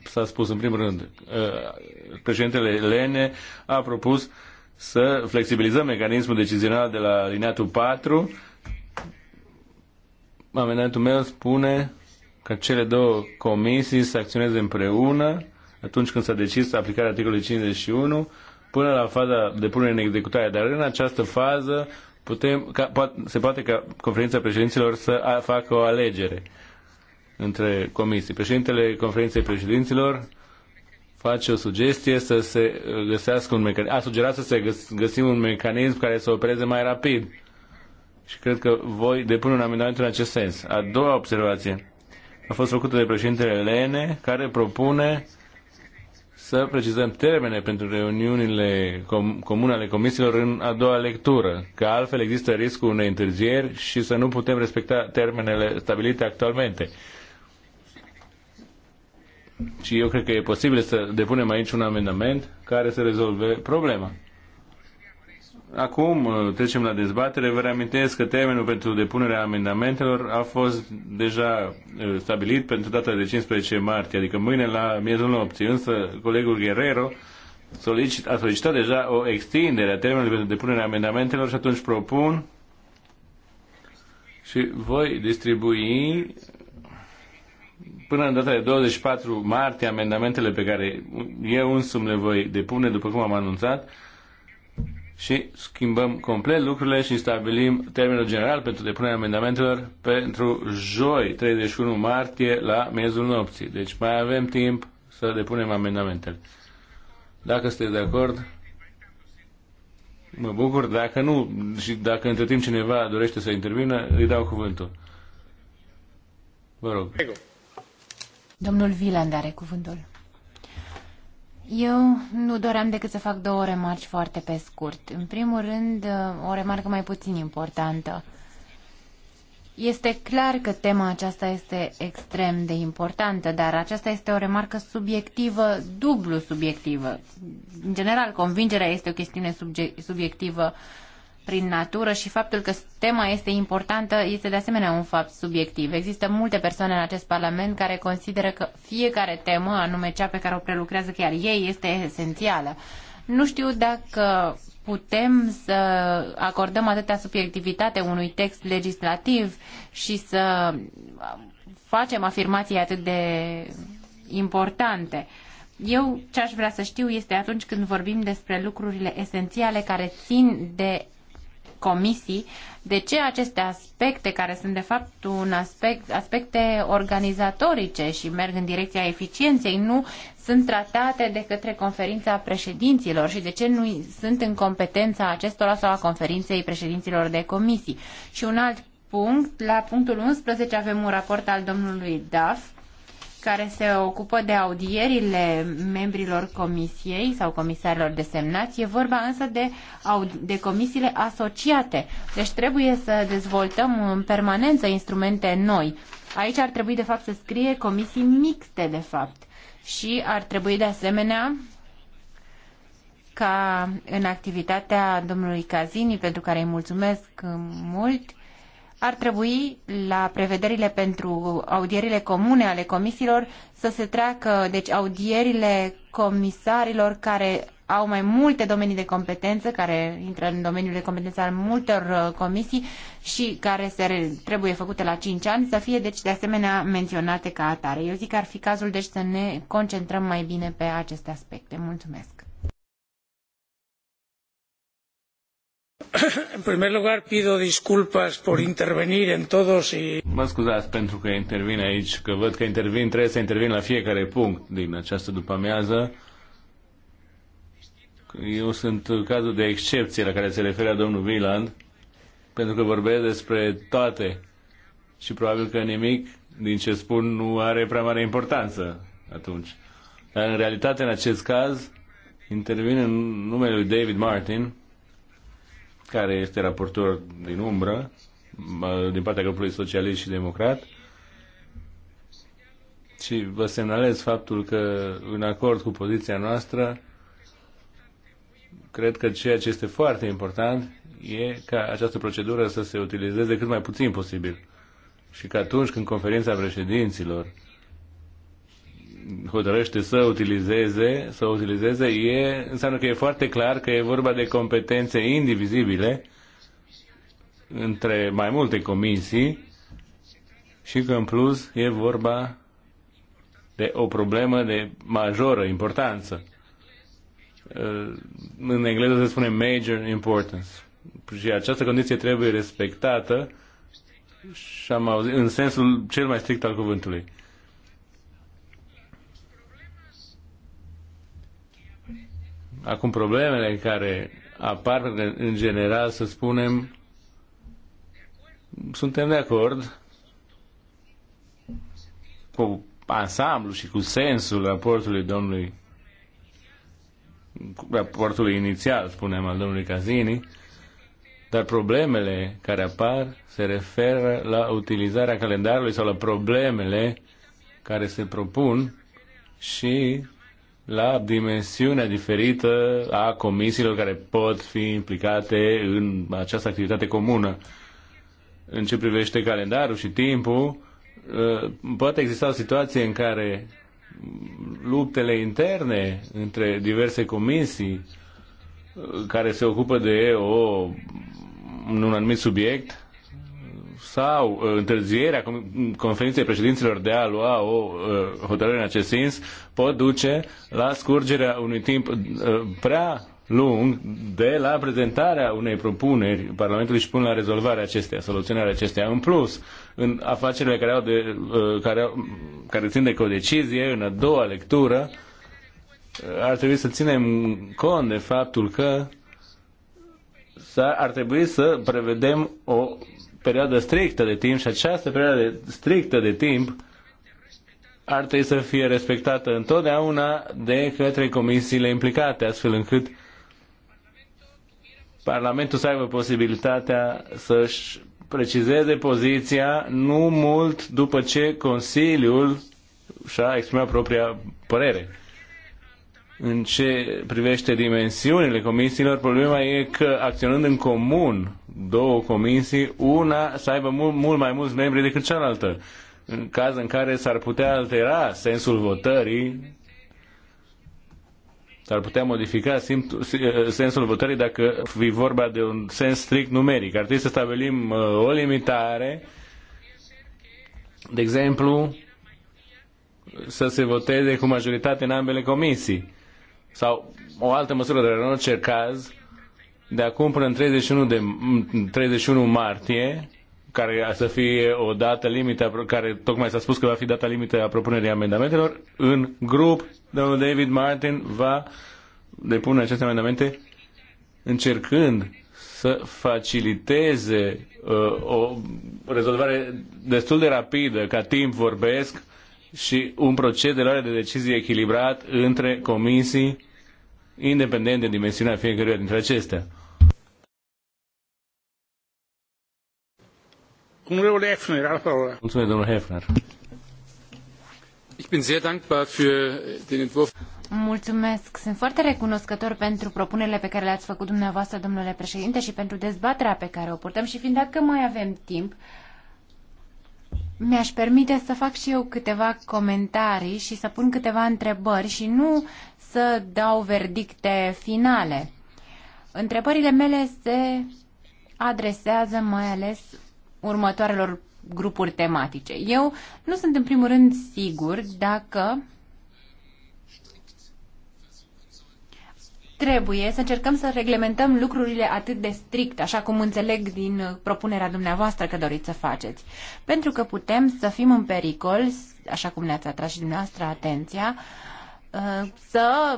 s-a spus în primul rând, ă, președintele Lene a propus să flexibilizăm mecanismul decizional de la alineatul 4 amendamentul meu spune că cele două comisii să acționeze împreună atunci când s-a decis aplicarea articolului 51 până la faza de punere în executare. Dar în această fază putem, ca, poate, se poate ca conferința președinților să a, facă o alegere între comisii. Președintele conferinței președinților face o sugestie să se uh, găsească un mecanism, a sugerat să se găs, găsim un mecanism care să opereze mai rapid și cred că voi depune un amendament în acest sens. A doua observație a fost făcută de președintele Lene, care propune să precizăm termene pentru reuniunile com- comune ale comisiilor în a doua lectură, că altfel există riscul unei întârzieri și să nu putem respecta termenele stabilite actualmente. Și eu cred că e posibil să depunem aici un amendament care să rezolve problema. Acum uh, trecem la dezbatere. Vă reamintesc că termenul pentru depunerea amendamentelor a fost deja uh, stabilit pentru data de 15 martie, adică mâine la miezul nopții. Însă colegul Guerrero solicit, a solicitat deja o extindere a termenului pentru depunerea amendamentelor și atunci propun și voi distribui până în data de 24 martie amendamentele pe care eu însumi le voi depune, după cum am anunțat, și schimbăm complet lucrurile și stabilim termenul general pentru depunerea amendamentelor pentru joi, 31 martie, la miezul nopții. Deci mai avem timp să depunem amendamentele. Dacă sunteți de acord, mă bucur. Dacă nu, și dacă între timp cineva dorește să intervină, îi dau cuvântul. Vă rog. Domnul Viland are cuvântul. Eu nu doream decât să fac două remarci foarte pe scurt. În primul rând, o remarcă mai puțin importantă. Este clar că tema aceasta este extrem de importantă, dar aceasta este o remarcă subiectivă, dublu subiectivă. În general, convingerea este o chestiune subiectivă prin natură și faptul că tema este importantă este de asemenea un fapt subiectiv. Există multe persoane în acest Parlament care consideră că fiecare temă, anume cea pe care o prelucrează chiar ei, este esențială. Nu știu dacă putem să acordăm atâta subiectivitate unui text legislativ și să facem afirmații atât de importante. Eu ce aș vrea să știu este atunci când vorbim despre lucrurile esențiale care țin de comisii, de ce aceste aspecte, care sunt de fapt un aspect, aspecte organizatorice și merg în direcția eficienței, nu sunt tratate de către conferința președinților și de ce nu sunt în competența acestora sau a conferinței președinților de comisii. Și un alt punct, la punctul 11 avem un raport al domnului Duff, care se ocupă de audierile membrilor comisiei sau comisarilor desemnați. E vorba însă de, de comisiile asociate. Deci trebuie să dezvoltăm în permanență instrumente noi. Aici ar trebui de fapt să scrie comisii mixte de fapt și ar trebui de asemenea ca în activitatea domnului Cazini, pentru care îi mulțumesc mult, ar trebui la prevederile pentru audierile comune ale comisiilor să se treacă, deci audierile comisarilor care au mai multe domenii de competență, care intră în domeniul de competență al multor uh, comisii și care se trebuie făcute la 5 ani, să fie deci de asemenea menționate ca atare. Eu zic că ar fi cazul deci să ne concentrăm mai bine pe aceste aspecte. Mulțumesc! În primul lugar, pido disculpas por intervenir en todos y... Mă scuzați pentru că intervin aici, că văd că intervin, trebuie să intervin la fiecare punct din această după-amiază. Eu sunt cazul de excepție la care se referea domnul Wieland, pentru că vorbesc despre toate și probabil că nimic din ce spun nu are prea mare importanță atunci. Dar în realitate, în acest caz, intervin în numele lui David Martin, care este raportor din umbră, din partea grupului socialist și democrat. Și vă semnalez faptul că, în acord cu poziția noastră, cred că ceea ce este foarte important e ca această procedură să se utilizeze cât mai puțin posibil. Și că atunci când conferința președinților hotărăște să utilizeze, să utilizeze e, înseamnă că e foarte clar că e vorba de competențe indivizibile între mai multe comisii și că în plus e vorba de o problemă de majoră importanță. În engleză se spune major importance. Și această condiție trebuie respectată și am auzit, în sensul cel mai strict al cuvântului. Acum, problemele care apar în general, să spunem, suntem de acord cu ansamblu și cu sensul raportului domnului raportului inițial, spunem, al domnului Casini, dar problemele care apar se referă la utilizarea calendarului sau la problemele care se propun și la dimensiunea diferită a comisiilor care pot fi implicate în această activitate comună. În ce privește calendarul și timpul, uh, poate exista o situație în care luptele interne între diverse comisii uh, care se ocupă de o, un anumit subiect sau uh, întârzierea conferinței președinților de a lua o uh, hotărâre în acest sens pot duce la scurgerea unui timp uh, prea lung de la prezentarea unei propuneri Parlamentului și până la rezolvarea acesteia, soluționarea acesteia. În plus, în afacerile care, au de, care, au, care țin de codecizie, în a doua lectură, ar trebui să ținem cont de faptul că ar trebui să prevedem o perioadă strictă de timp și această perioadă strictă de timp ar trebui să fie respectată întotdeauna de către comisiile implicate, astfel încât Parlamentul să aibă posibilitatea să-și precizeze poziția nu mult după ce Consiliul și-a exprimat propria părere. În ce privește dimensiunile comisiilor, problema e că acționând în comun două comisii, una să aibă mult, mult mai mulți membri decât cealaltă, în caz în care s-ar putea altera sensul votării, s-ar putea modifica sensul votării dacă fi vorba de un sens strict numeric. Ar trebui să stabilim uh, o limitare, de exemplu, să se voteze cu majoritate în ambele comisii. Sau o altă măsură, dar în orice caz, de acum până în 31, de, 31 martie, care să fie o dată limită, care tocmai s-a spus că va fi data limită a propunerii amendamentelor, în grup, domnul David Martin va depune aceste amendamente încercând să faciliteze uh, o rezolvare destul de rapidă, ca timp vorbesc, și un proces de luare de decizie echilibrat între comisii, independent de dimensiunea fiecăruia dintre acestea. Domnule Hefner, la parola. Mulțumesc, domnul Hefner. Ich bin sehr dankbar für den Entwurf. Mulțumesc. Sunt foarte recunoscător pentru propunerile pe care le-ați făcut dumneavoastră, domnule președinte, și pentru dezbaterea pe care o purtăm și fiind dacă mai avem timp, mi-aș permite să fac și eu câteva comentarii și să pun câteva întrebări și nu să dau verdicte finale. Întrebările mele se adresează mai ales următoarelor grupuri tematice. Eu nu sunt în primul rând sigur dacă trebuie să încercăm să reglementăm lucrurile atât de strict, așa cum înțeleg din propunerea dumneavoastră că doriți să faceți. Pentru că putem să fim în pericol, așa cum ne-ați atras și dumneavoastră atenția, uh, să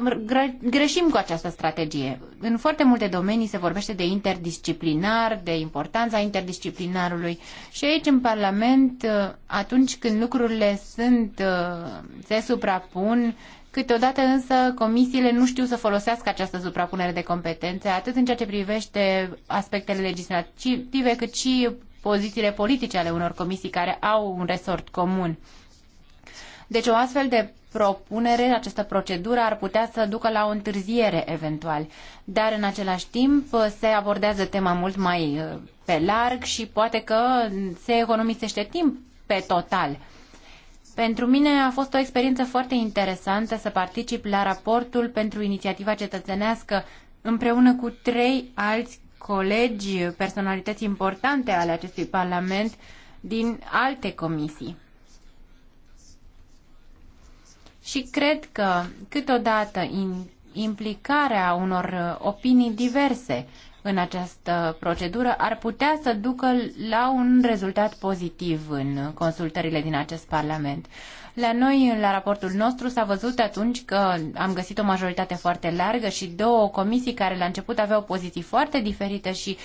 greșim cu această strategie. În foarte multe domenii se vorbește de interdisciplinar, de importanța interdisciplinarului și aici în Parlament, atunci când lucrurile sunt, se suprapun, câteodată însă comisiile nu știu să folosească această suprapunere de competențe, atât în ceea ce privește aspectele legislative, cât și pozițiile politice ale unor comisii care au un resort comun. Deci o astfel de propunere, această procedură ar putea să ducă la o întârziere eventual. Dar în același timp se abordează tema mult mai uh, pe larg și poate că se economisește timp pe total. Pentru mine a fost o experiență foarte interesantă să particip la raportul pentru inițiativa cetățenească împreună cu trei alți colegi, personalități importante ale acestui parlament din alte comisii și cred că câteodată implicarea unor uh, opinii diverse în această procedură ar putea să ducă la un rezultat pozitiv în consultările din acest Parlament. La noi, la raportul nostru, s-a văzut atunci că am găsit o majoritate foarte largă și două comisii care la început aveau poziții foarte diferite și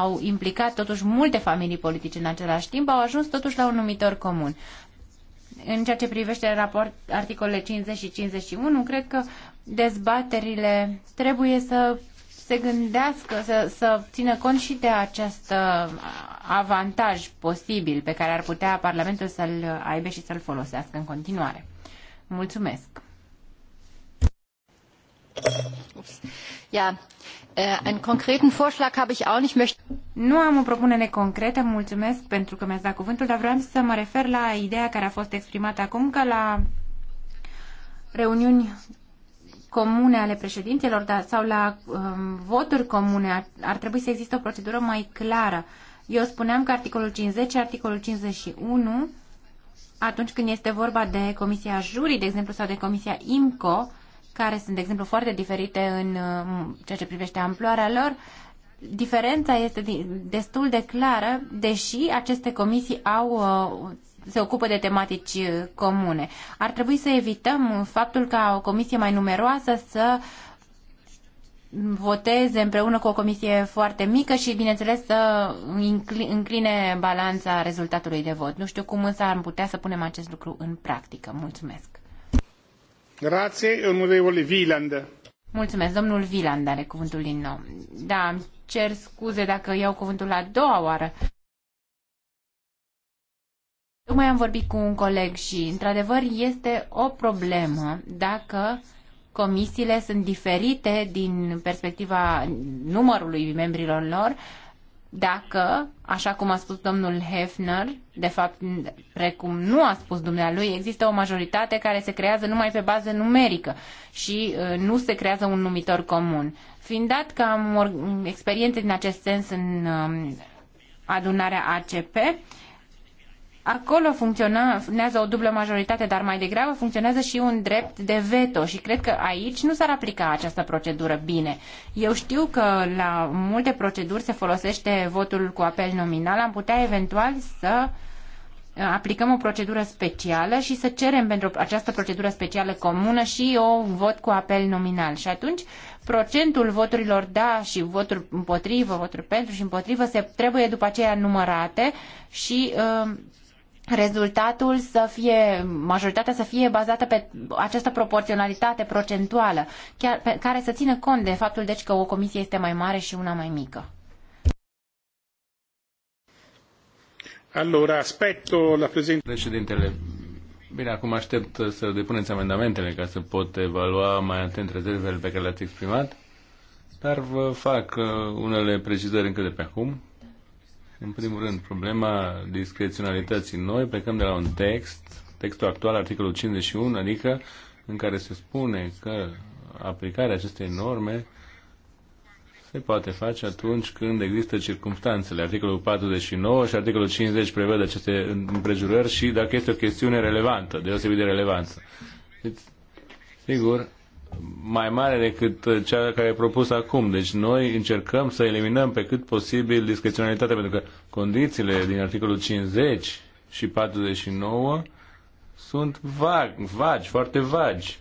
au implicat totuși multe familii politice în același timp, au ajuns totuși la un numitor comun în ceea ce privește raport articolele 50 și 51, cred că dezbaterile trebuie să se gândească, să, să țină cont și de acest uh, avantaj posibil pe care ar putea Parlamentul să-l aibă și să-l folosească în continuare. Mulțumesc! Ups. Yeah. Nu am o propunere concretă, mulțumesc pentru că mi-ați dat cuvântul, dar vreau să mă refer la ideea care a fost exprimată acum, că la reuniuni comune ale președintelor da, sau la um, voturi comune ar, ar trebui să existe o procedură mai clară. Eu spuneam că articolul 50 și articolul 51, atunci când este vorba de Comisia Jurii, de exemplu, sau de Comisia IMCO, uh, care sunt, de exemplu, foarte diferite în uh, ceea ce privește amploarea lor, diferența este destul de clară, deși aceste comisii au uh, se ocupă de tematici uh, comune. Ar trebui să evităm faptul ca o comisie mai numeroasă să voteze împreună cu o comisie foarte mică și, bineînțeles, să încline balanța rezultatului de vot. Nu știu cum însă am putea să punem acest lucru în practică. Mulțumesc! Mulțumesc, domnul Wieland are cuvântul din nou. Da, cer scuze dacă iau cuvântul la a doua oară. Tocmai am vorbit cu un coleg și, într-adevăr, este o problemă dacă comisiile sunt diferite din perspectiva numărului membrilor lor dacă, așa cum a spus domnul Hefner, de fapt, precum nu a spus dumnealui, există o majoritate care se creează numai pe bază numerică și uh, nu se creează un numitor comun. Fiind dat că am experiențe din acest sens în um, adunarea ACP, Acolo funcționează o dublă majoritate, dar mai degrabă funcționează și un drept de veto și cred că aici nu s-ar aplica această procedură bine. Eu știu că la multe proceduri se folosește votul cu apel nominal, am putea eventual să uh, aplicăm o procedură specială și să cerem pentru această procedură specială comună și o vot cu apel nominal. Și atunci procentul voturilor da și voturi împotrivă, voturi pentru și împotrivă se trebuie după aceea numărate și uh, rezultatul să fie, majoritatea să fie bazată pe această proporționalitate procentuală, chiar, pe, care să țină cont de faptul deci că o comisie este mai mare și una mai mică. Allora, aspetto la prezent... Președintele, bine, acum aștept să depuneți amendamentele ca să pot evalua mai atent rezervele pe care le-ați exprimat, dar vă fac uh, unele precizări încă de pe acum. În primul rând, problema discreționalității. Noi plecăm de la un text, textul actual, articolul 51, adică în care se spune că aplicarea acestei norme se poate face atunci când există circumstanțele. Articolul 49 și articolul 50 prevăd aceste împrejurări și dacă este o chestiune relevantă, deosebit de relevanță. Deci, sigur, mai mare decât uh, cea care e propusă acum. Deci noi încercăm să eliminăm pe cât posibil discreționalitatea, pentru că condițiile din articolul 50 și 49 sunt vag, vagi, foarte vagi.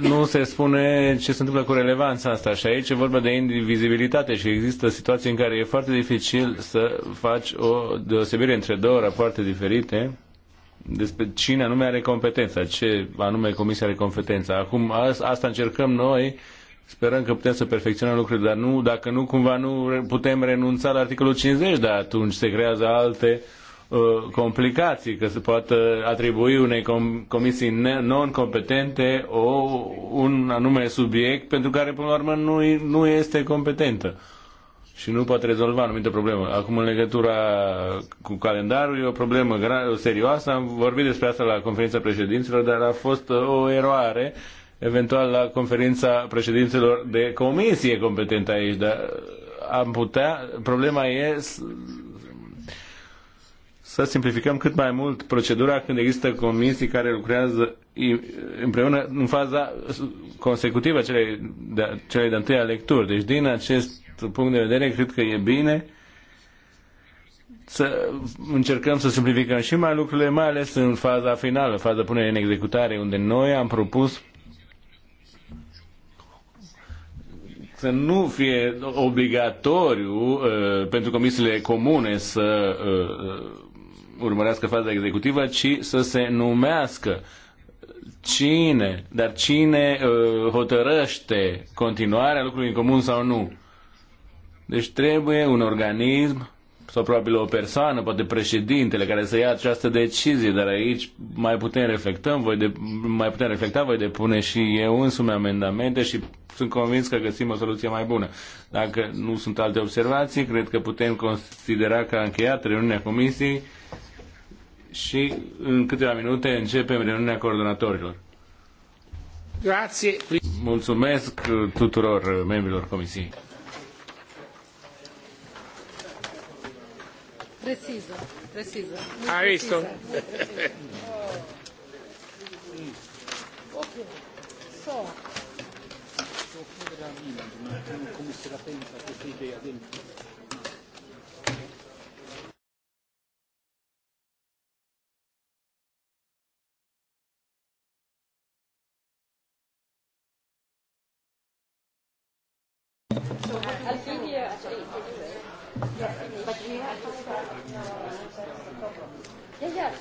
nu se spune ce se întâmplă cu relevanța asta și aici e vorba de indivizibilitate și există situații în care e foarte dificil să faci o deosebire între două rapoarte diferite despre cine anume are competența, ce anume comisia are competența. Acum asta încercăm noi, sperăm că putem să perfecționăm lucrurile, dar nu, dacă nu, cumva nu putem renunța la articolul 50, dar atunci se creează alte uh, complicații, că se poate atribui unei com- comisii non-competente o, un anume subiect pentru care, până la urmă, nu, nu este competentă și nu poate rezolva anumite probleme. Acum, în legătura cu calendarul, e o problemă serioasă. Am vorbit despre asta la conferința președinților, dar a fost uh, o eroare, eventual la conferința președinților de comisie competentă aici. Dar uh, am putea, problema e să simplificăm cât mai mult procedura când există comisii care lucrează împreună în faza consecutivă a celei de-a de, întâia lecturi. Deci din acest punct de vedere, cred că e bine să încercăm să simplificăm și mai lucrurile, mai ales în faza finală, faza pune în executare, unde noi am propus să nu fie obligatoriu uh, pentru comisiile comune să uh, urmărească faza executivă, ci să se numească cine, dar cine uh, hotărăște continuarea lucrurilor în comun sau nu. Deci trebuie un organism sau probabil o persoană, poate președintele, care să ia această decizie, dar aici mai putem reflecta, voi de, mai putem reflecta, voi depune și eu însumi amendamente și sunt convins că găsim o soluție mai bună. Dacă nu sunt alte observații, cred că putem considera că a încheiat reuniunea comisiei și în câteva minute începem reuniunea coordonatorilor. Grazie. Mulțumesc tuturor membrilor comisiei. Preciso, preciso. Ha visto? ok, so. Come se la pensa questa idea del Al fine, cioè,